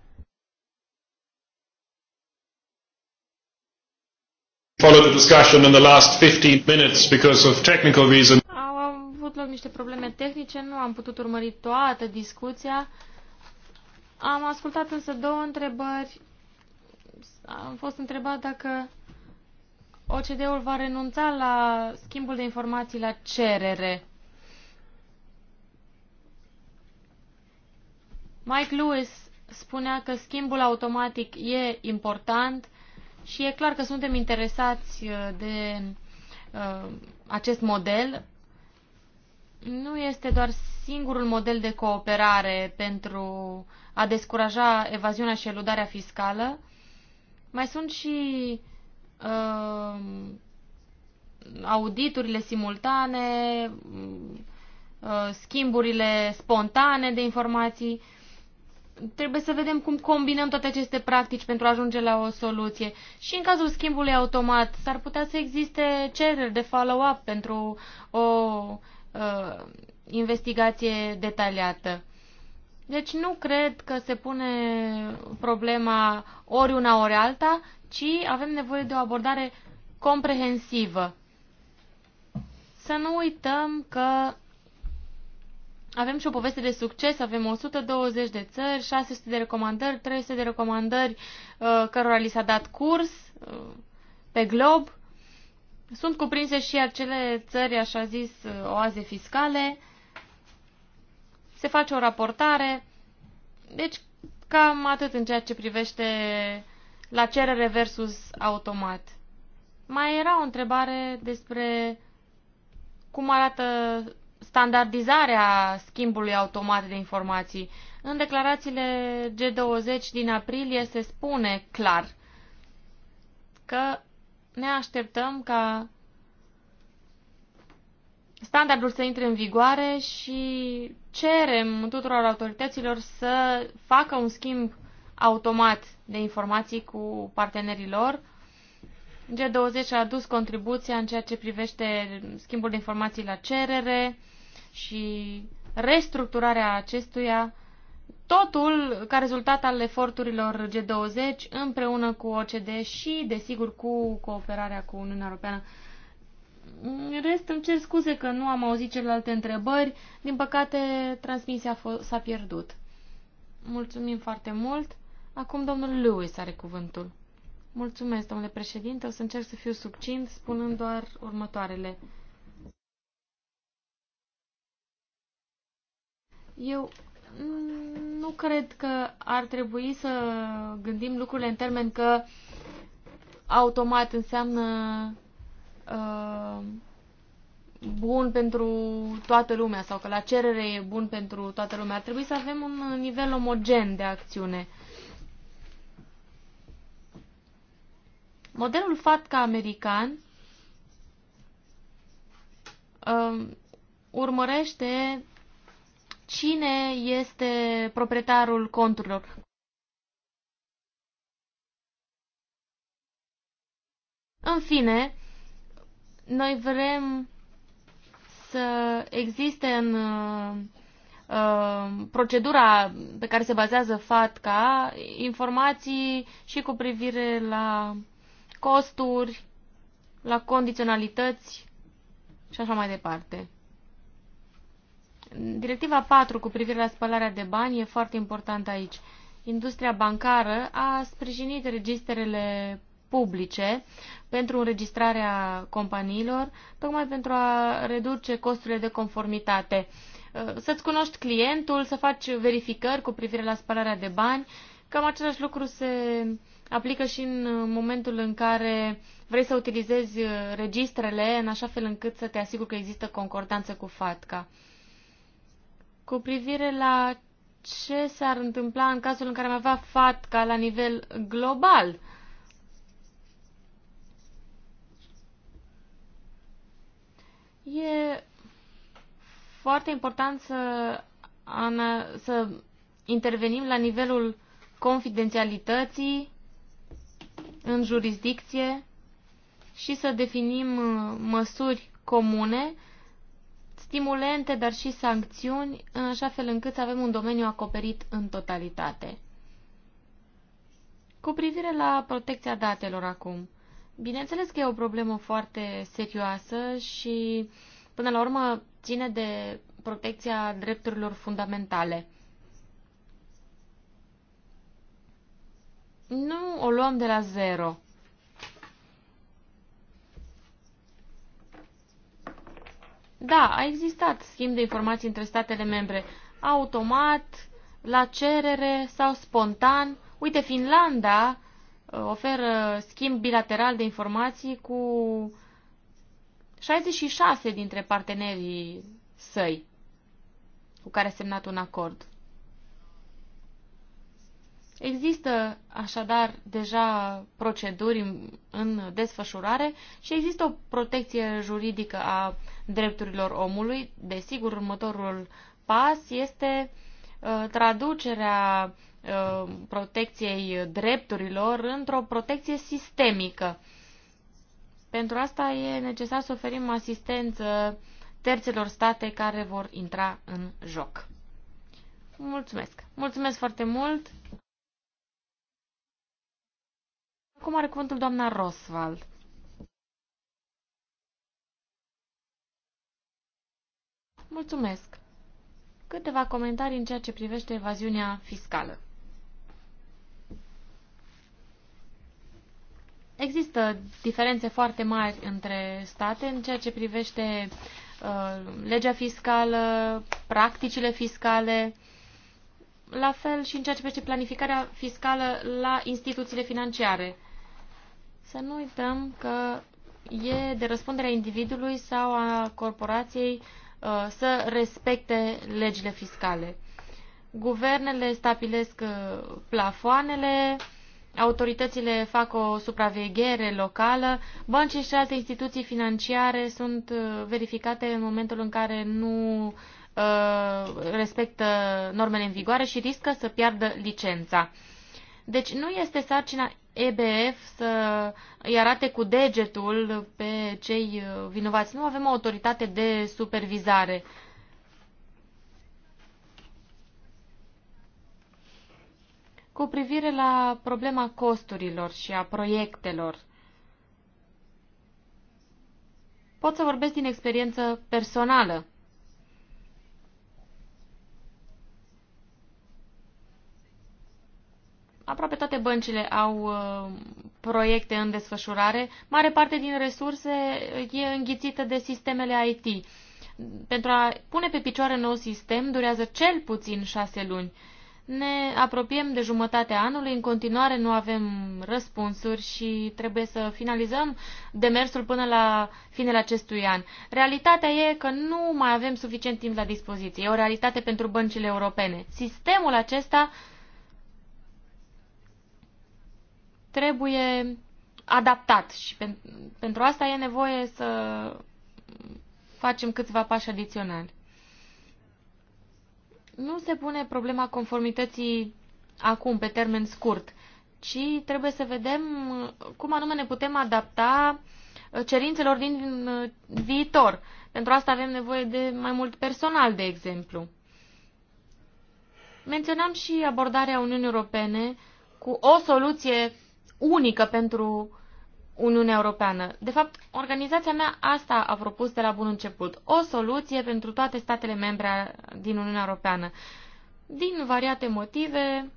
Followed the discussion in the last 15 minutes because of technical reasons. Au avut loc niște probleme tehnice, nu am putut urmări toată discuția. Am ascultat însă două întrebări. Am fost întrebat dacă OCD-ul va renunța la schimbul de informații la cerere. Mike Lewis spunea că schimbul automatic e important și e clar că suntem interesați uh, de uh, acest model. Nu este doar singurul model de cooperare pentru a descuraja evaziunea și eludarea fiscală. Mai sunt și auditurile simultane, uh, schimburile spontane de informații. Trebuie să vedem cum combinăm toate aceste practici pentru a ajunge la o soluție. Și în cazul schimbului automat, s-ar putea să existe cereri de follow-up pentru o uh, investigație detaliată. Deci nu cred că se pune problema ori una, ori alta, ci avem nevoie de o abordare comprehensivă. Să nu uităm că avem și o poveste de succes, avem 120 de țări, 600 de recomandări, 300 de recomandări uh, cărora li s-a dat curs uh, pe glob. Sunt cuprinse și acele țări, așa zis, uh, oaze fiscale. Se face o raportare. Deci, cam atât în ceea ce privește la cerere versus automat. Mai era o întrebare despre cum arată standardizarea schimbului automat de informații. În declarațiile G20 din aprilie se spune clar că ne așteptăm ca standardul să intre în vigoare și cerem tuturor autorităților să facă un schimb automat de informații cu partenerii lor. G20 a adus contribuția în ceea ce privește schimbul de informații la cerere și restructurarea acestuia, totul ca rezultat al eforturilor G20 împreună cu OCD și, desigur, cu cooperarea cu Uniunea Europeană. În rest, îmi cer scuze că nu am auzit celelalte întrebări. Din păcate, transmisia s-a pierdut. Mulțumim foarte mult. Acum domnul Lewis are cuvântul. Mulțumesc, domnule președinte. O să încerc să fiu subțint, spunând doar următoarele. Eu nu cred că ar trebui să gândim lucrurile în termen că automat înseamnă uh, bun pentru toată lumea sau că la cerere e bun pentru toată lumea. Ar trebui să avem un nivel omogen de acțiune. Uh, Modelul FATCA american um, urmărește cine este proprietarul conturilor. În fine, noi vrem să existe în uh, procedura pe care se bazează FATCA informații și cu privire la costuri, la condiționalități și așa mai departe. Directiva 4 cu privire la spălarea de bani e foarte importantă aici. Industria bancară a sprijinit registrele publice pentru înregistrarea companiilor, tocmai pentru a reduce costurile de conformitate. Să-ți cunoști clientul, să faci verificări cu privire la spălarea de bani Cam același lucru se aplică și în uh, momentul în care vrei să utilizezi uh, registrele în așa fel încât să te asiguri că există concordanță cu FATCA. Cu privire la ce s-ar întâmpla în cazul în care am avea FATCA la nivel global, e foarte important să, să intervenim la nivelul confidențialității în jurisdicție și să definim uh, măsuri comune, stimulente, dar și sancțiuni, în așa fel încât să avem un domeniu acoperit în totalitate. Cu privire la protecția datelor acum, bineînțeles că e o problemă foarte serioasă și, până la urmă, ține de protecția drepturilor fundamentale – Nu o luăm de la zero. Da, a existat schimb de informații între statele membre, automat, la cerere sau spontan. Uite, Finlanda uh, oferă schimb bilateral de informații cu 66 dintre partenerii săi cu care a semnat un acord. Există așadar deja proceduri în desfășurare și există o protecție juridică a drepturilor omului. Desigur, următorul pas este uh, traducerea uh, protecției drepturilor într-o protecție sistemică. Pentru asta e necesar să oferim asistență terțelor state care vor intra în joc. Mulțumesc! Mulțumesc foarte mult! Acum are cuvântul doamna Roswald. Mulțumesc. Câteva comentarii în ceea ce privește evaziunea fiscală. Există diferențe foarte mari între state în ceea ce privește uh, legea fiscală, practicile fiscale, la fel și în ceea ce privește planificarea fiscală la instituțiile financiare. Să nu uităm că e de răspunderea individului sau a corporației uh, să respecte legile fiscale. Guvernele stabilesc uh, plafoanele, autoritățile fac o supraveghere locală, băncii și alte instituții financiare sunt uh, verificate în momentul în care nu respectă normele în vigoare și riscă să piardă licența. Deci nu este sarcina EBF să îi arate cu degetul pe cei uh, vinovați. Nu avem o autoritate de supervizare. Cu privire la problema costurilor și a proiectelor, pot să vorbesc din experiență personală. Aproape toate băncile au uh, proiecte în desfășurare. Mare parte din resurse e înghițită de sistemele IT. Pentru a pune pe picioare nou sistem durează cel puțin șase luni. Ne apropiem de jumătatea anului, în continuare nu avem răspunsuri și trebuie să finalizăm demersul până la finele acestui an. Realitatea e că nu mai avem suficient timp la dispoziție. E o realitate pentru băncile europene. Sistemul acesta uh, trebuie adaptat și pen, pentru asta e nevoie să facem câțiva pași adiționali. Nu se pune problema conformității acum, pe termen scurt, ci trebuie să vedem cum anume ne putem adapta uh, cerințelor din uh, viitor. Pentru asta avem nevoie de mai mult personal, de exemplu. Menționam și abordarea Uniunii Europene cu o soluție unică pentru Uniunea Europeană. De fapt, organizația mea asta a propus de la bun început. O soluție pentru toate statele membre din Uniunea Europeană. Din variate motive,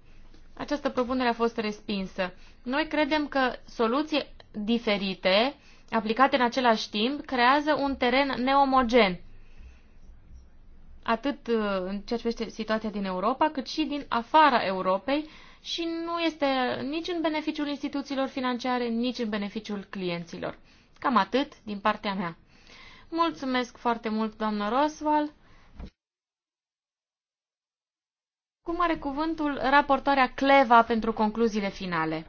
această propunere a fost respinsă. Noi credem că soluții diferite, aplicate în același timp, creează un teren neomogen. Atât uh, în ceea ce privește situația din Europa, cât și din afara Europei, și nu este nici în beneficiul instituțiilor financiare, nici în beneficiul clienților. Cam atât din partea mea. Mulțumesc foarte mult, doamnă Roswell. Cum are cuvântul raportoarea Cleva pentru concluziile finale?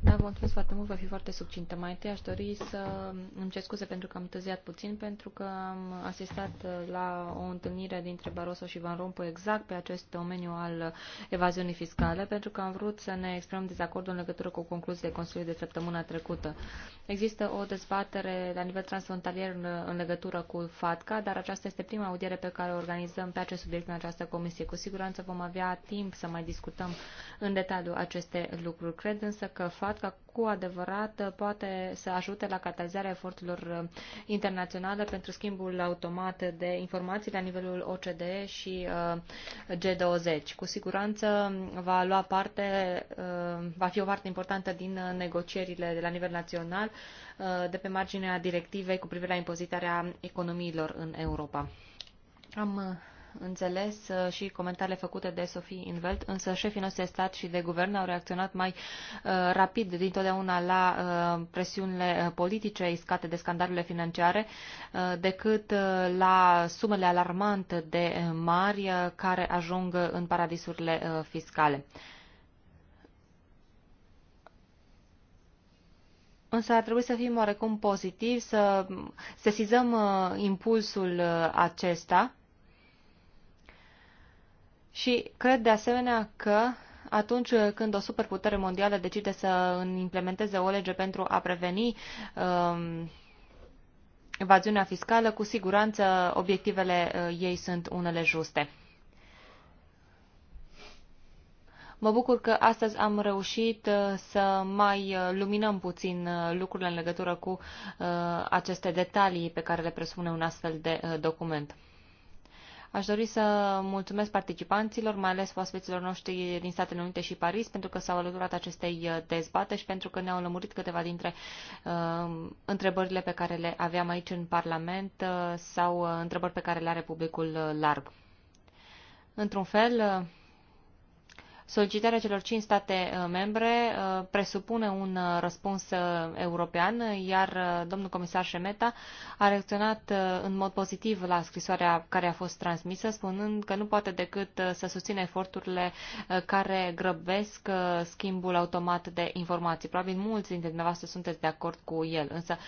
Da, vă mulțumesc foarte mult, voi fi foarte subcintă. Mai întâi aș dori să îmi cer scuze pentru că am întârziat puțin, pentru că am asistat la o întâlnire dintre Barroso și Van Rompuy exact pe acest domeniu al evaziunii fiscale, pentru că am vrut să ne exprimăm dezacordul în legătură cu concluziile Consiliului de săptămâna trecută. Există o dezbatere la nivel transfrontalier în legătură cu FATCA, dar aceasta este prima audiere pe care o organizăm pe acest subiect în această comisie. Cu siguranță vom avea timp să mai discutăm în detaliu aceste lucruri. Cred însă că FATCA demonstrat că cu adevărat poate să ajute la catalizarea eforturilor internaționale pentru schimbul automat de informații la nivelul OCDE și uh, G20. Cu siguranță va lua parte, uh, va fi o parte importantă din negocierile de la nivel național uh, de pe marginea directivei cu privire la impozitarea economiilor în Europa. Am înțeles uh, și comentariile făcute de Sofie Invelt, însă șefii noștri de stat și de guvern au reacționat mai uh, rapid dintotdeauna la uh, presiunile politice iscate de scandalurile financiare decât la sumele alarmante de mari care ajung în paradisurile fiscale. Însă ar trebui să fim oarecum pozitivi, să sesizăm impulsul acesta și cred de asemenea că atunci când o superputere mondială decide să implementeze o lege pentru a preveni um, evaziunea fiscală, cu siguranță obiectivele uh, ei sunt unele juste. Mă bucur că astăzi am reușit uh, să mai uh, luminăm puțin lucrurile în legătură cu aceste detalii pe care le presupune un astfel de document. Aș dori să mulțumesc participanților, mai ales oaspeților noștri din Statele Unite și Paris, pentru că s-au alăturat acestei uh, dezbate și pentru că ne-au lămurit câteva dintre uh, întrebările pe care le aveam aici în Parlament uh, sau uh, întrebări pe care le are publicul uh, larg. Într-un fel, uh, Solicitarea celor cinci state uh, membre uh, presupune un uh, răspuns european, iar domnul comisar Șemeta a reacționat în mod pozitiv la scrisoarea care a fost transmisă, spunând că nu poate decât să susține eforturile care grăbesc schimbul automat de informații. Probabil mulți dintre dumneavoastră sunteți de acord cu el, însă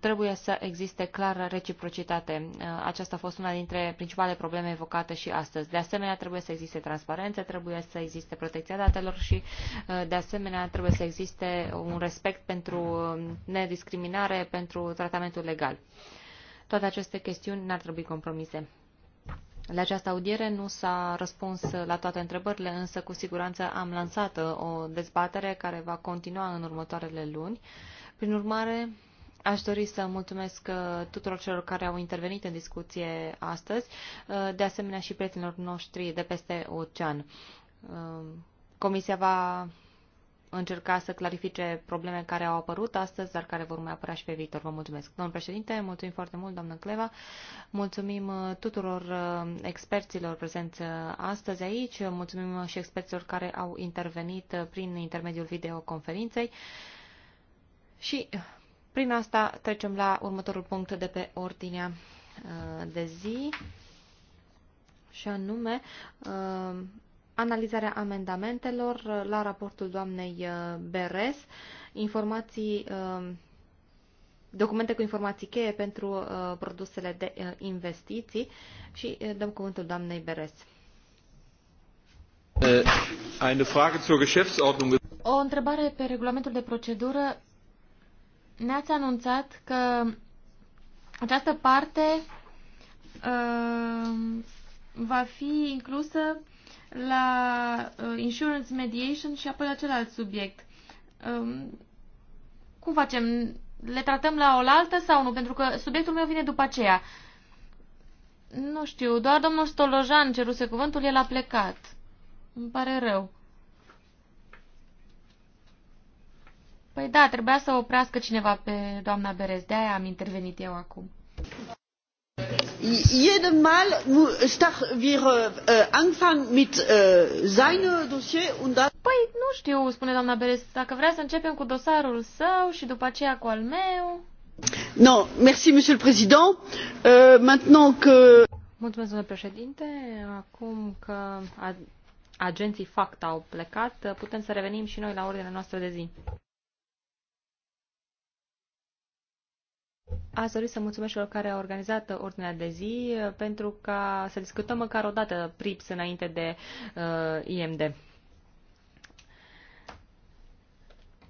trebuie să existe clară reciprocitate. Aceasta a fost una dintre principalele probleme evocate și astăzi. De asemenea, trebuie să existe transparență, trebuie să existe existe protecția datelor și, uh, de asemenea, trebuie să existe un respect pentru uh, nediscriminare, pentru tratamentul legal. Toate aceste chestiuni n-ar trebui compromise. La această audiere nu s-a răspuns la toate întrebările, însă cu siguranță am lansat uh, o dezbatere care va continua în următoarele luni. Prin urmare, Aș dori să mulțumesc tuturor celor care au intervenit în discuție astăzi, de asemenea și prietenilor noștri de peste ocean. Um, Comisia va încerca să clarifice probleme care au apărut astăzi, dar care vor mai apărea și pe viitor. Vă mulțumesc. Domnul președinte, mulțumim foarte mult, doamnă Cleva. Mulțumim uh, tuturor uh, experților prezenți uh, astăzi aici. Mulțumim și experților care au intervenit prin intermediul videoconferinței. Și prin asta trecem la următorul punct de pe ordinea de zi, și anume analizarea amendamentelor uh, la raportul doamnei uh, Beres, informații, uh, documente cu informații cheie pentru produsele de investiții și dăm cuvântul doamnei Beres. Äh, o întrebare pe regulamentul de procedură. Ne-ați anunțat că această parte uh, va fi inclusă la uh, insurance mediation și apoi la celălalt subiect. Um, cum facem? Le tratăm la oaltă sau nu? Pentru că subiectul meu vine după aceea. Nu știu, doar domnul Stolojan ceruse cuvântul, el a plecat. Îmi pare rău. Păi da, trebuia să oprească cineva pe doamna Berez, de-aia am intervenit eu acum jedem Mal start, wir äh, anfangen mit äh, seinem Dossier und dann... Păi, nu știu, spune doamna Beres, dacă vrea să începem cu dosarul său și după aceea cu al meu... Nu, merci, monsieur le président. Euh, maintenant que... Mulțumesc, domnule președinte. Acum că agenții FACT au plecat, putem să revenim și noi la ordinea noastră de zi. Ați dori să mulțumesc celor care au organizat ordinea de zi uh, pentru ca să discutăm măcar o dată PRIPS înainte de uh, IMD.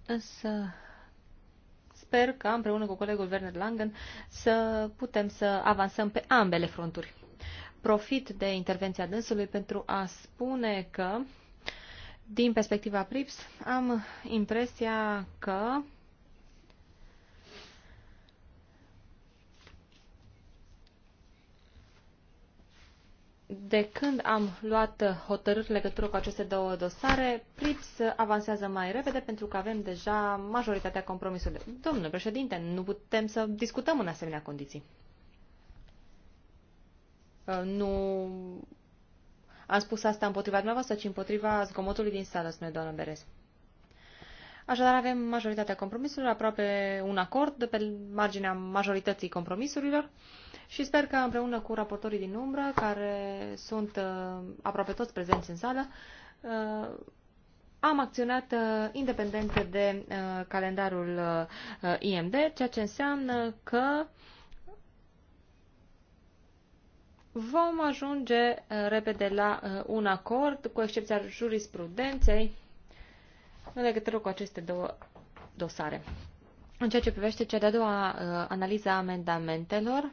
Însă sper că împreună cu colegul Werner Langen să putem să avansăm pe ambele fronturi. Profit de intervenția dânsului pentru a spune că, din perspectiva PRIPS, am impresia că de când am luat hotărâri în legătură cu aceste două dosare, PRIPS avansează mai repede pentru că avem deja majoritatea compromisurilor. Domnule președinte, nu putem să discutăm în asemenea condiții. Uh, nu am spus asta împotriva dumneavoastră, ci împotriva zgomotului din sală, spune doamna Beres. Așadar, avem majoritatea compromisurilor, aproape un acord pe marginea majorității compromisurilor și sper că împreună cu raportorii din umbră, care sunt uh, aproape toți prezenți în sală, uh, am acționat uh, independent de calendarul IMD, ceea ce înseamnă că vom ajunge repede la un acord, cu excepția jurisprudenței în legătură cu aceste două dosare. În ceea ce privește cea de-a doua uh, analiză a amendamentelor,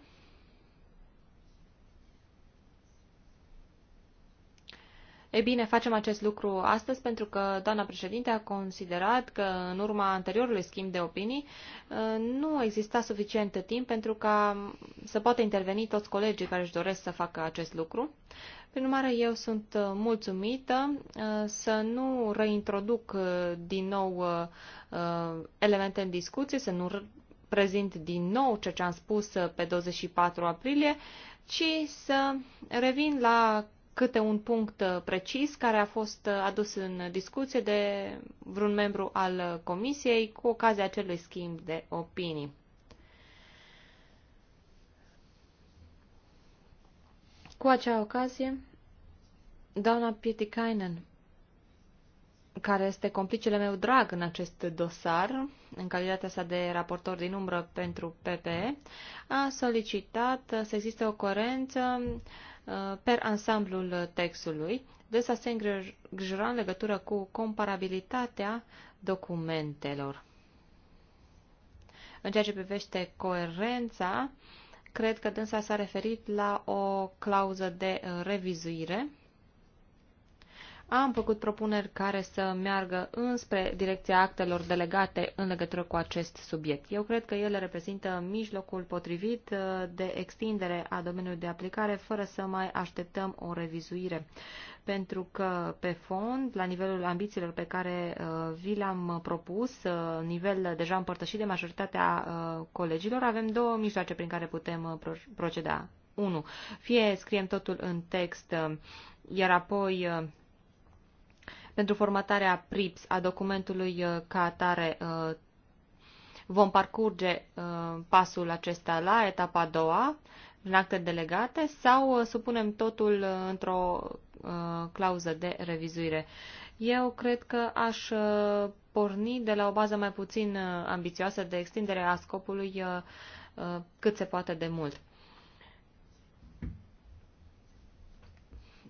E bine, facem acest lucru astăzi pentru că doamna președinte a considerat că în urma anteriorului schimb de opinii uh, nu exista suficient timp pentru ca să poată interveni toți colegii care își doresc să facă acest lucru. Prin urmare, eu sunt uh, mulțumită uh, să nu reintroduc uh, din nou elemente în discuție, să nu prezint din nou ceea ce am spus pe 24 aprilie, ci să revin la câte un punct precis care a fost adus în discuție de vreun membru al comisiei cu ocazia acelui schimb de opinii. Cu acea ocazie, doamna Pietikainen, care este complicele meu drag în acest dosar, în calitatea sa de raportor din umbră pentru PPE, a solicitat să existe o coerență uh, per ansamblul textului, de să se îngrijora în legătură cu comparabilitatea documentelor. În ceea ce privește coerența, uh, Cred că dânsa s-a referit la o clauză de uh, revizuire. Am făcut propuneri care să meargă înspre direcția actelor delegate în legătură cu acest subiect. Eu cred că ele reprezintă mijlocul potrivit uh, de extindere a domeniului de aplicare fără să mai așteptăm o revizuire pentru că pe fond, la nivelul ambițiilor pe care uh, vi le-am uh, propus, uh, nivel deja împărtășit de majoritatea colegilor, avem două mijloace prin care putem proceda. 1. Fie scriem totul în text, iar apoi pentru formatarea PRIPS a documentului ca atare vom parcurge pasul acesta la etapa a doua, în acte delegate, sau supunem totul într-o Uh, clauză de revizuire. Eu cred că aș uh, porni de la o bază mai puțin uh, ambițioasă de extindere a scopului cât se poate de mult.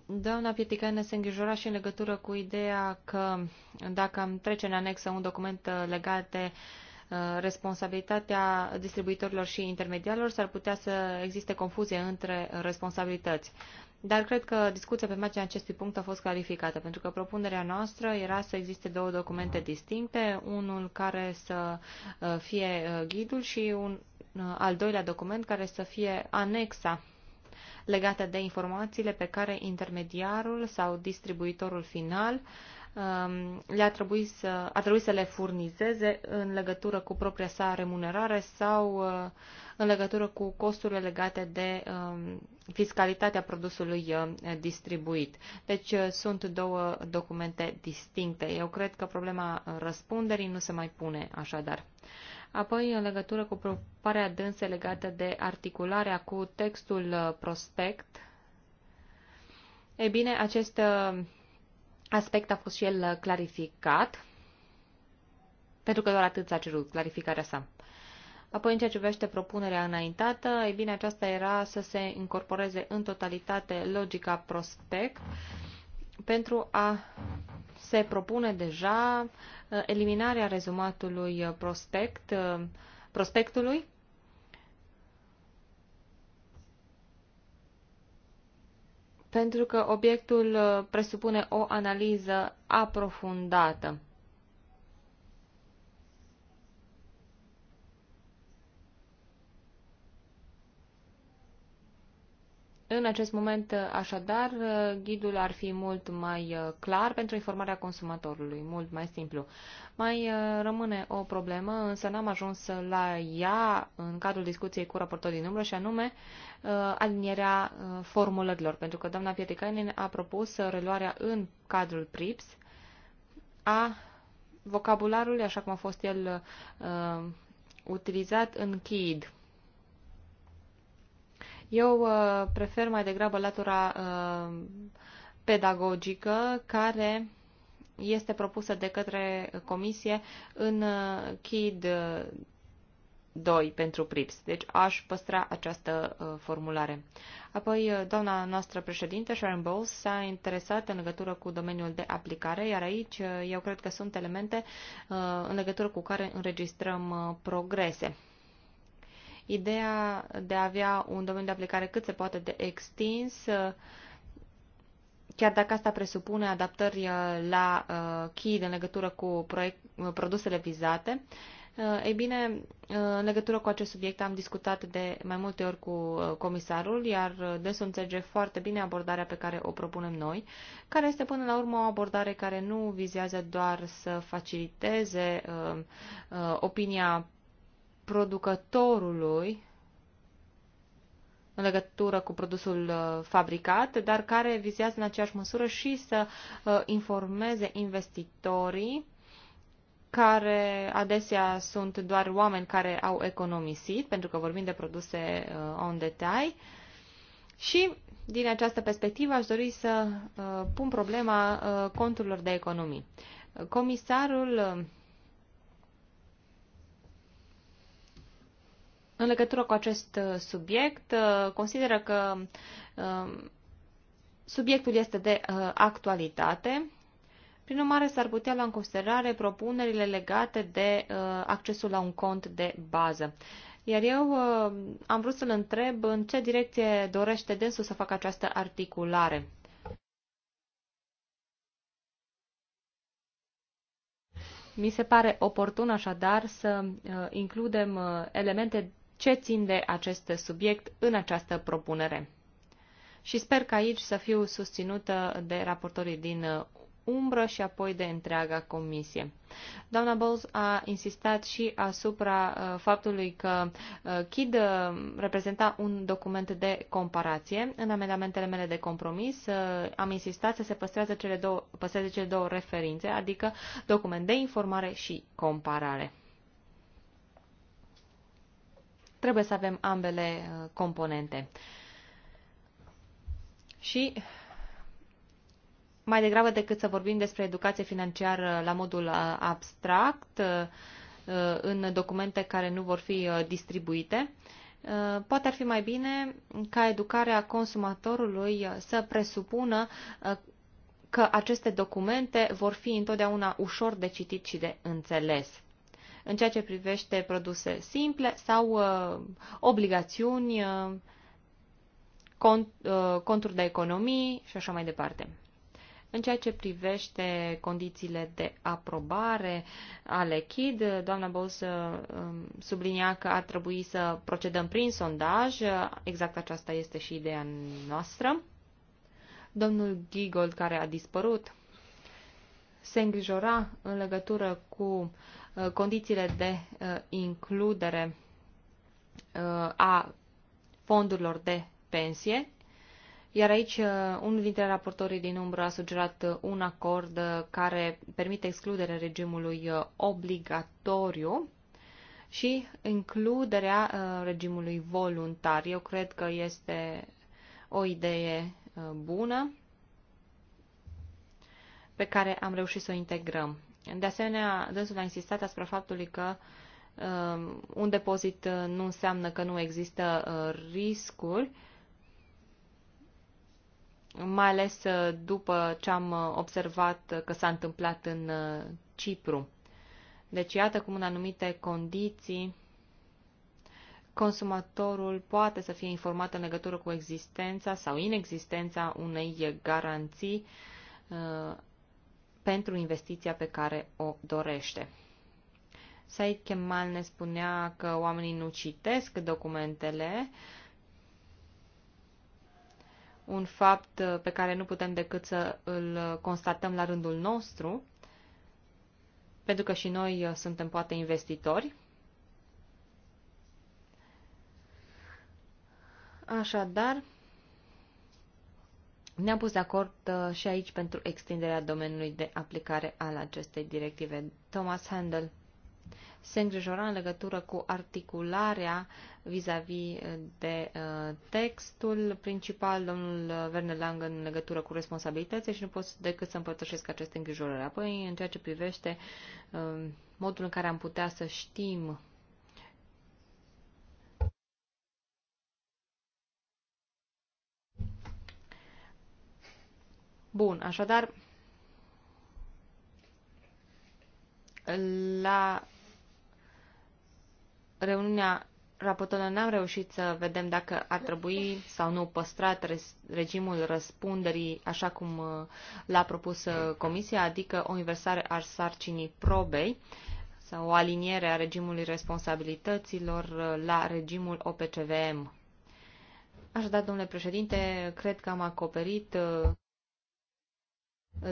Doamna Pieticaine se îngrijora și în legătură cu ideea că dacă am trece în anexă un document legat de uh, Uh, responsabilitatea distribuitorilor și intermediarilor, s-ar putea să existe confuzie între responsabilități. Dar cred că discuția pe marginea acestui punct a fost clarificată, pentru că propunerea noastră era să existe două documente distincte, unul care să uh, fie uh, ghidul și un al doilea document care să fie anexa legată de informațiile pe care intermediarul sau distribuitorul final uh, Um, le-a trebuit să, a trebuit să le furnizeze în legătură cu propria sa remunerare sau uh, în legătură cu costurile legate de um, fiscalitatea produsului uh, distribuit. Deci uh, sunt două documente distincte. Eu cred că problema răspunderii nu se mai pune așadar. Apoi, în legătură cu preocuparea dânse legată de articularea cu textul prospect, e bine, acest aspect a fost și el uh, clarificat, pentru că doar atât s-a cerut clarificarea sa. Apoi, în ceea ce privește propunerea înaintată, e bine, aceasta era să se incorporeze în totalitate logica prospect pentru a se propune deja uh, eliminarea rezumatului uh, prospect, prospectului pentru că obiectul uh, presupune o analiză aprofundată. În acest moment, așadar, ghidul ar fi mult mai uh, clar pentru informarea consumatorului, mult mai simplu. Mai uh, rămâne o problemă, însă n-am ajuns la ea în cadrul discuției cu raportorul din umbră, și anume uh, alinierea formulărilor, pentru că doamna Pieticainen a propus reluarea în cadrul PRIPS a vocabularului, așa cum a fost el uh, utilizat în KID eu uh, prefer mai degrabă latura uh, pedagogică care este propusă de către comisie în uh, KID 2 uh, pentru PRIPS. Deci aș păstra această uh, formulare. Apoi, uh, doamna noastră președinte, Sharon Bowles, s-a interesat în legătură cu domeniul de aplicare, iar aici uh, eu cred că sunt elemente uh, în legătură cu care înregistrăm uh, progrese. Ideea de a avea un domeniu de aplicare cât se poate de extins, chiar dacă asta presupune adaptări uh, la uh, chi în legătură cu proiect, uh, produsele vizate, ei bine, în legătură cu acest subiect am discutat de mai multe ori cu comisarul, iar dânsul înțelege foarte bine abordarea pe care o propunem noi, care este până la urmă o abordare care nu vizează doar să faciliteze opinia producătorului în legătură cu produsul uh, fabricat, dar care vizează în aceeași măsură și să uh, informeze investitorii care adesea sunt doar oameni care au economisit, pentru că vorbim de produse uh, on detail. Și din această perspectivă aș dori să pun problema conturilor de economii. Comisarul în legătură cu acest uh, subiect, uh, consideră că uh, subiectul este de actualitate. Prin urmare, s-ar putea lua în considerare propunerile legate de accesul la un cont de bază. Iar eu am vrut să-l întreb în ce direcție dorește dânsul să facă această articulare. Mi se pare oportun așadar să includem elemente ce țin de acest subiect în această propunere. Și sper că aici să fiu susținută de raportorii din umbră și apoi de întreaga comisie. Doamna Bowles a insistat și asupra uh, faptului că uh, KID uh, reprezenta un document de comparație. În amendamentele mele de compromis am insistat să se păstreze cele două, păstreze cele două referințe, adică document de informare și comparare. Trebuie să avem ambele uh, componente. Și mai degrabă decât să vorbim despre educație financiară la modul uh, abstract, uh, în documente care nu vor fi distribuite, poate ar fi mai bine ca educarea consumatorului să presupună că aceste documente vor fi întotdeauna ușor de citit și de înțeles în ceea ce privește produse simple sau uh, obligațiuni, uh, cont, uh, conturi de economii și așa mai departe. În ceea ce privește condițiile de aprobare ale KID, doamna Bous uh, um, sublinia că ar trebui să procedăm prin sondaj, exact aceasta este și ideea noastră. Domnul Gigold, care a dispărut, se îngrijora în legătură cu uh, Uh, condițiile de uh, includere uh, a fondurilor de pensie, iar aici unul dintre raportorii din umbră a sugerat un acord care permite excluderea regimului obligatoriu și includerea regimului voluntar. Eu cred că este o idee bună pe care am reușit să o integrăm. De asemenea, dânsul a insistat asupra faptului că um, un depozit uh, nu înseamnă că nu există uh, riscuri, mai ales uh, după ce am observat că s-a întâmplat în Cipru. Deci iată cum în anumite condiții consumatorul poate să fie informat în legătură cu existența sau inexistența unei garanții pentru investiția pe care o dorește. Said Kemal ne spunea că oamenii nu citesc documentele, un fapt pe care nu putem decât să îl constatăm la rândul nostru, pentru că și noi suntem poate investitori. Așadar, ne-am pus de acord uh, și aici pentru extinderea domeniului de aplicare al acestei directive. Thomas Handel se îngrijora în legătură cu articularea vis-a-vis -vis uh, de uh, textul principal, domnul uh, Werner Lang, în legătură cu responsabilitățile și nu pot decât să împărtășesc aceste îngrijorări. Apoi, în ceea ce privește uh, modul în care am putea să știm Bun, așadar, la reuniunea raportorilor n-am reușit să vedem dacă ar trebui sau nu păstrat regimul răspunderii așa cum uh, l-a propus uh, Comisia, adică o inversare a sarcinii probei sau o aliniere a regimului responsabilităților uh, la regimul OPCVM. Așadar, domnule președinte, cred că am acoperit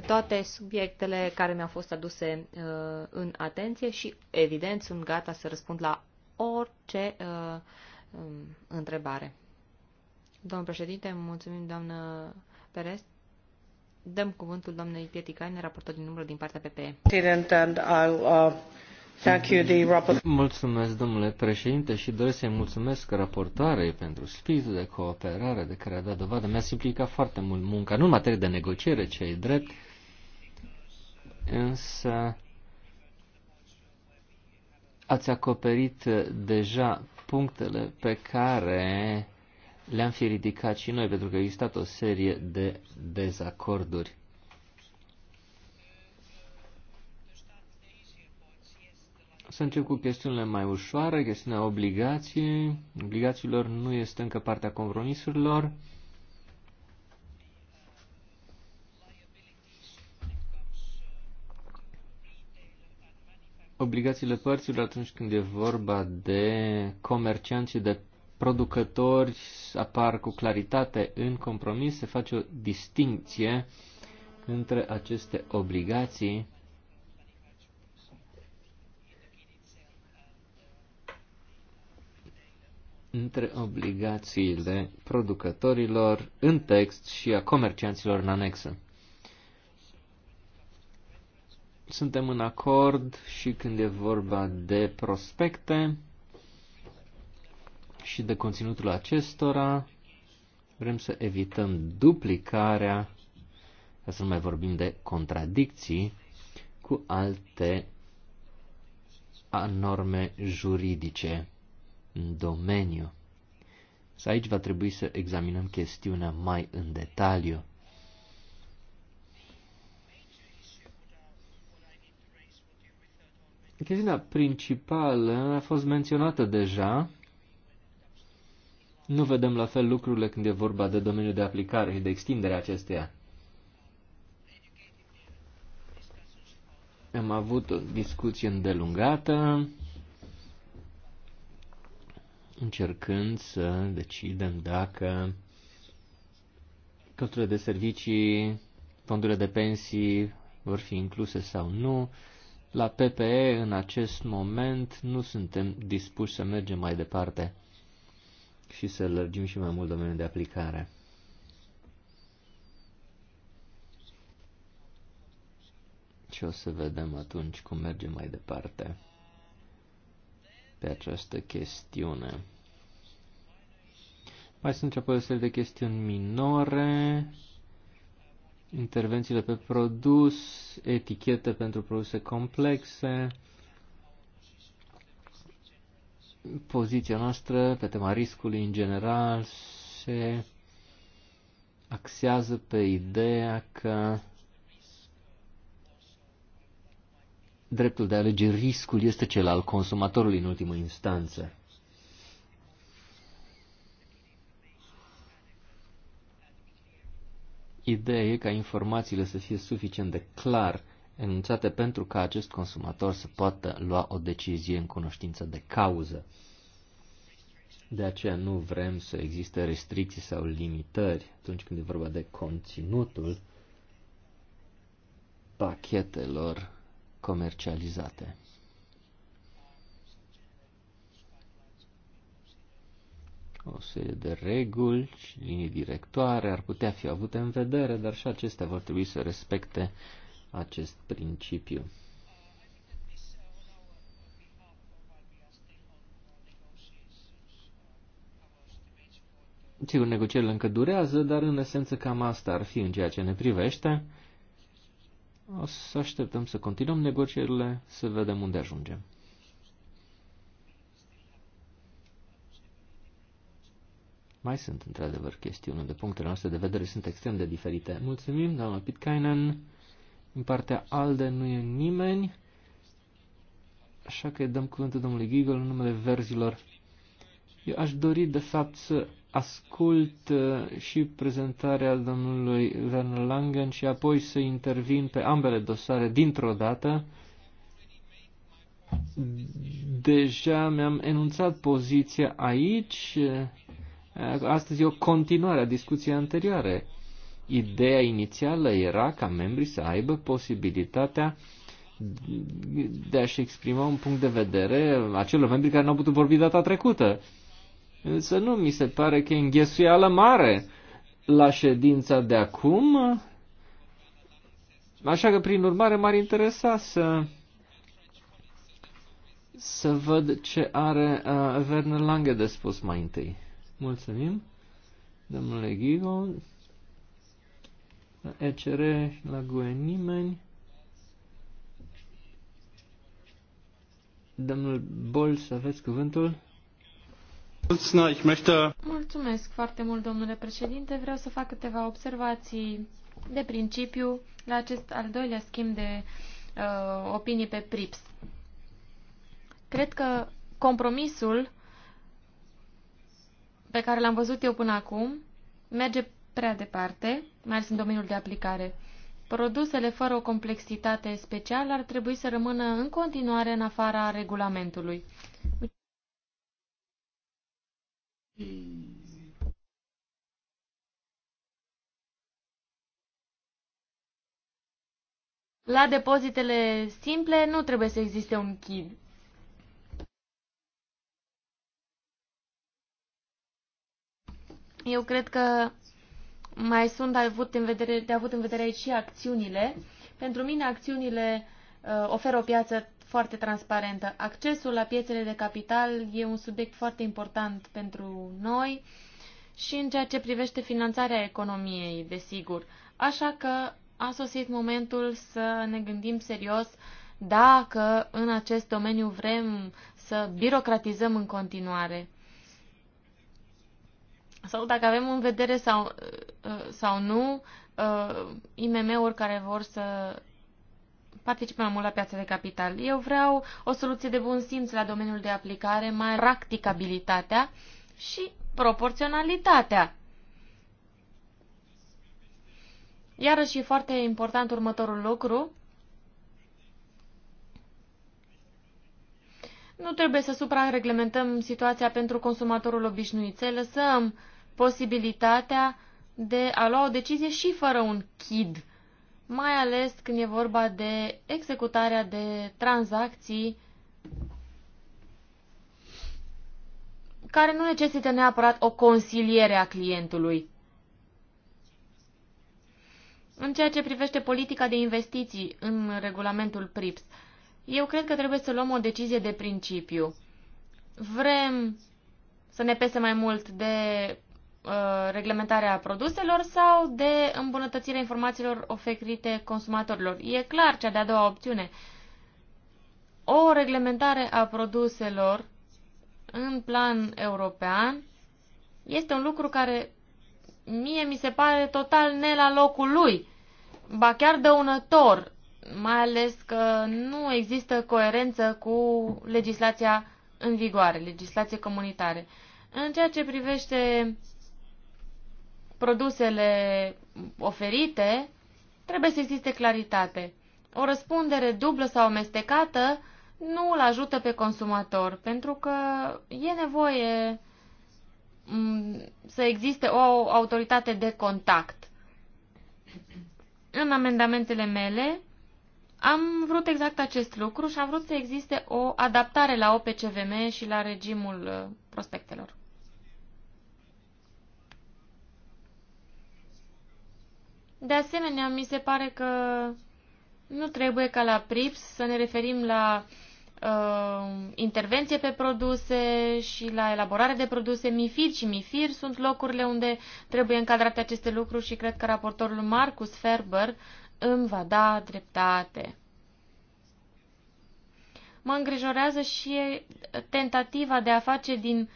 toate subiectele care mi-au fost aduse uh, în atenție și, evident, sunt gata să răspund la orice uh, um, întrebare. Domnul președinte, mulțumim, doamnă Perez. Dăm cuvântul doamnei Pieticaine, raportor din numărul din partea PPE. Mulțumesc, domnule președinte, și doresc să-i mulțumesc raportoarei pentru spiritul de cooperare de care a dat dovadă. Mi-a simplificat foarte mult munca, nu în materie de negociere, ce e drept, însă ați acoperit deja punctele pe care le-am fi ridicat și noi, pentru că a existat o serie de dezacorduri. Să încep cu chestiunile mai ușoare, chestiunea obligației. Obligațiilor nu este încă partea compromisurilor. Obligațiile părților atunci când e vorba de comercianți și de producători apar cu claritate în compromis, se face o distinție între aceste obligații între obligațiile producătorilor în text și a comercianților în anexă. Suntem în acord și când e vorba de prospecte și de conținutul acestora. Vrem să evităm duplicarea, ca să nu mai vorbim de contradicții, cu alte norme juridice în domeniu. Să aici va trebui să examinăm chestiunea mai în detaliu. Chestiunea principală a fost menționată deja. Nu vedem la fel lucrurile când e vorba de domeniul de aplicare și de extindere acesteia. Am avut o discuție îndelungată încercând să decidem dacă costurile de servicii, fondurile de pensii vor fi incluse sau nu. La PPE, în acest moment, nu suntem dispuși să mergem mai departe și să lărgim și mai mult domeniul de aplicare. Și o să vedem atunci cum mergem mai departe pe această chestiune. Mai sunt ceapă o serie de chestiuni minore, intervențiile pe produs, etichete pentru produse complexe, poziția noastră pe tema riscului în general se axează pe ideea că dreptul de a alege riscul este cel al consumatorului în ultimă instanță. Ideea e ca informațiile să fie suficient de clar enunțate pentru ca acest consumator să poată lua o decizie în cunoștință de cauză. De aceea nu vrem să existe restricții sau limitări atunci când e vorba de conținutul pachetelor comercializate. O serie de reguli și linii directoare ar putea fi avute în vedere, dar și acestea vor trebui să respecte acest principiu. Sigur, negocierile încă durează, dar în esență cam asta ar fi în ceea ce ne privește. O să așteptăm să continuăm negocierile, să vedem unde ajungem. Mai sunt, într-adevăr, chestiuni de punctele noastre de vedere sunt extrem de diferite. Mulțumim, doamna Pitkainen. În partea ALDE nu e nimeni, așa că dăm cuvântul domnului Giggle în numele verzilor. Eu aș dori, de fapt, să ascult uh, și prezentarea domnului Werner Langen și apoi să intervin pe ambele dosare dintr-o dată. Deja mi-am enunțat poziția aici. Uh, astăzi e o continuare a discuției anterioare. Ideea inițială era ca membrii să aibă posibilitatea de a-și exprima un punct de vedere acelor membri care n-au putut vorbi data trecută. Însă nu mi se pare că e înghesuială mare la ședința de acum. Așa că, prin urmare, m-ar interesa să, să văd ce are uh, Werner Lange de spus mai întâi. Mulțumim, domnule Ghigo. La ECR la GUE nimeni. Domnul Bol, să aveți cuvântul. Mulțumesc foarte mult, domnule președinte. Vreau să fac câteva observații de principiu la acest al doilea schimb de uh, opinii pe PRIPS. Cred că compromisul pe care l-am văzut eu până acum merge prea departe, mai ales în domeniul de aplicare. Produsele fără o complexitate specială ar trebui să rămână în continuare în afara regulamentului. La depozitele simple nu trebuie să existe un KID. Eu cred că mai sunt de avut în vedere, de avut în vedere aici și acțiunile. Pentru mine acțiunile uh, oferă o piață foarte transparentă. Accesul la piețele de capital e un subiect foarte important pentru noi și în ceea ce privește finanțarea economiei, desigur. Așa că a sosit momentul să ne gândim serios dacă în acest domeniu vrem să birocratizăm în continuare. Sau dacă avem în vedere sau, sau nu uh, IMM-uri care vor să participe mai mult la piața de capital. Eu vreau o soluție de bun simț la domeniul de aplicare, mai practicabilitatea și proporționalitatea. Iarăși e foarte important următorul lucru. Nu trebuie să suprareglementăm situația pentru consumatorul obișnuit, să lăsăm posibilitatea de a lua o decizie și fără un chid mai ales când e vorba de executarea de tranzacții care nu necesită neapărat o consiliere a clientului. În ceea ce privește politica de investiții în regulamentul PRIPS, eu cred că trebuie să luăm o decizie de principiu. Vrem să ne pese mai mult de Uh, reglementarea produselor sau de îmbunătățirea informațiilor oferite consumatorilor. E clar cea de-a doua opțiune. O reglementare a produselor în plan european este un lucru care mie mi se pare total ne la locul lui, ba chiar dăunător, mai ales că nu există coerență cu legislația în vigoare, legislație comunitare. În ceea ce privește produsele oferite, trebuie să existe claritate. O răspundere dublă sau amestecată nu îl ajută pe consumator, pentru că e nevoie mm, să existe o autoritate de contact. În amendamentele mele am vrut exact acest lucru și am vrut să existe o adaptare la OPCVM și la regimul uh, prospectelor. De asemenea, mi se pare că nu trebuie ca la PRIPS să ne referim la uh, intervenție pe produse și la elaborare de produse. MIFIR și MIFIR sunt locurile unde trebuie încadrate aceste lucruri și cred că raportorul Marcus Ferber îmi va da dreptate. Mă îngrijorează și tentativa de a face din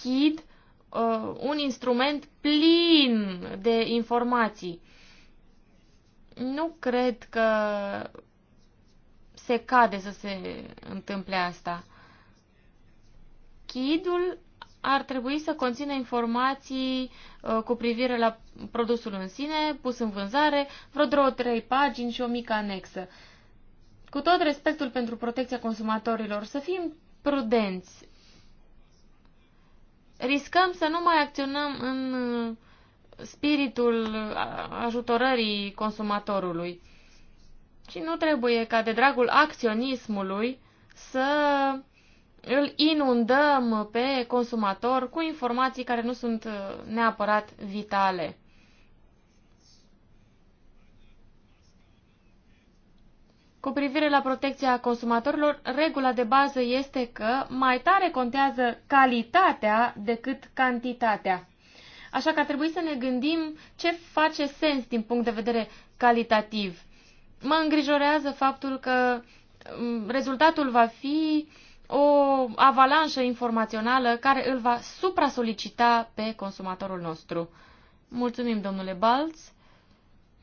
KID uh, un instrument plin de informații nu cred că se cade să se întâmple asta. Chidul ar trebui să conțină informații uh, cu privire la produsul în sine, pus în vânzare, vreo două, trei pagini și o mică anexă. Cu tot respectul pentru protecția consumatorilor, să fim prudenți. Riscăm să nu mai acționăm în uh, spiritul ajutorării consumatorului. Și nu trebuie ca de dragul acționismului să îl inundăm pe consumator cu informații care nu sunt uh, neapărat vitale. Cu privire la protecția consumatorilor, regula de bază este că mai tare contează calitatea decât cantitatea. Așa că ar trebui să ne gândim ce face sens din punct de vedere calitativ. Mă îngrijorează faptul că mm, rezultatul va fi o avalanșă informațională care îl va supra-solicita pe consumatorul nostru. Mulțumim, domnule Balț.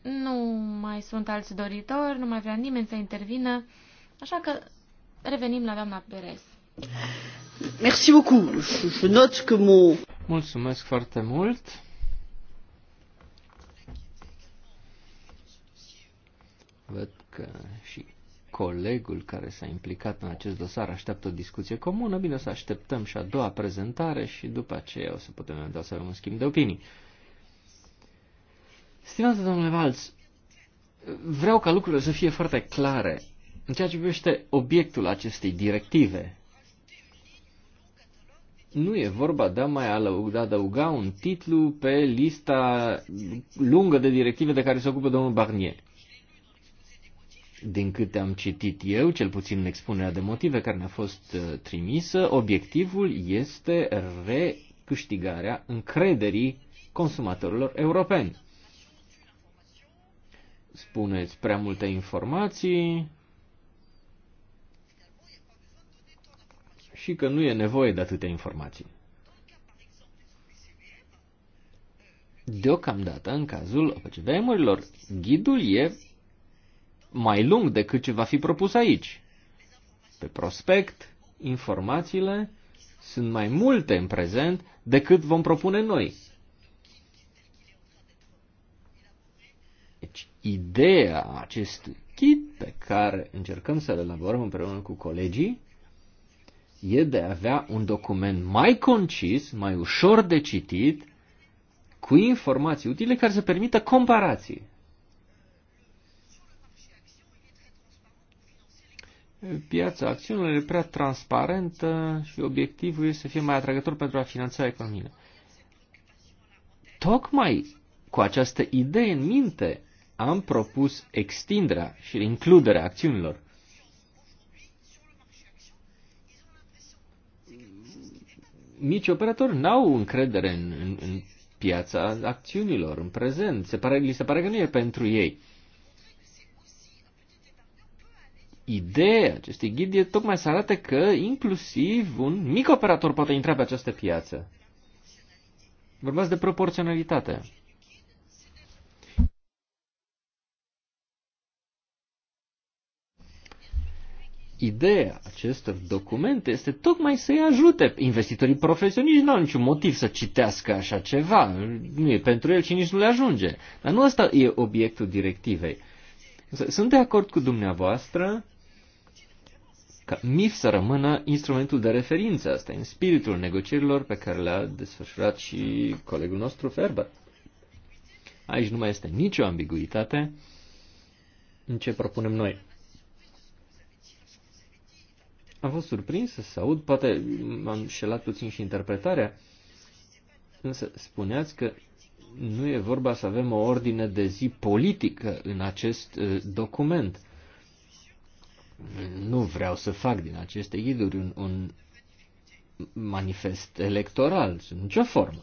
Nu mai sunt alți doritori, nu mai vrea nimeni să intervină, așa că revenim la doamna Perez. Merci beaucoup. Je note que mon... Mulțumesc foarte mult. Văd că și colegul care s-a implicat în acest dosar așteaptă o discuție comună. Bine, o să așteptăm și a doua prezentare și după aceea o să putem da să avem un schimb de opinii. Stimate domnule Valls, vreau ca lucrurile să fie foarte clare în ceea ce privește obiectul acestei directive nu e vorba de a mai adăuga un titlu pe lista lungă de directive de care se ocupă domnul Barnier. Din câte am citit eu, cel puțin în expunerea de motive care ne-a fost uh, trimisă, obiectivul este recâștigarea încrederii consumatorilor europeni. Spuneți prea multe informații, și că nu e nevoie de atâtea informații. Deocamdată, în cazul OPCVM-urilor, ghidul e mai lung decât ce va fi propus aici. Pe prospect, informațiile sunt mai multe în prezent decât vom propune noi. Deci, ideea acestui kit pe care încercăm să-l elaborăm împreună cu colegii e de a avea un document mai concis, mai ușor de citit, cu informații utile care să permită comparații. Piața acțiunilor e prea transparentă și obiectivul este să fie mai atrăgător pentru a finanța economia. Tocmai cu această idee în minte am propus extinderea și includerea acțiunilor. mici operatori n-au încredere în, în, în piața acțiunilor, în prezent. Se pare, li se pare că nu e pentru ei. Ideea acestui ghid e tocmai să arate că inclusiv un mic operator poate intra pe această piață. Vorbați de proporționalitate. Ideea acestor documente este tocmai să-i ajute. Investitorii profesioniști nu au niciun motiv să citească așa ceva. Nu e pentru el și nici nu le ajunge. Dar nu asta e obiectul directivei. Sunt de acord cu dumneavoastră ca MIF să rămână instrumentul de referință. Asta în spiritul negocierilor pe care le-a desfășurat și colegul nostru Ferber. Aici nu mai este nicio ambiguitate în ce propunem noi. Am fost surprins să aud, poate m-am șelat puțin și interpretarea, însă spuneați că nu e vorba să avem o ordine de zi politică în acest uh, document. Nu vreau să fac din aceste ghiduri un, un manifest electoral, în nicio formă.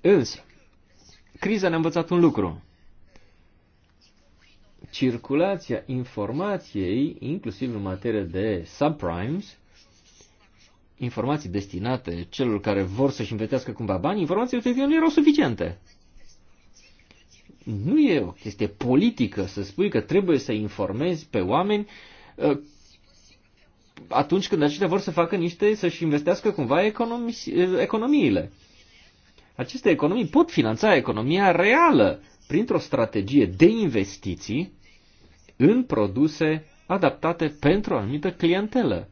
Însă, criza ne-a învățat un lucru circulația informației, inclusiv în materie de subprimes, informații destinate celor care vor să-și învețească cumva bani, informații respective nu erau suficiente. Nu e o chestie politică să spui că trebuie să informezi pe oameni ă, atunci când aceștia vor să facă niște, să-și investească cumva economi, ă, economiile. Aceste economii pot finanța economia reală printr-o strategie de investiții în produse adaptate pentru o anumită clientelă.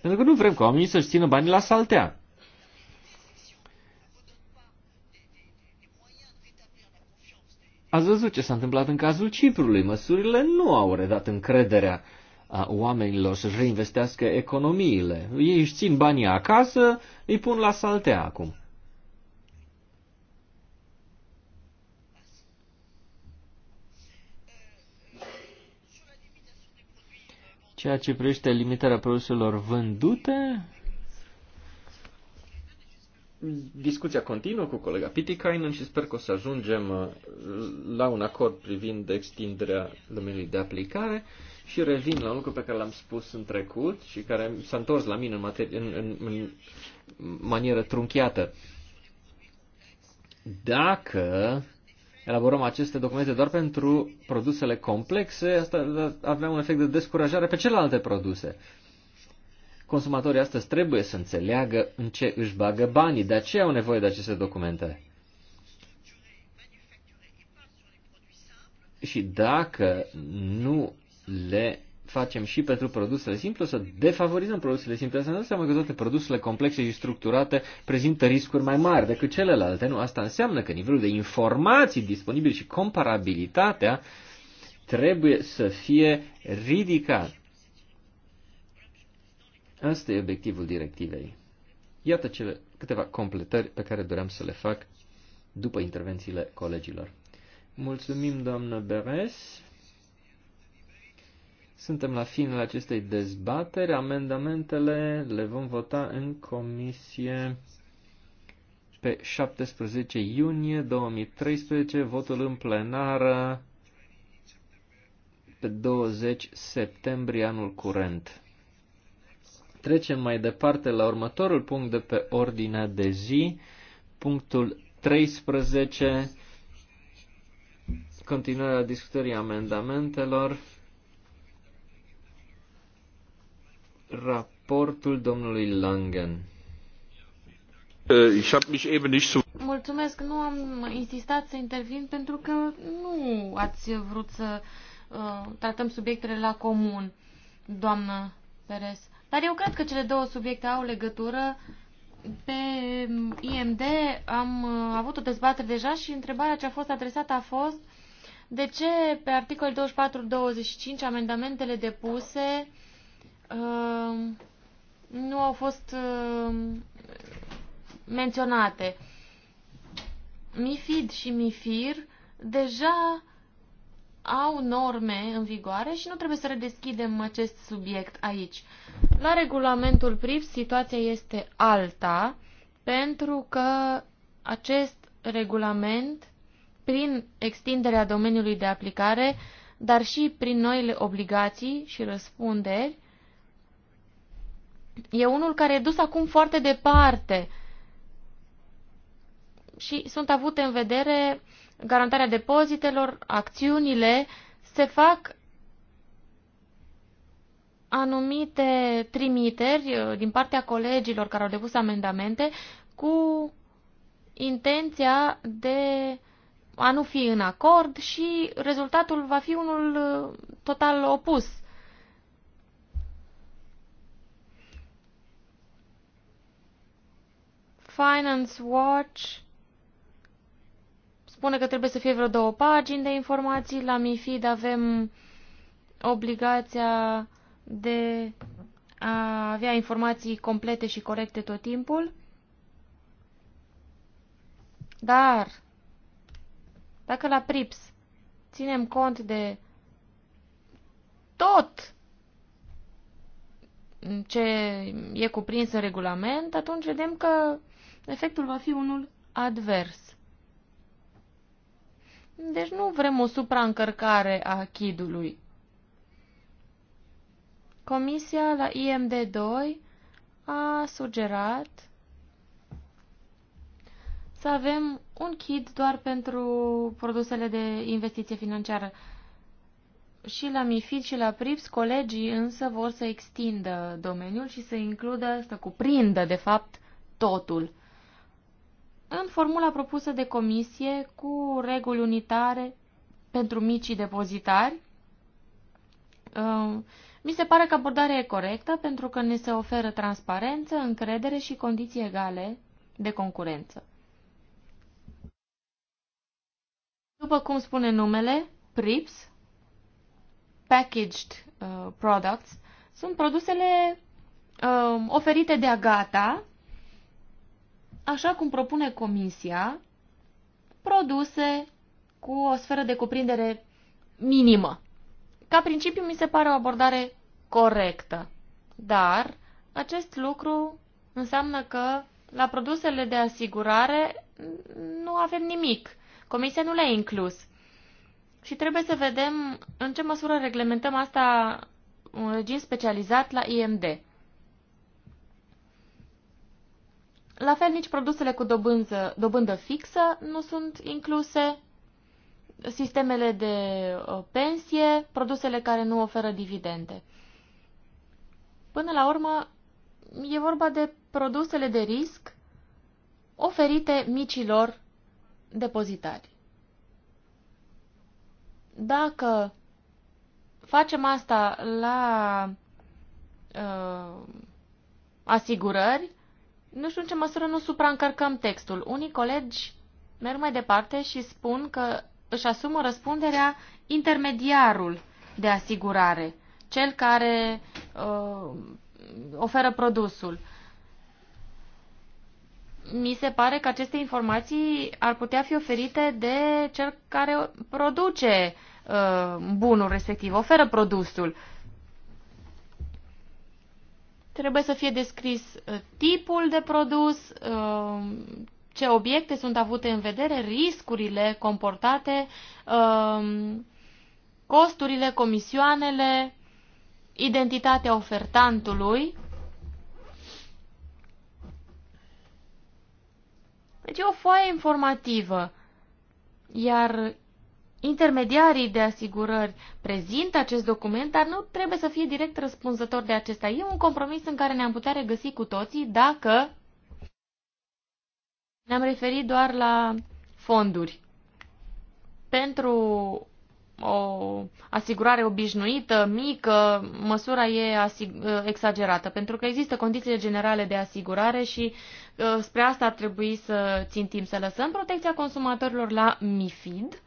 Pentru că nu vrem ca oamenii să-și țină banii la saltea. Ați văzut ce s-a întâmplat în cazul Ciprului. Măsurile nu au redat încrederea a oamenilor să-și reinvestească economiile. Ei își țin banii acasă, îi pun la saltea acum. Ceea ce privește limitarea produselor vândute, discuția continuă cu colega Pitikainen și sper că o să ajungem uh, la un acord privind extinderea domeniului de aplicare și revin la un lucru pe care l-am spus în trecut și care s-a întors la mine în, materie, în, în, în manieră trunchiată. Dacă elaborăm aceste documente doar pentru produsele complexe, asta avea un efect de descurajare pe celelalte produse. Consumatorii astăzi trebuie să înțeleagă în ce își bagă banii, de aceea au nevoie de aceste documente. Și dacă nu le facem și pentru produsele simple, să defavorizăm produsele simple. Asta nu înseamnă că toate produsele complexe și structurate prezintă riscuri mai mari decât celelalte. Nu, asta înseamnă că nivelul de informații disponibile și comparabilitatea trebuie să fie ridicat. Asta e obiectivul directivei. Iată cele câteva completări pe care doream să le fac după intervențiile colegilor. Mulțumim, doamnă Beres. Suntem la finul acestei dezbateri. Amendamentele le vom vota în comisie pe 17 iunie 2013, votul în plenară pe 20 septembrie anul curent. Trecem mai departe la următorul punct de pe ordinea de zi, punctul 13, continuarea discutării amendamentelor raportul domnului Langen. Äh, Mulțumesc, nu am insistat să intervin pentru că nu ați vrut să uh, tratăm subiectele la comun, doamnă Perez. Dar eu cred că cele două subiecte au legătură. Pe IMD am uh, avut o dezbatere deja și întrebarea ce a fost adresată a fost de ce pe articolul 24-25 amendamentele depuse uh, Uh, nu au fost uh, menționate. MIFID și MIFIR deja au norme în vigoare și nu trebuie să redeschidem acest subiect aici. La regulamentul PRIV situația este alta pentru că acest regulament, prin extinderea domeniului de aplicare, dar și prin noile obligații și răspunderi, e unul care e dus acum foarte departe și sunt avute în vedere garantarea depozitelor, acțiunile, se fac anumite trimiteri uh, din partea colegilor care au depus amendamente cu intenția de a nu fi în acord și rezultatul va fi unul uh, total opus Finance Watch spune că trebuie să fie vreo două pagini de informații. La MIFID avem obligația de a avea informații complete și corecte tot timpul. Dar, dacă la PRIPS ținem cont de tot ce e cuprins în regulament, atunci vedem că efectul va fi unul advers. Deci nu vrem o supraîncărcare a chidului. Comisia la IMD2 a sugerat să avem un kit doar pentru produsele de investiție financiară. Și la MIFID și la PRIPS, colegii însă vor să extindă domeniul și să includă, să cuprindă, de fapt, totul în formula propusă de comisie cu reguli unitare pentru micii depozitari. Uh, mi se pare că abordarea e corectă pentru că ne se oferă transparență, încredere și condiții egale de concurență. După cum spune numele, PRIPS, Packaged uh, Products, sunt produsele uh, oferite de-a gata așa cum propune Comisia, produse cu o sferă de cuprindere minimă. Ca principiu, mi se pare o abordare corectă, dar acest lucru înseamnă că la produsele de asigurare nu avem nimic. Comisia nu le-a inclus. Și trebuie să vedem în ce măsură reglementăm asta un regim specializat la IMD. La fel, nici produsele cu dobândă, dobândă fixă nu sunt incluse, sistemele de uh, pensie, produsele care nu oferă dividende. Până la urmă, e vorba de produsele de risc oferite micilor depozitari. Dacă facem asta la uh, asigurări, nu știu în ce măsură nu supraîncărcăm textul. Unii colegi merg mai departe și spun că își asumă răspunderea intermediarul de asigurare, cel care uh, oferă produsul. Mi se pare că aceste informații ar putea fi oferite de cel care produce uh, bunul respectiv, oferă produsul. Trebuie să fie descris uh, tipul de produs, uh, ce obiecte sunt avute în vedere, riscurile comportate, uh, costurile, comisioanele, identitatea ofertantului. Deci e o foaie informativă, iar intermediarii de asigurări prezintă acest document, dar nu trebuie să fie direct răspunzător de acesta. E un compromis în care ne-am putea regăsi cu toții dacă ne-am referit doar la fonduri. Pentru o asigurare obișnuită, mică, măsura e exagerată, pentru că există condițiile generale de asigurare și uh, spre asta ar trebui să țintim, să lăsăm protecția consumatorilor la MIFID,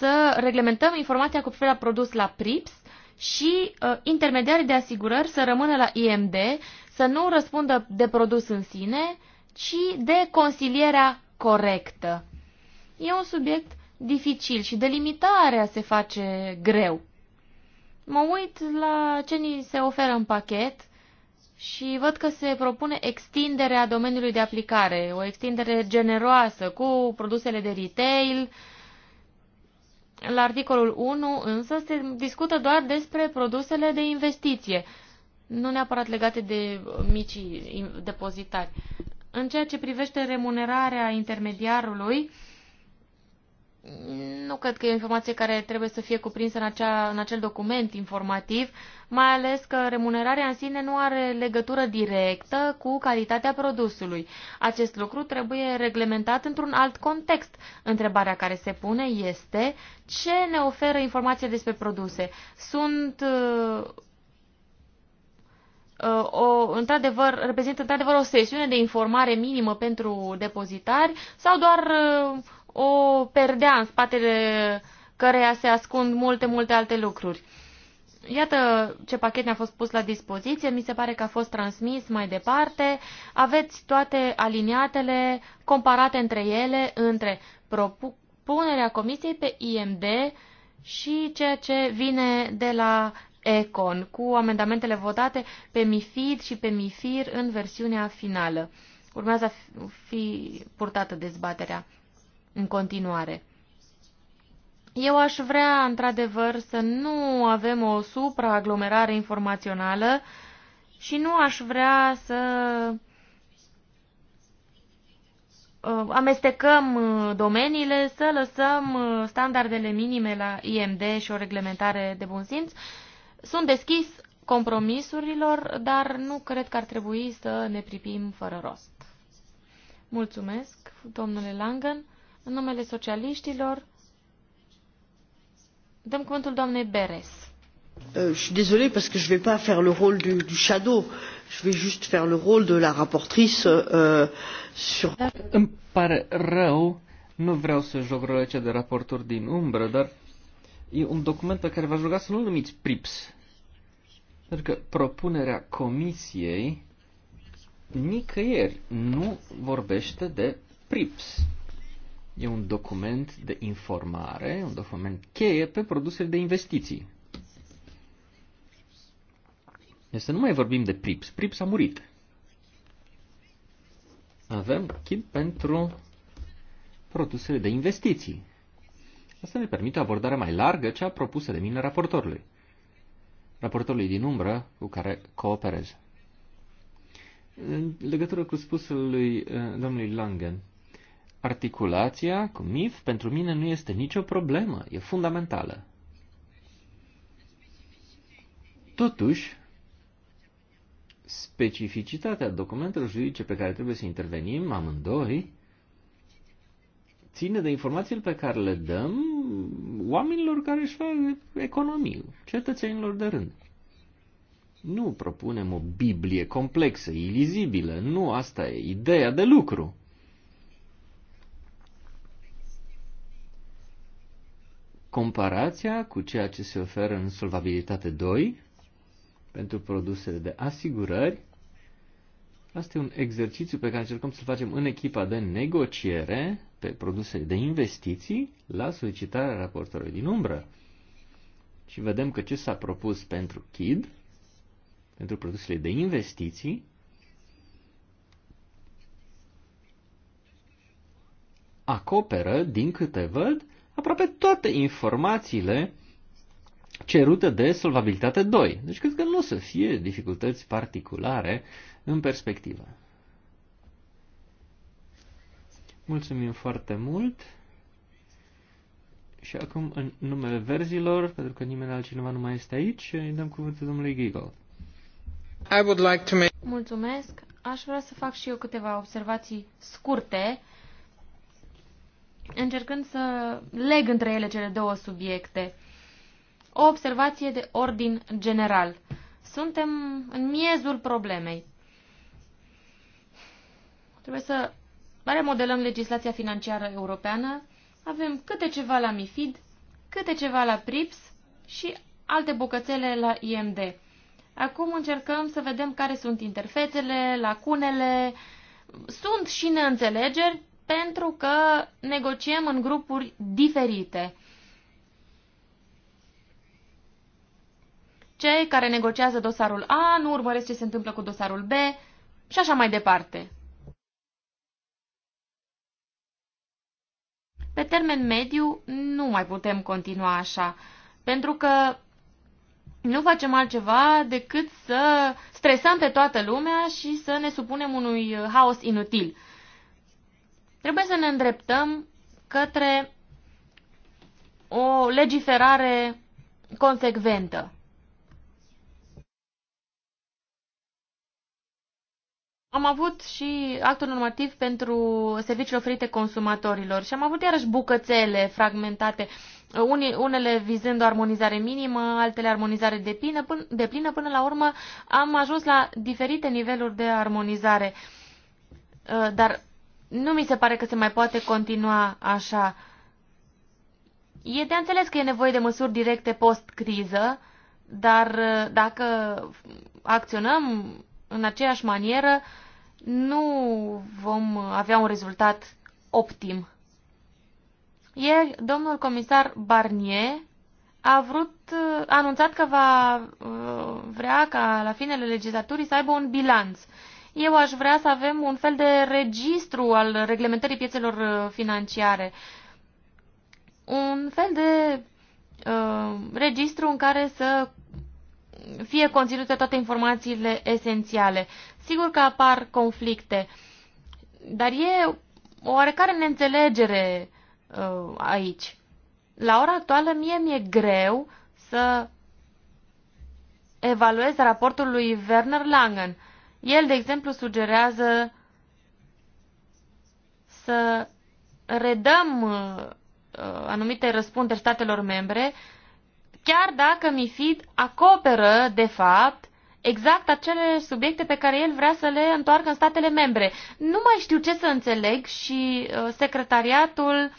să reglementăm informația cu privire la produs la PRIPS și uh, intermediarii de asigurări să rămână la IMD, să nu răspundă de produs în sine, ci de consilierea corectă. E un subiect dificil și delimitarea se face greu. Mă uit la ce ni se oferă în pachet și văd că se propune extinderea domeniului de aplicare, o extindere generoasă cu produsele de retail, la articolul 1 însă se discută doar despre produsele de investiție, nu neapărat legate de micii depozitari. În ceea ce privește remunerarea intermediarului, uh, nu cred că e o informație care trebuie să fie cuprinsă în, acea, în acel document informativ, mai ales că remunerarea în sine nu are legătură directă cu calitatea produsului. Acest lucru trebuie reglementat într-un alt context. Întrebarea care se pune este ce ne oferă informația despre produse. Sunt uh, uh o, într-adevăr, reprezintă într-adevăr o sesiune de informare minimă pentru depozitari sau doar uh, o perdea în spatele căreia se ascund multe, multe alte lucruri. Iată ce pachet ne-a fost pus la dispoziție, mi se pare că a fost transmis mai departe. Aveți toate aliniatele comparate între ele, între propunerea comisiei pe IMD și ceea ce vine de la Econ, cu amendamentele votate pe MIFID și pe MIFIR în versiunea finală. Urmează a fi purtată dezbaterea în continuare. Eu aș vrea, într-adevăr, să nu avem o supraaglomerare informațională și nu aș vrea să uh, amestecăm uh, domeniile, să lăsăm uh, standardele minime la IMD și o reglementare de bun simț. Sunt deschis compromisurilor, dar nu cred că ar trebui să ne pripim fără rost. Mulțumesc, domnule Langen. În numele socialiștilor, dăm cuvântul doamnei Beres. Euh, je suis désolée parce que je ne vais pas faire le rôle du, du shadow, je vais juste faire le rôle de la rapportrice euh, sur. Îmi pare rău, nu vreau să joc rolul acela de raportor din umbră, dar e un document pe care v-aș ruga să nu-l numiți PRIPS. Pentru că propunerea comisiei nicăieri nu vorbește de PRIPS. E un document de informare, un document cheie pe produsele de investiții. Deci să nu mai vorbim de PRIPS. PRIPS a murit. Avem kit pentru produsele de investiții. Asta ne permite o abordare mai largă cea propusă de mine raportorului. Raportorului din umbră cu care cooperez. În legătură cu spusul lui eh, domnului Langen, articulația cu MIF pentru mine nu este nicio problemă, e fundamentală. Totuși, specificitatea documentelor juridice pe care trebuie să intervenim amândoi ține de informațiile pe care le dăm oamenilor care își fac economii, cetățenilor de rând. Nu propunem o Biblie complexă, ilizibilă, nu asta e ideea de lucru. comparația cu ceea ce se oferă în solvabilitate 2 pentru produsele de asigurări. Asta e un exercițiu pe care încercăm să-l facem în echipa de negociere pe produse de investiții la solicitarea raportorului din umbră. Și vedem că ce s-a propus pentru KID, pentru produsele de investiții, acoperă, din câte văd, aproape toate informațiile cerute de solvabilitate 2. Deci cred că nu o să fie dificultăți particulare în perspectivă. Mulțumim foarte mult. Și acum, în numele verzilor, pentru că nimeni altcineva nu mai este aici, îi dăm cuvântul domnului Giggle. I would like to make... Mulțumesc. Aș vrea să fac și eu câteva observații scurte încercând să leg între ele cele două subiecte. O observație de ordin general. Suntem în miezul problemei. Trebuie să remodelăm legislația financiară europeană, avem câte ceva la MIFID, câte ceva la PRIPS și alte bucățele la IMD. Acum încercăm să vedem care sunt interfețele, lacunele. Sunt și neînțelegeri, pentru că negociem în grupuri diferite. Cei care negociază dosarul A nu urmăresc ce se întâmplă cu dosarul B și așa mai departe. Pe termen mediu nu mai putem continua așa, pentru că nu facem altceva decât să stresăm pe toată lumea și să ne supunem unui haos inutil. Trebuie să ne îndreptăm către o legiferare consecventă. Am avut și actul normativ pentru serviciile oferite consumatorilor și am avut iarăși bucățele fragmentate, unele vizând o armonizare minimă, altele armonizare de plină, până, de plină. Până la urmă am ajuns la diferite niveluri de armonizare. Dar nu mi se pare că se mai poate continua așa. E de înțeles că e nevoie de măsuri directe post-criză, dar uh, dacă acționăm în aceeași manieră, nu vom avea un rezultat optim. Ieri, domnul comisar Barnier a vrut, uh, a anunțat că va uh, vrea ca la finele legislaturii să aibă un bilanț eu aș vrea să avem un fel de registru al reglementării piețelor uh, financiare. Un fel de uh, registru în care să fie conținute toate informațiile esențiale. Sigur că apar conflicte, dar e o oarecare neînțelegere uh, aici. La ora actuală mie mi-e greu să evaluez raportul lui Werner Langen. El, de exemplu, sugerează să redăm uh, anumite răspunderi statelor membre, chiar dacă MIFID acoperă, de fapt, exact acele subiecte pe care el vrea să le întoarcă în statele membre. Nu mai știu ce să înțeleg și uh, secretariatul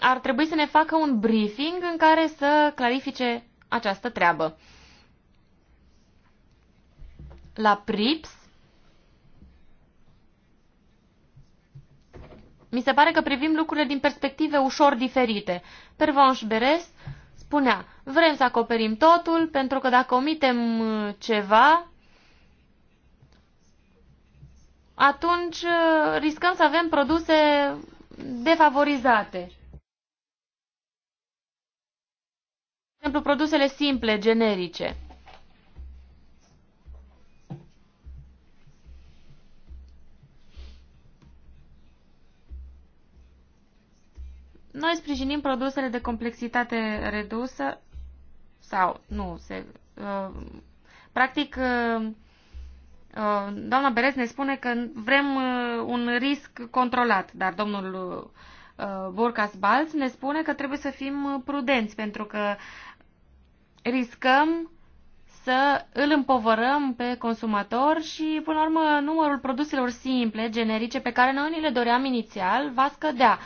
ar trebui să ne facă un briefing în care să clarifice această treabă la PRIPS, mi se pare că privim lucrurile din perspective ușor diferite. Pervanș Beres spunea, vrem să acoperim totul, pentru că dacă omitem uh, ceva, atunci uh, riscăm să avem produse defavorizate. De exemplu, produsele simple, generice. Noi sprijinim produsele de complexitate redusă sau nu, se, uh, practic uh, uh doamna Berez ne spune că vrem uh, un risc controlat, dar domnul uh, Burcas Balț ne spune că trebuie să fim uh, prudenți pentru că riscăm să îl împovărăm pe consumator și, până la urmă, numărul produselor simple, generice, pe care noi ni le doream inițial, va scădea.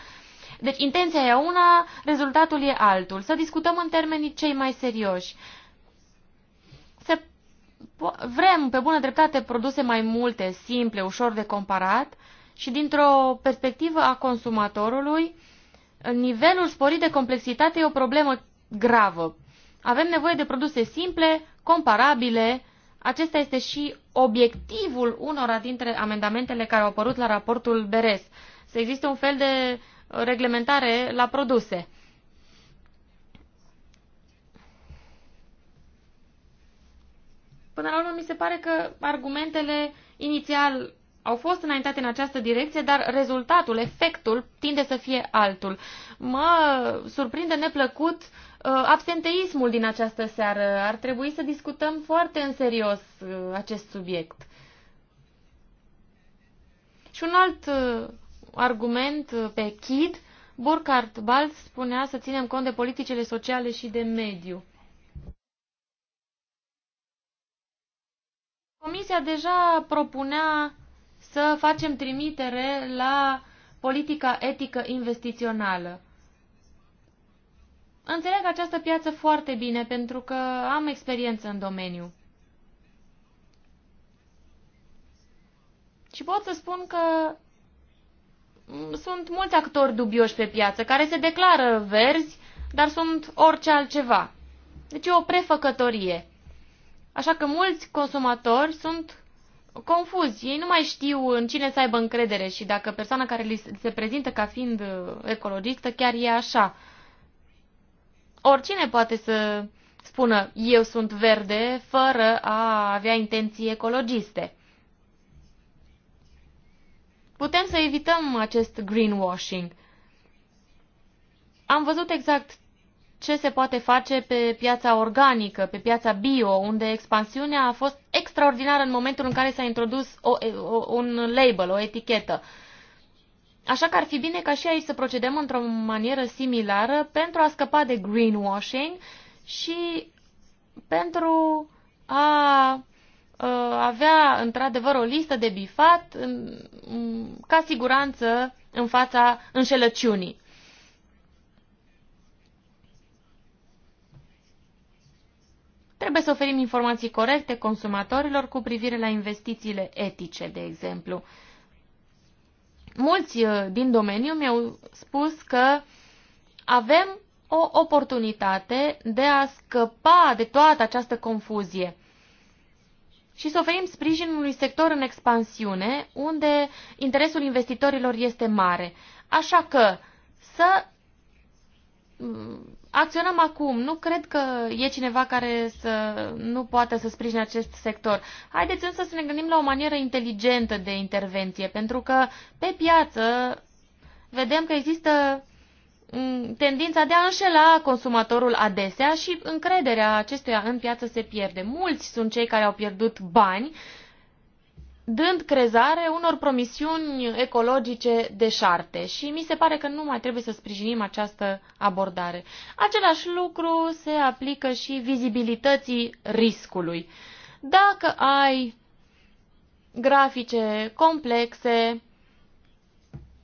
Deci intenția e una, rezultatul e altul. Să discutăm în termenii cei mai serioși. Se vrem, pe bună dreptate, produse mai multe, simple, ușor de comparat și dintr-o perspectivă a consumatorului, nivelul sporit de complexitate e o problemă gravă. Avem nevoie de produse simple, comparabile. Acesta este și obiectivul unora dintre amendamentele care au apărut la raportul Beres. Să existe un fel de reglementare la produse. Până la urmă, mi se pare că argumentele inițial au fost înaintate în această direcție, dar rezultatul, efectul, tinde să fie altul. Mă surprinde neplăcut uh, absenteismul din această seară. Ar trebui să discutăm foarte în serios uh, acest subiect. Și un alt uh, argument pe KID, Burkhard Balz spunea să ținem cont de politicile sociale și de mediu. Comisia deja propunea să facem trimitere la politica etică investițională. Înțeleg această piață foarte bine pentru că am experiență în domeniu. Și pot să spun că sunt mulți actori dubioși pe piață care se declară verzi, dar sunt orice altceva. Deci e o prefăcătorie. Așa că mulți consumatori sunt confuzi. Ei nu mai știu în cine să aibă încredere și dacă persoana care li se prezintă ca fiind ecologistă chiar e așa. Oricine poate să spună eu sunt verde fără a avea intenții ecologiste. Putem să evităm acest greenwashing. Am văzut exact ce se poate face pe piața organică, pe piața bio, unde expansiunea a fost extraordinară în momentul în care s-a introdus o, o, un label, o etichetă. Așa că ar fi bine ca și aici să procedăm într-o manieră similară pentru a scăpa de greenwashing și pentru a Uh, avea într-adevăr o listă de bifat ca siguranță în fața înșelăciunii. Trebuie să oferim informații corecte consumatorilor cu privire la investițiile etice, de exemplu. Mulți uh, din domeniu mi-au spus că avem o oportunitate de a scăpa de toată această confuzie și să oferim sprijin unui sector în expansiune, unde interesul investitorilor este mare. Așa că să mm, acționăm acum. Nu cred că e cineva care să nu poată să sprijine acest sector. Haideți însă să ne gândim la o manieră inteligentă de intervenție, pentru că pe piață vedem că există Mm, tendința de a înșela consumatorul adesea și încrederea acestuia în piață se pierde. Mulți sunt cei care au pierdut bani dând crezare unor promisiuni ecologice deșarte și mi se pare că nu mai trebuie să sprijinim această abordare. Același lucru se aplică și vizibilității riscului. Dacă ai grafice complexe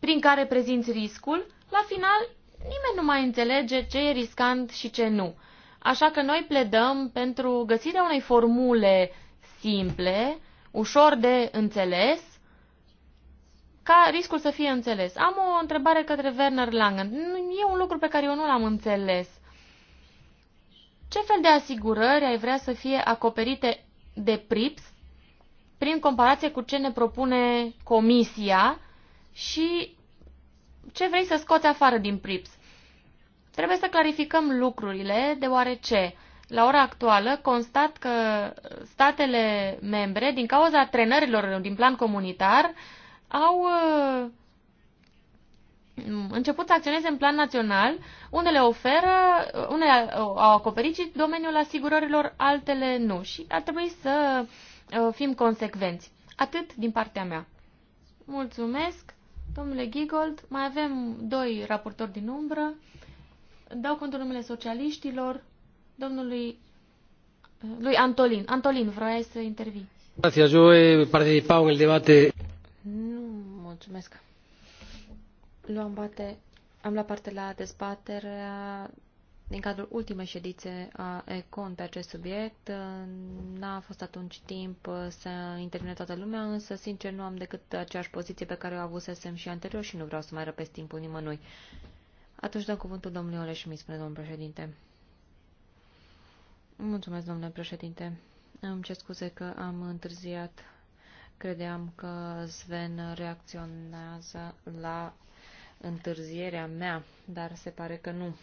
prin care prezinți riscul, la final nimeni nu mai înțelege ce e riscant și ce nu. Așa că noi pledăm pentru găsirea unei formule simple, ușor de înțeles, ca riscul să fie înțeles. Am o întrebare către Werner Langen. E un lucru pe care eu nu l-am înțeles. Ce fel de asigurări ai vrea să fie acoperite de PRIPS prin comparație cu ce ne propune Comisia și ce vrei să scoți afară din PRIPS? Trebuie să clarificăm lucrurile, deoarece la ora actuală constat că statele membre, din cauza trenărilor din plan comunitar, au uh, început să acționeze în plan național, unele oferă, uh, unele au acoperit și domeniul asigurărilor, altele nu și ar trebui să uh, fim consecvenți. Atât din partea mea. Mulțumesc, domnule Gigold. Mai avem doi raportori din umbră. Dau contul numele socialiștilor domnului eh, lui Antolin. Antolin, vreau să intervii. Grazie, eu participau în debate. Nu, mulțumesc. Luam bate, am luat parte la dezbaterea din cadrul ultimei ședițe a ECON pe acest subiect. N-a fost atunci timp eh, să intervine toată lumea, însă, sincer, nu am decât aceeași poziție pe care o avusesem și anterior și nu vreau să mai răpesc timpul nimănui. Atunci dăm cuvântul domnului Oleșmit, spune domnul președinte. Mulțumesc, domnule președinte. Îmi cer scuze că am întârziat. Credeam că Sven reacționează la întârzierea mea, dar se pare că nu.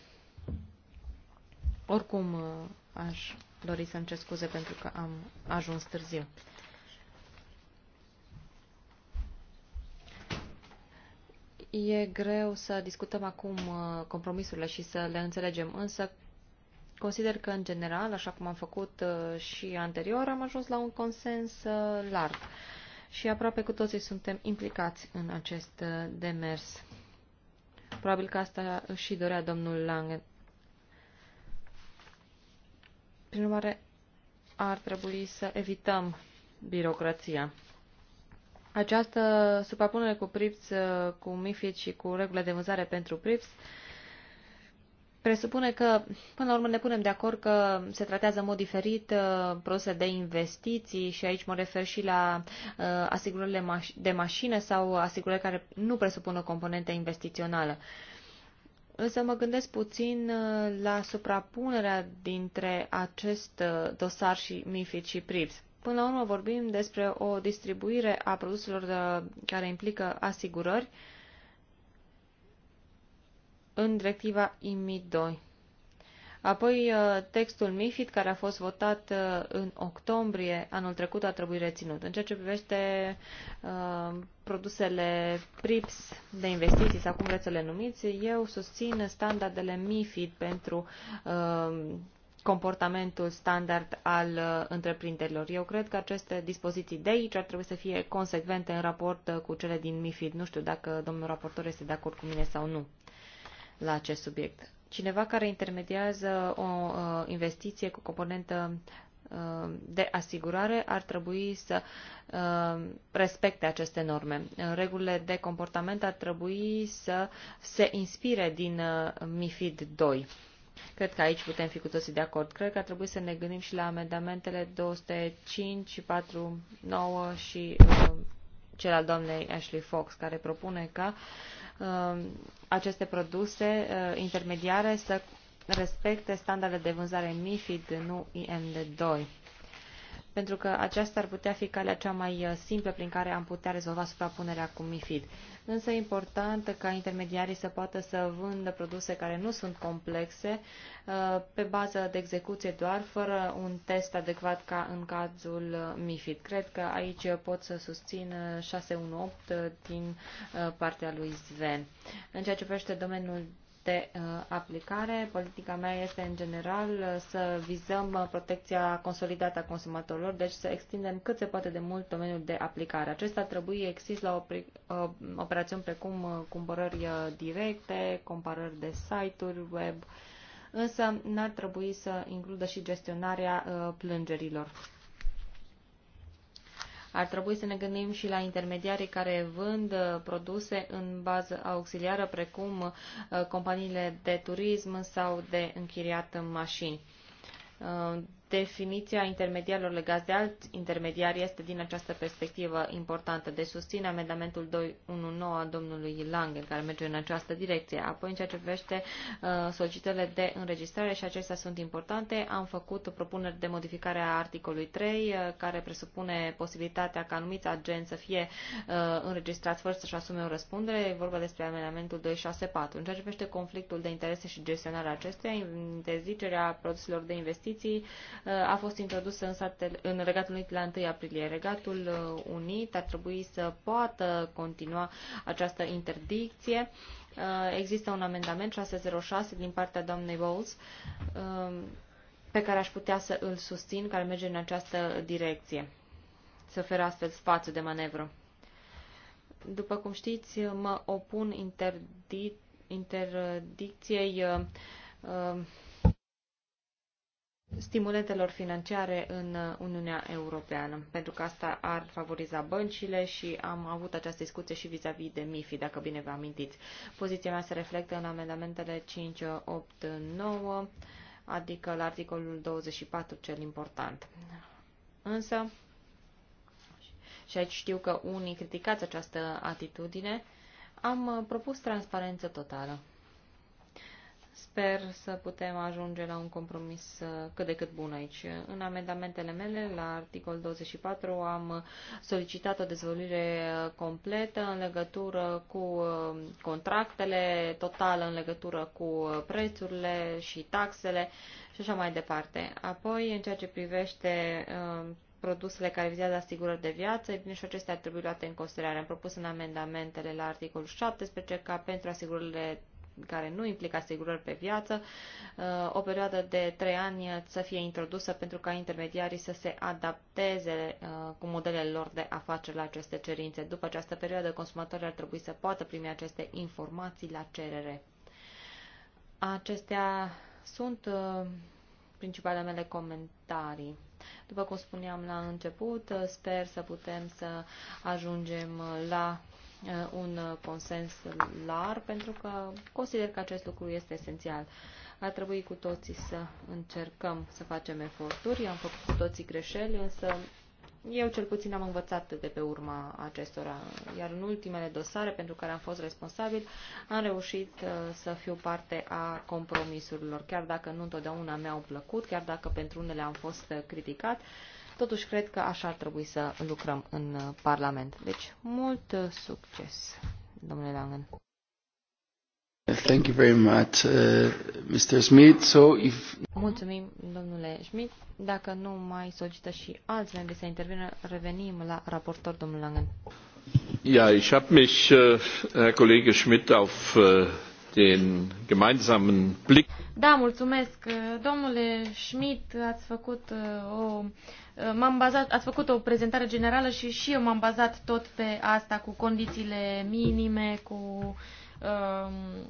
Oricum, aș dori să-mi cer scuze pentru că am ajuns târziu. E greu să discutăm acum uh, compromisurile și să le înțelegem, însă consider că, în general, așa cum am făcut uh, și anterior, am ajuns la un consens uh, larg și aproape cu toții suntem implicați în acest demers. Probabil că asta și dorea domnul Lange. Prin urmare, ar trebui să evităm birocrația. Această suprapunere cu PRIPS, uh, cu MIFID și cu regulile de vânzare pentru PRIPS presupune că, până la urmă, ne punem de acord că se tratează în mod diferit uh, produse de investiții și aici mă refer și la uh, asigurările maș de mașină sau asigurări care nu presupun o componentă investițională. Însă mă gândesc puțin uh, la suprapunerea dintre acest uh, dosar și MIFID și PRIPS. Până la urmă vorbim despre o distribuire a produselor de, care implică asigurări în directiva IMI 2. Apoi uh, textul MIFID, care a fost votat uh, în octombrie anul trecut, a trebuit reținut. În ceea ce privește uh, produsele PRIPS de investiții, sau cum vreți să le numiți, eu susțin standardele MIFID pentru uh, comportamentul standard al uh, întreprinderilor. Eu cred că aceste dispoziții de aici ar trebui să fie consecvente în raport uh, cu cele din MIFID. Nu știu dacă domnul raportor este de acord cu mine sau nu la acest subiect. Cineva care intermediază o uh, investiție cu componentă de asigurare ar trebui să respecte aceste norme. Regulile de comportament ar trebui să se inspire din MIFID 2. Cred că aici putem fi cu toții de acord. Cred că ar trebui să ne gândim și la amendamentele 205, 4, 9 și uh, cel al doamnei Ashley Fox, care propune ca uh, aceste produse uh, intermediare să respecte standarde de vânzare MIFID, nu IMD2 pentru că aceasta ar putea fi calea cea mai uh, simplă prin care am putea rezolva suprapunerea cu MIFID. Însă e important ca intermediarii să poată să vândă produse care nu sunt complexe, uh, pe bază de execuție doar, fără un test adecvat ca în cazul uh, MIFID. Cred că aici pot să susțin 618 din partea lui Sven. În ceea ce privește domeniul de uh, aplicare. Politica mea este în general să vizăm uh, protecția consolidată a consumatorilor, deci să extindem cât se poate de mult domeniul de aplicare. Acesta trebuie exist la uh, operațiuni precum cumpărări directe, comparări de site-uri web, însă n-ar trebui să includă și gestionarea plângerilor. Ar trebui să ne gândim și la intermediarii care vând uh, produse în bază auxiliară, precum uh, companiile de turism sau de închiriat mașini. Uh, Definiția intermediarilor legați de alți intermediari este din această perspectivă importantă. de susține amendamentul 219 a domnului Lange, care merge în această direcție. Apoi, în ceea ce privește uh, solicitările de înregistrare și acestea sunt importante, am făcut propuneri de modificare a articolului 3, uh, care presupune posibilitatea ca anumiți agenți să fie uh, înregistrați fără să-și asume o răspundere. E vorba despre amendamentul 264. În ceea ce privește conflictul de interese și gestionarea acestuia, interzicerea produselor de investiții, a fost introdusă în, satel, în Regatul Unit la 1 aprilie. Regatul uh, Unit ar trebui să poată continua această interdicție. Uh, există un amendament 606 din partea doamnei Bowles uh, pe care aș putea să îl susțin, care merge în această direcție. Să oferă astfel spațiu de manevră. După cum știți, mă opun interdi interdicției uh, stimulentelor financiare în uh, Uniunea Europeană, pentru că asta ar favoriza băncile și am avut această discuție și vis-a-vis -vis de MIFI, dacă bine vă amintiți. Poziția mea se reflectă în amendamentele 5, 8, 9, adică la articolul 24, cel important. Însă, și aici știu că unii criticați această atitudine, am uh, propus transparență totală. Sper să putem ajunge la un compromis uh, cât de cât bun aici. În amendamentele mele, la articol 24, am solicitat o dezvăluire uh, completă în legătură cu uh, contractele, totală în legătură cu prețurile și taxele și așa mai departe. Apoi, în ceea ce privește produsele care vizează asigurări de viață, e bine și acestea ar trebui luate în considerare. Am propus în amendamentele la articolul 17 ca pentru asigurările care nu implică asigurări pe viață, uh, o perioadă de trei ani să fie introdusă pentru ca intermediarii să se adapteze uh, cu modelele lor de afaceri la aceste cerințe. După această perioadă, consumatorii ar trebui să poată primi aceste informații la cerere. Acestea sunt uh, principalele mele comentarii. După cum spuneam la început, sper să putem să ajungem la Uh, un uh, consens larg, pentru că consider că acest lucru este esențial. Ar trebui cu toții să încercăm să facem eforturi. Am făcut cu toții greșeli, însă eu cel puțin am învățat de pe urma acestora, iar în ultimele dosare pentru care am fost responsabil, am reușit uh, să fiu parte a compromisurilor, chiar dacă nu întotdeauna mi-au plăcut, chiar dacă pentru unele am fost criticat, Totuși, cred că așa ar trebui să lucrăm în uh, Parlament. Deci, mult uh, succes, domnule Langen. Thank you very much, uh, Mr. Smith. So if... Mulțumim, domnule Schmidt. Dacă nu mai solicită și alți membri să intervină, revenim la raportor, domnul Langen. Ja, ich habe mich, uh, Herr Kollege Schmidt, auf uh, den gemeinsamen Blick. Da, mulțumesc. Domnule Schmidt, ați făcut uh, o m-am bazat, ați făcut o prezentare generală și și eu m-am bazat tot pe asta cu condițiile minime, cu um,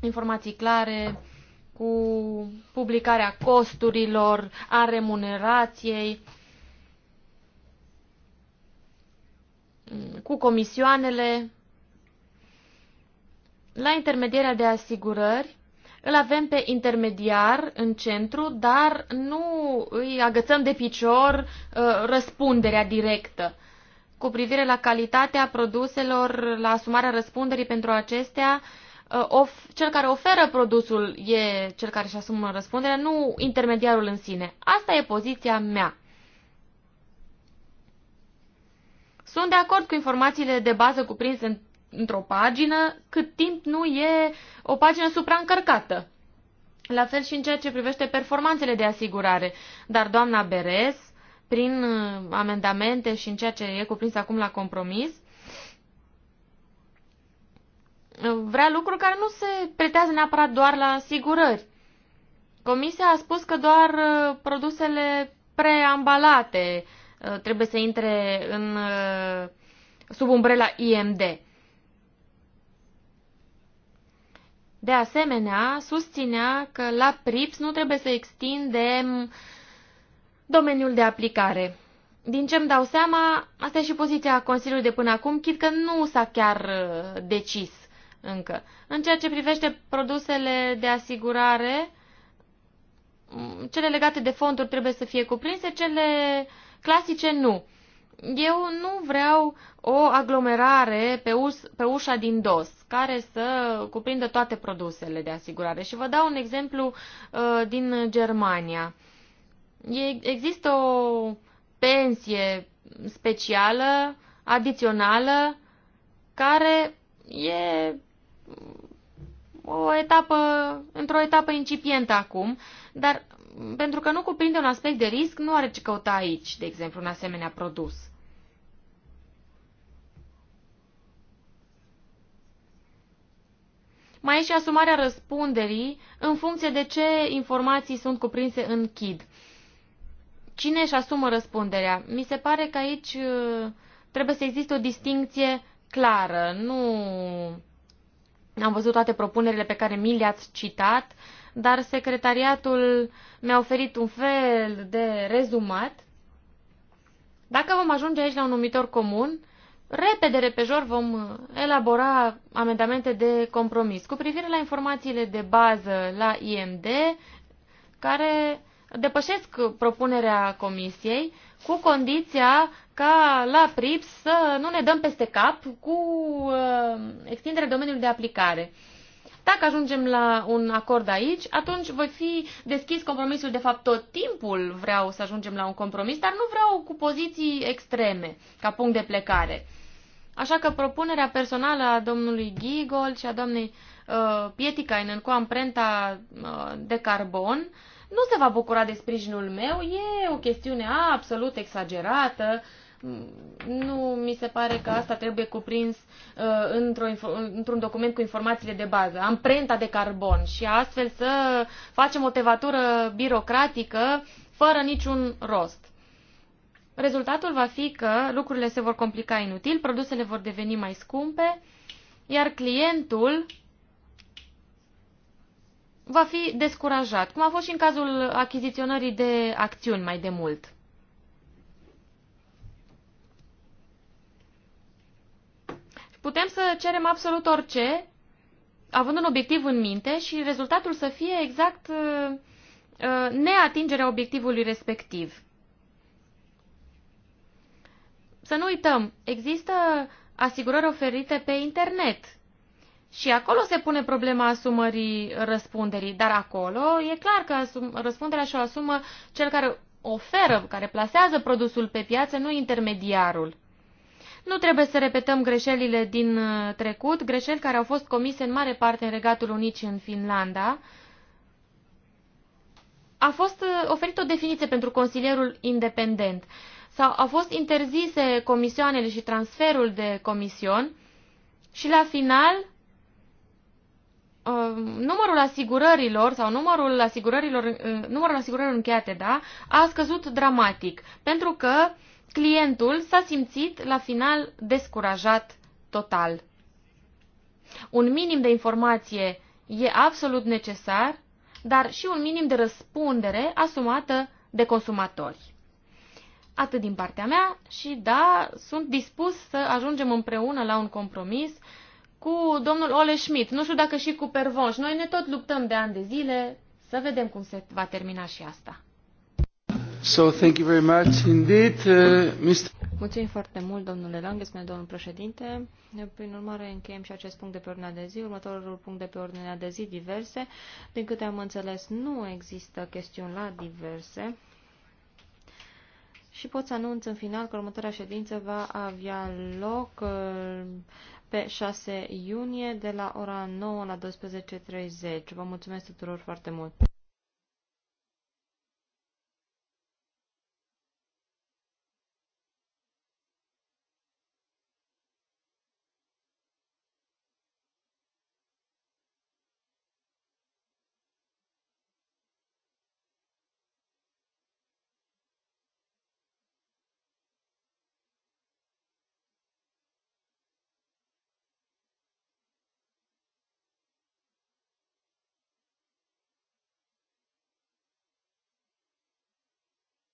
informații clare, cu publicarea costurilor, a remunerației, cu comisioanele, la intermedierea de asigurări, îl avem pe intermediar în centru, dar nu îi agățăm de picior uh, răspunderea directă cu privire la calitatea produselor, la asumarea răspunderii pentru acestea, uh, of, cel care oferă produsul e cel care își asumă răspunderea, nu intermediarul în sine. Asta e poziția mea. Sunt de acord cu informațiile de bază cuprinse în într-o pagină cât timp nu e o pagină supraîncărcată. La fel și în ceea ce privește performanțele de asigurare. Dar doamna Beres, prin uh, amendamente și în ceea ce e cuprins acum la compromis, uh, vrea lucruri care nu se pretează neapărat doar la asigurări. Comisia a spus că doar uh, produsele preambalate trebuie să intre în, sub umbrela IMD. De asemenea, susținea că la PRIPS nu trebuie să extindem domeniul de aplicare. Din ce îmi dau seama, asta e și poziția Consiliului de până acum, chit că nu s-a chiar uh, decis încă. În ceea ce privește produsele de asigurare, mm, cele legate de fonduri trebuie să fie cuprinse, cele clasice nu. Eu nu vreau o aglomerare pe, us, pe ușa din dos, care să cuprindă toate produsele de asigurare. Și vă dau un exemplu uh, din Germania. E, există o pensie specială, adițională, care e o etapă, într-o etapă incipientă acum, dar pentru că nu cuprinde un aspect de risc, nu are ce căuta aici, de exemplu, un asemenea produs. Mai e și asumarea răspunderii în funcție de ce informații sunt cuprinse în KID. Cine își asumă răspunderea? Mi se pare că aici uh, trebuie să existe o distinție clară. Nu am văzut toate propunerile pe care mi le-ați citat, dar secretariatul mi-a oferit un fel de rezumat. Dacă vom ajunge aici la un numitor comun, repede, repejor, vom elabora amendamente de compromis cu privire la informațiile de bază la IMD, care depășesc propunerea comisiei cu condiția ca la PRIPS să nu ne dăm peste cap cu uh, extinderea domeniului de aplicare. Uh, dacă ajungem la un acord aici, atunci voi fi deschis compromisul. De fapt, tot timpul vreau să ajungem la un compromis, dar nu vreau cu poziții extreme ca punct de plecare. Așa că propunerea personală a domnului Gigol și a doamnei uh, Pietikainen cu amprenta uh, de carbon nu se va bucura de sprijinul meu, e o chestiune absolut exagerată, uh, nu mi se pare că asta trebuie cuprins uh, într-un într document cu informațiile de bază, amprenta de carbon și astfel să facem o tevatură birocratică fără niciun rost. Rezultatul va fi că lucrurile se vor complica inutil, produsele vor deveni mai scumpe, iar clientul va fi descurajat, cum a fost și în cazul achiziționării de acțiuni mai de mult. Putem să cerem absolut orice, având un obiectiv în minte și rezultatul să fie exact uh, uh, neatingerea obiectivului respectiv. Să nu uităm, există asigurări oferite pe internet. Și acolo se pune problema asumării răspunderii, dar acolo e clar că asum, răspunderea și-o asumă cel care oferă, care plasează produsul pe piață, nu intermediarul. Nu trebuie să repetăm greșelile din uh, trecut, greșeli care au fost comise în mare parte în Regatul Unit și în Finlanda. A fost uh, oferită o definiție pentru consilierul independent. Sau au fost interzise comisioanele și transferul de comision și la final uh, numărul asigurărilor sau numărul asigurărilor, numărul asigurărilor încheiate, da, a scăzut dramatic, pentru că uh, clientul s-a simțit la final descurajat total. Un minim de informație e absolut necesar, dar și un minim de răspundere asumată de consumatori. Atât din partea mea și da, sunt dispus să ajungem împreună la un compromis cu domnul Ole Schmidt, nu știu dacă și cu Pervonș. Noi ne tot luptăm de ani de zile, să vedem cum se va termina și asta. Uh, Mulțumim foarte mult, domnule Lange, spune domnul președinte. Prin urmare, încheiem și acest punct de pe ordinea de zi. Următorul punct de pe ordinea de zi, diverse. Din câte am înțeles, nu există chestiuni la diverse. Și pot să anunț în final că următoarea ședință va avea loc uh, pe 6 iunie de la ora 9 la 12.30. Vă mulțumesc tuturor foarte mult!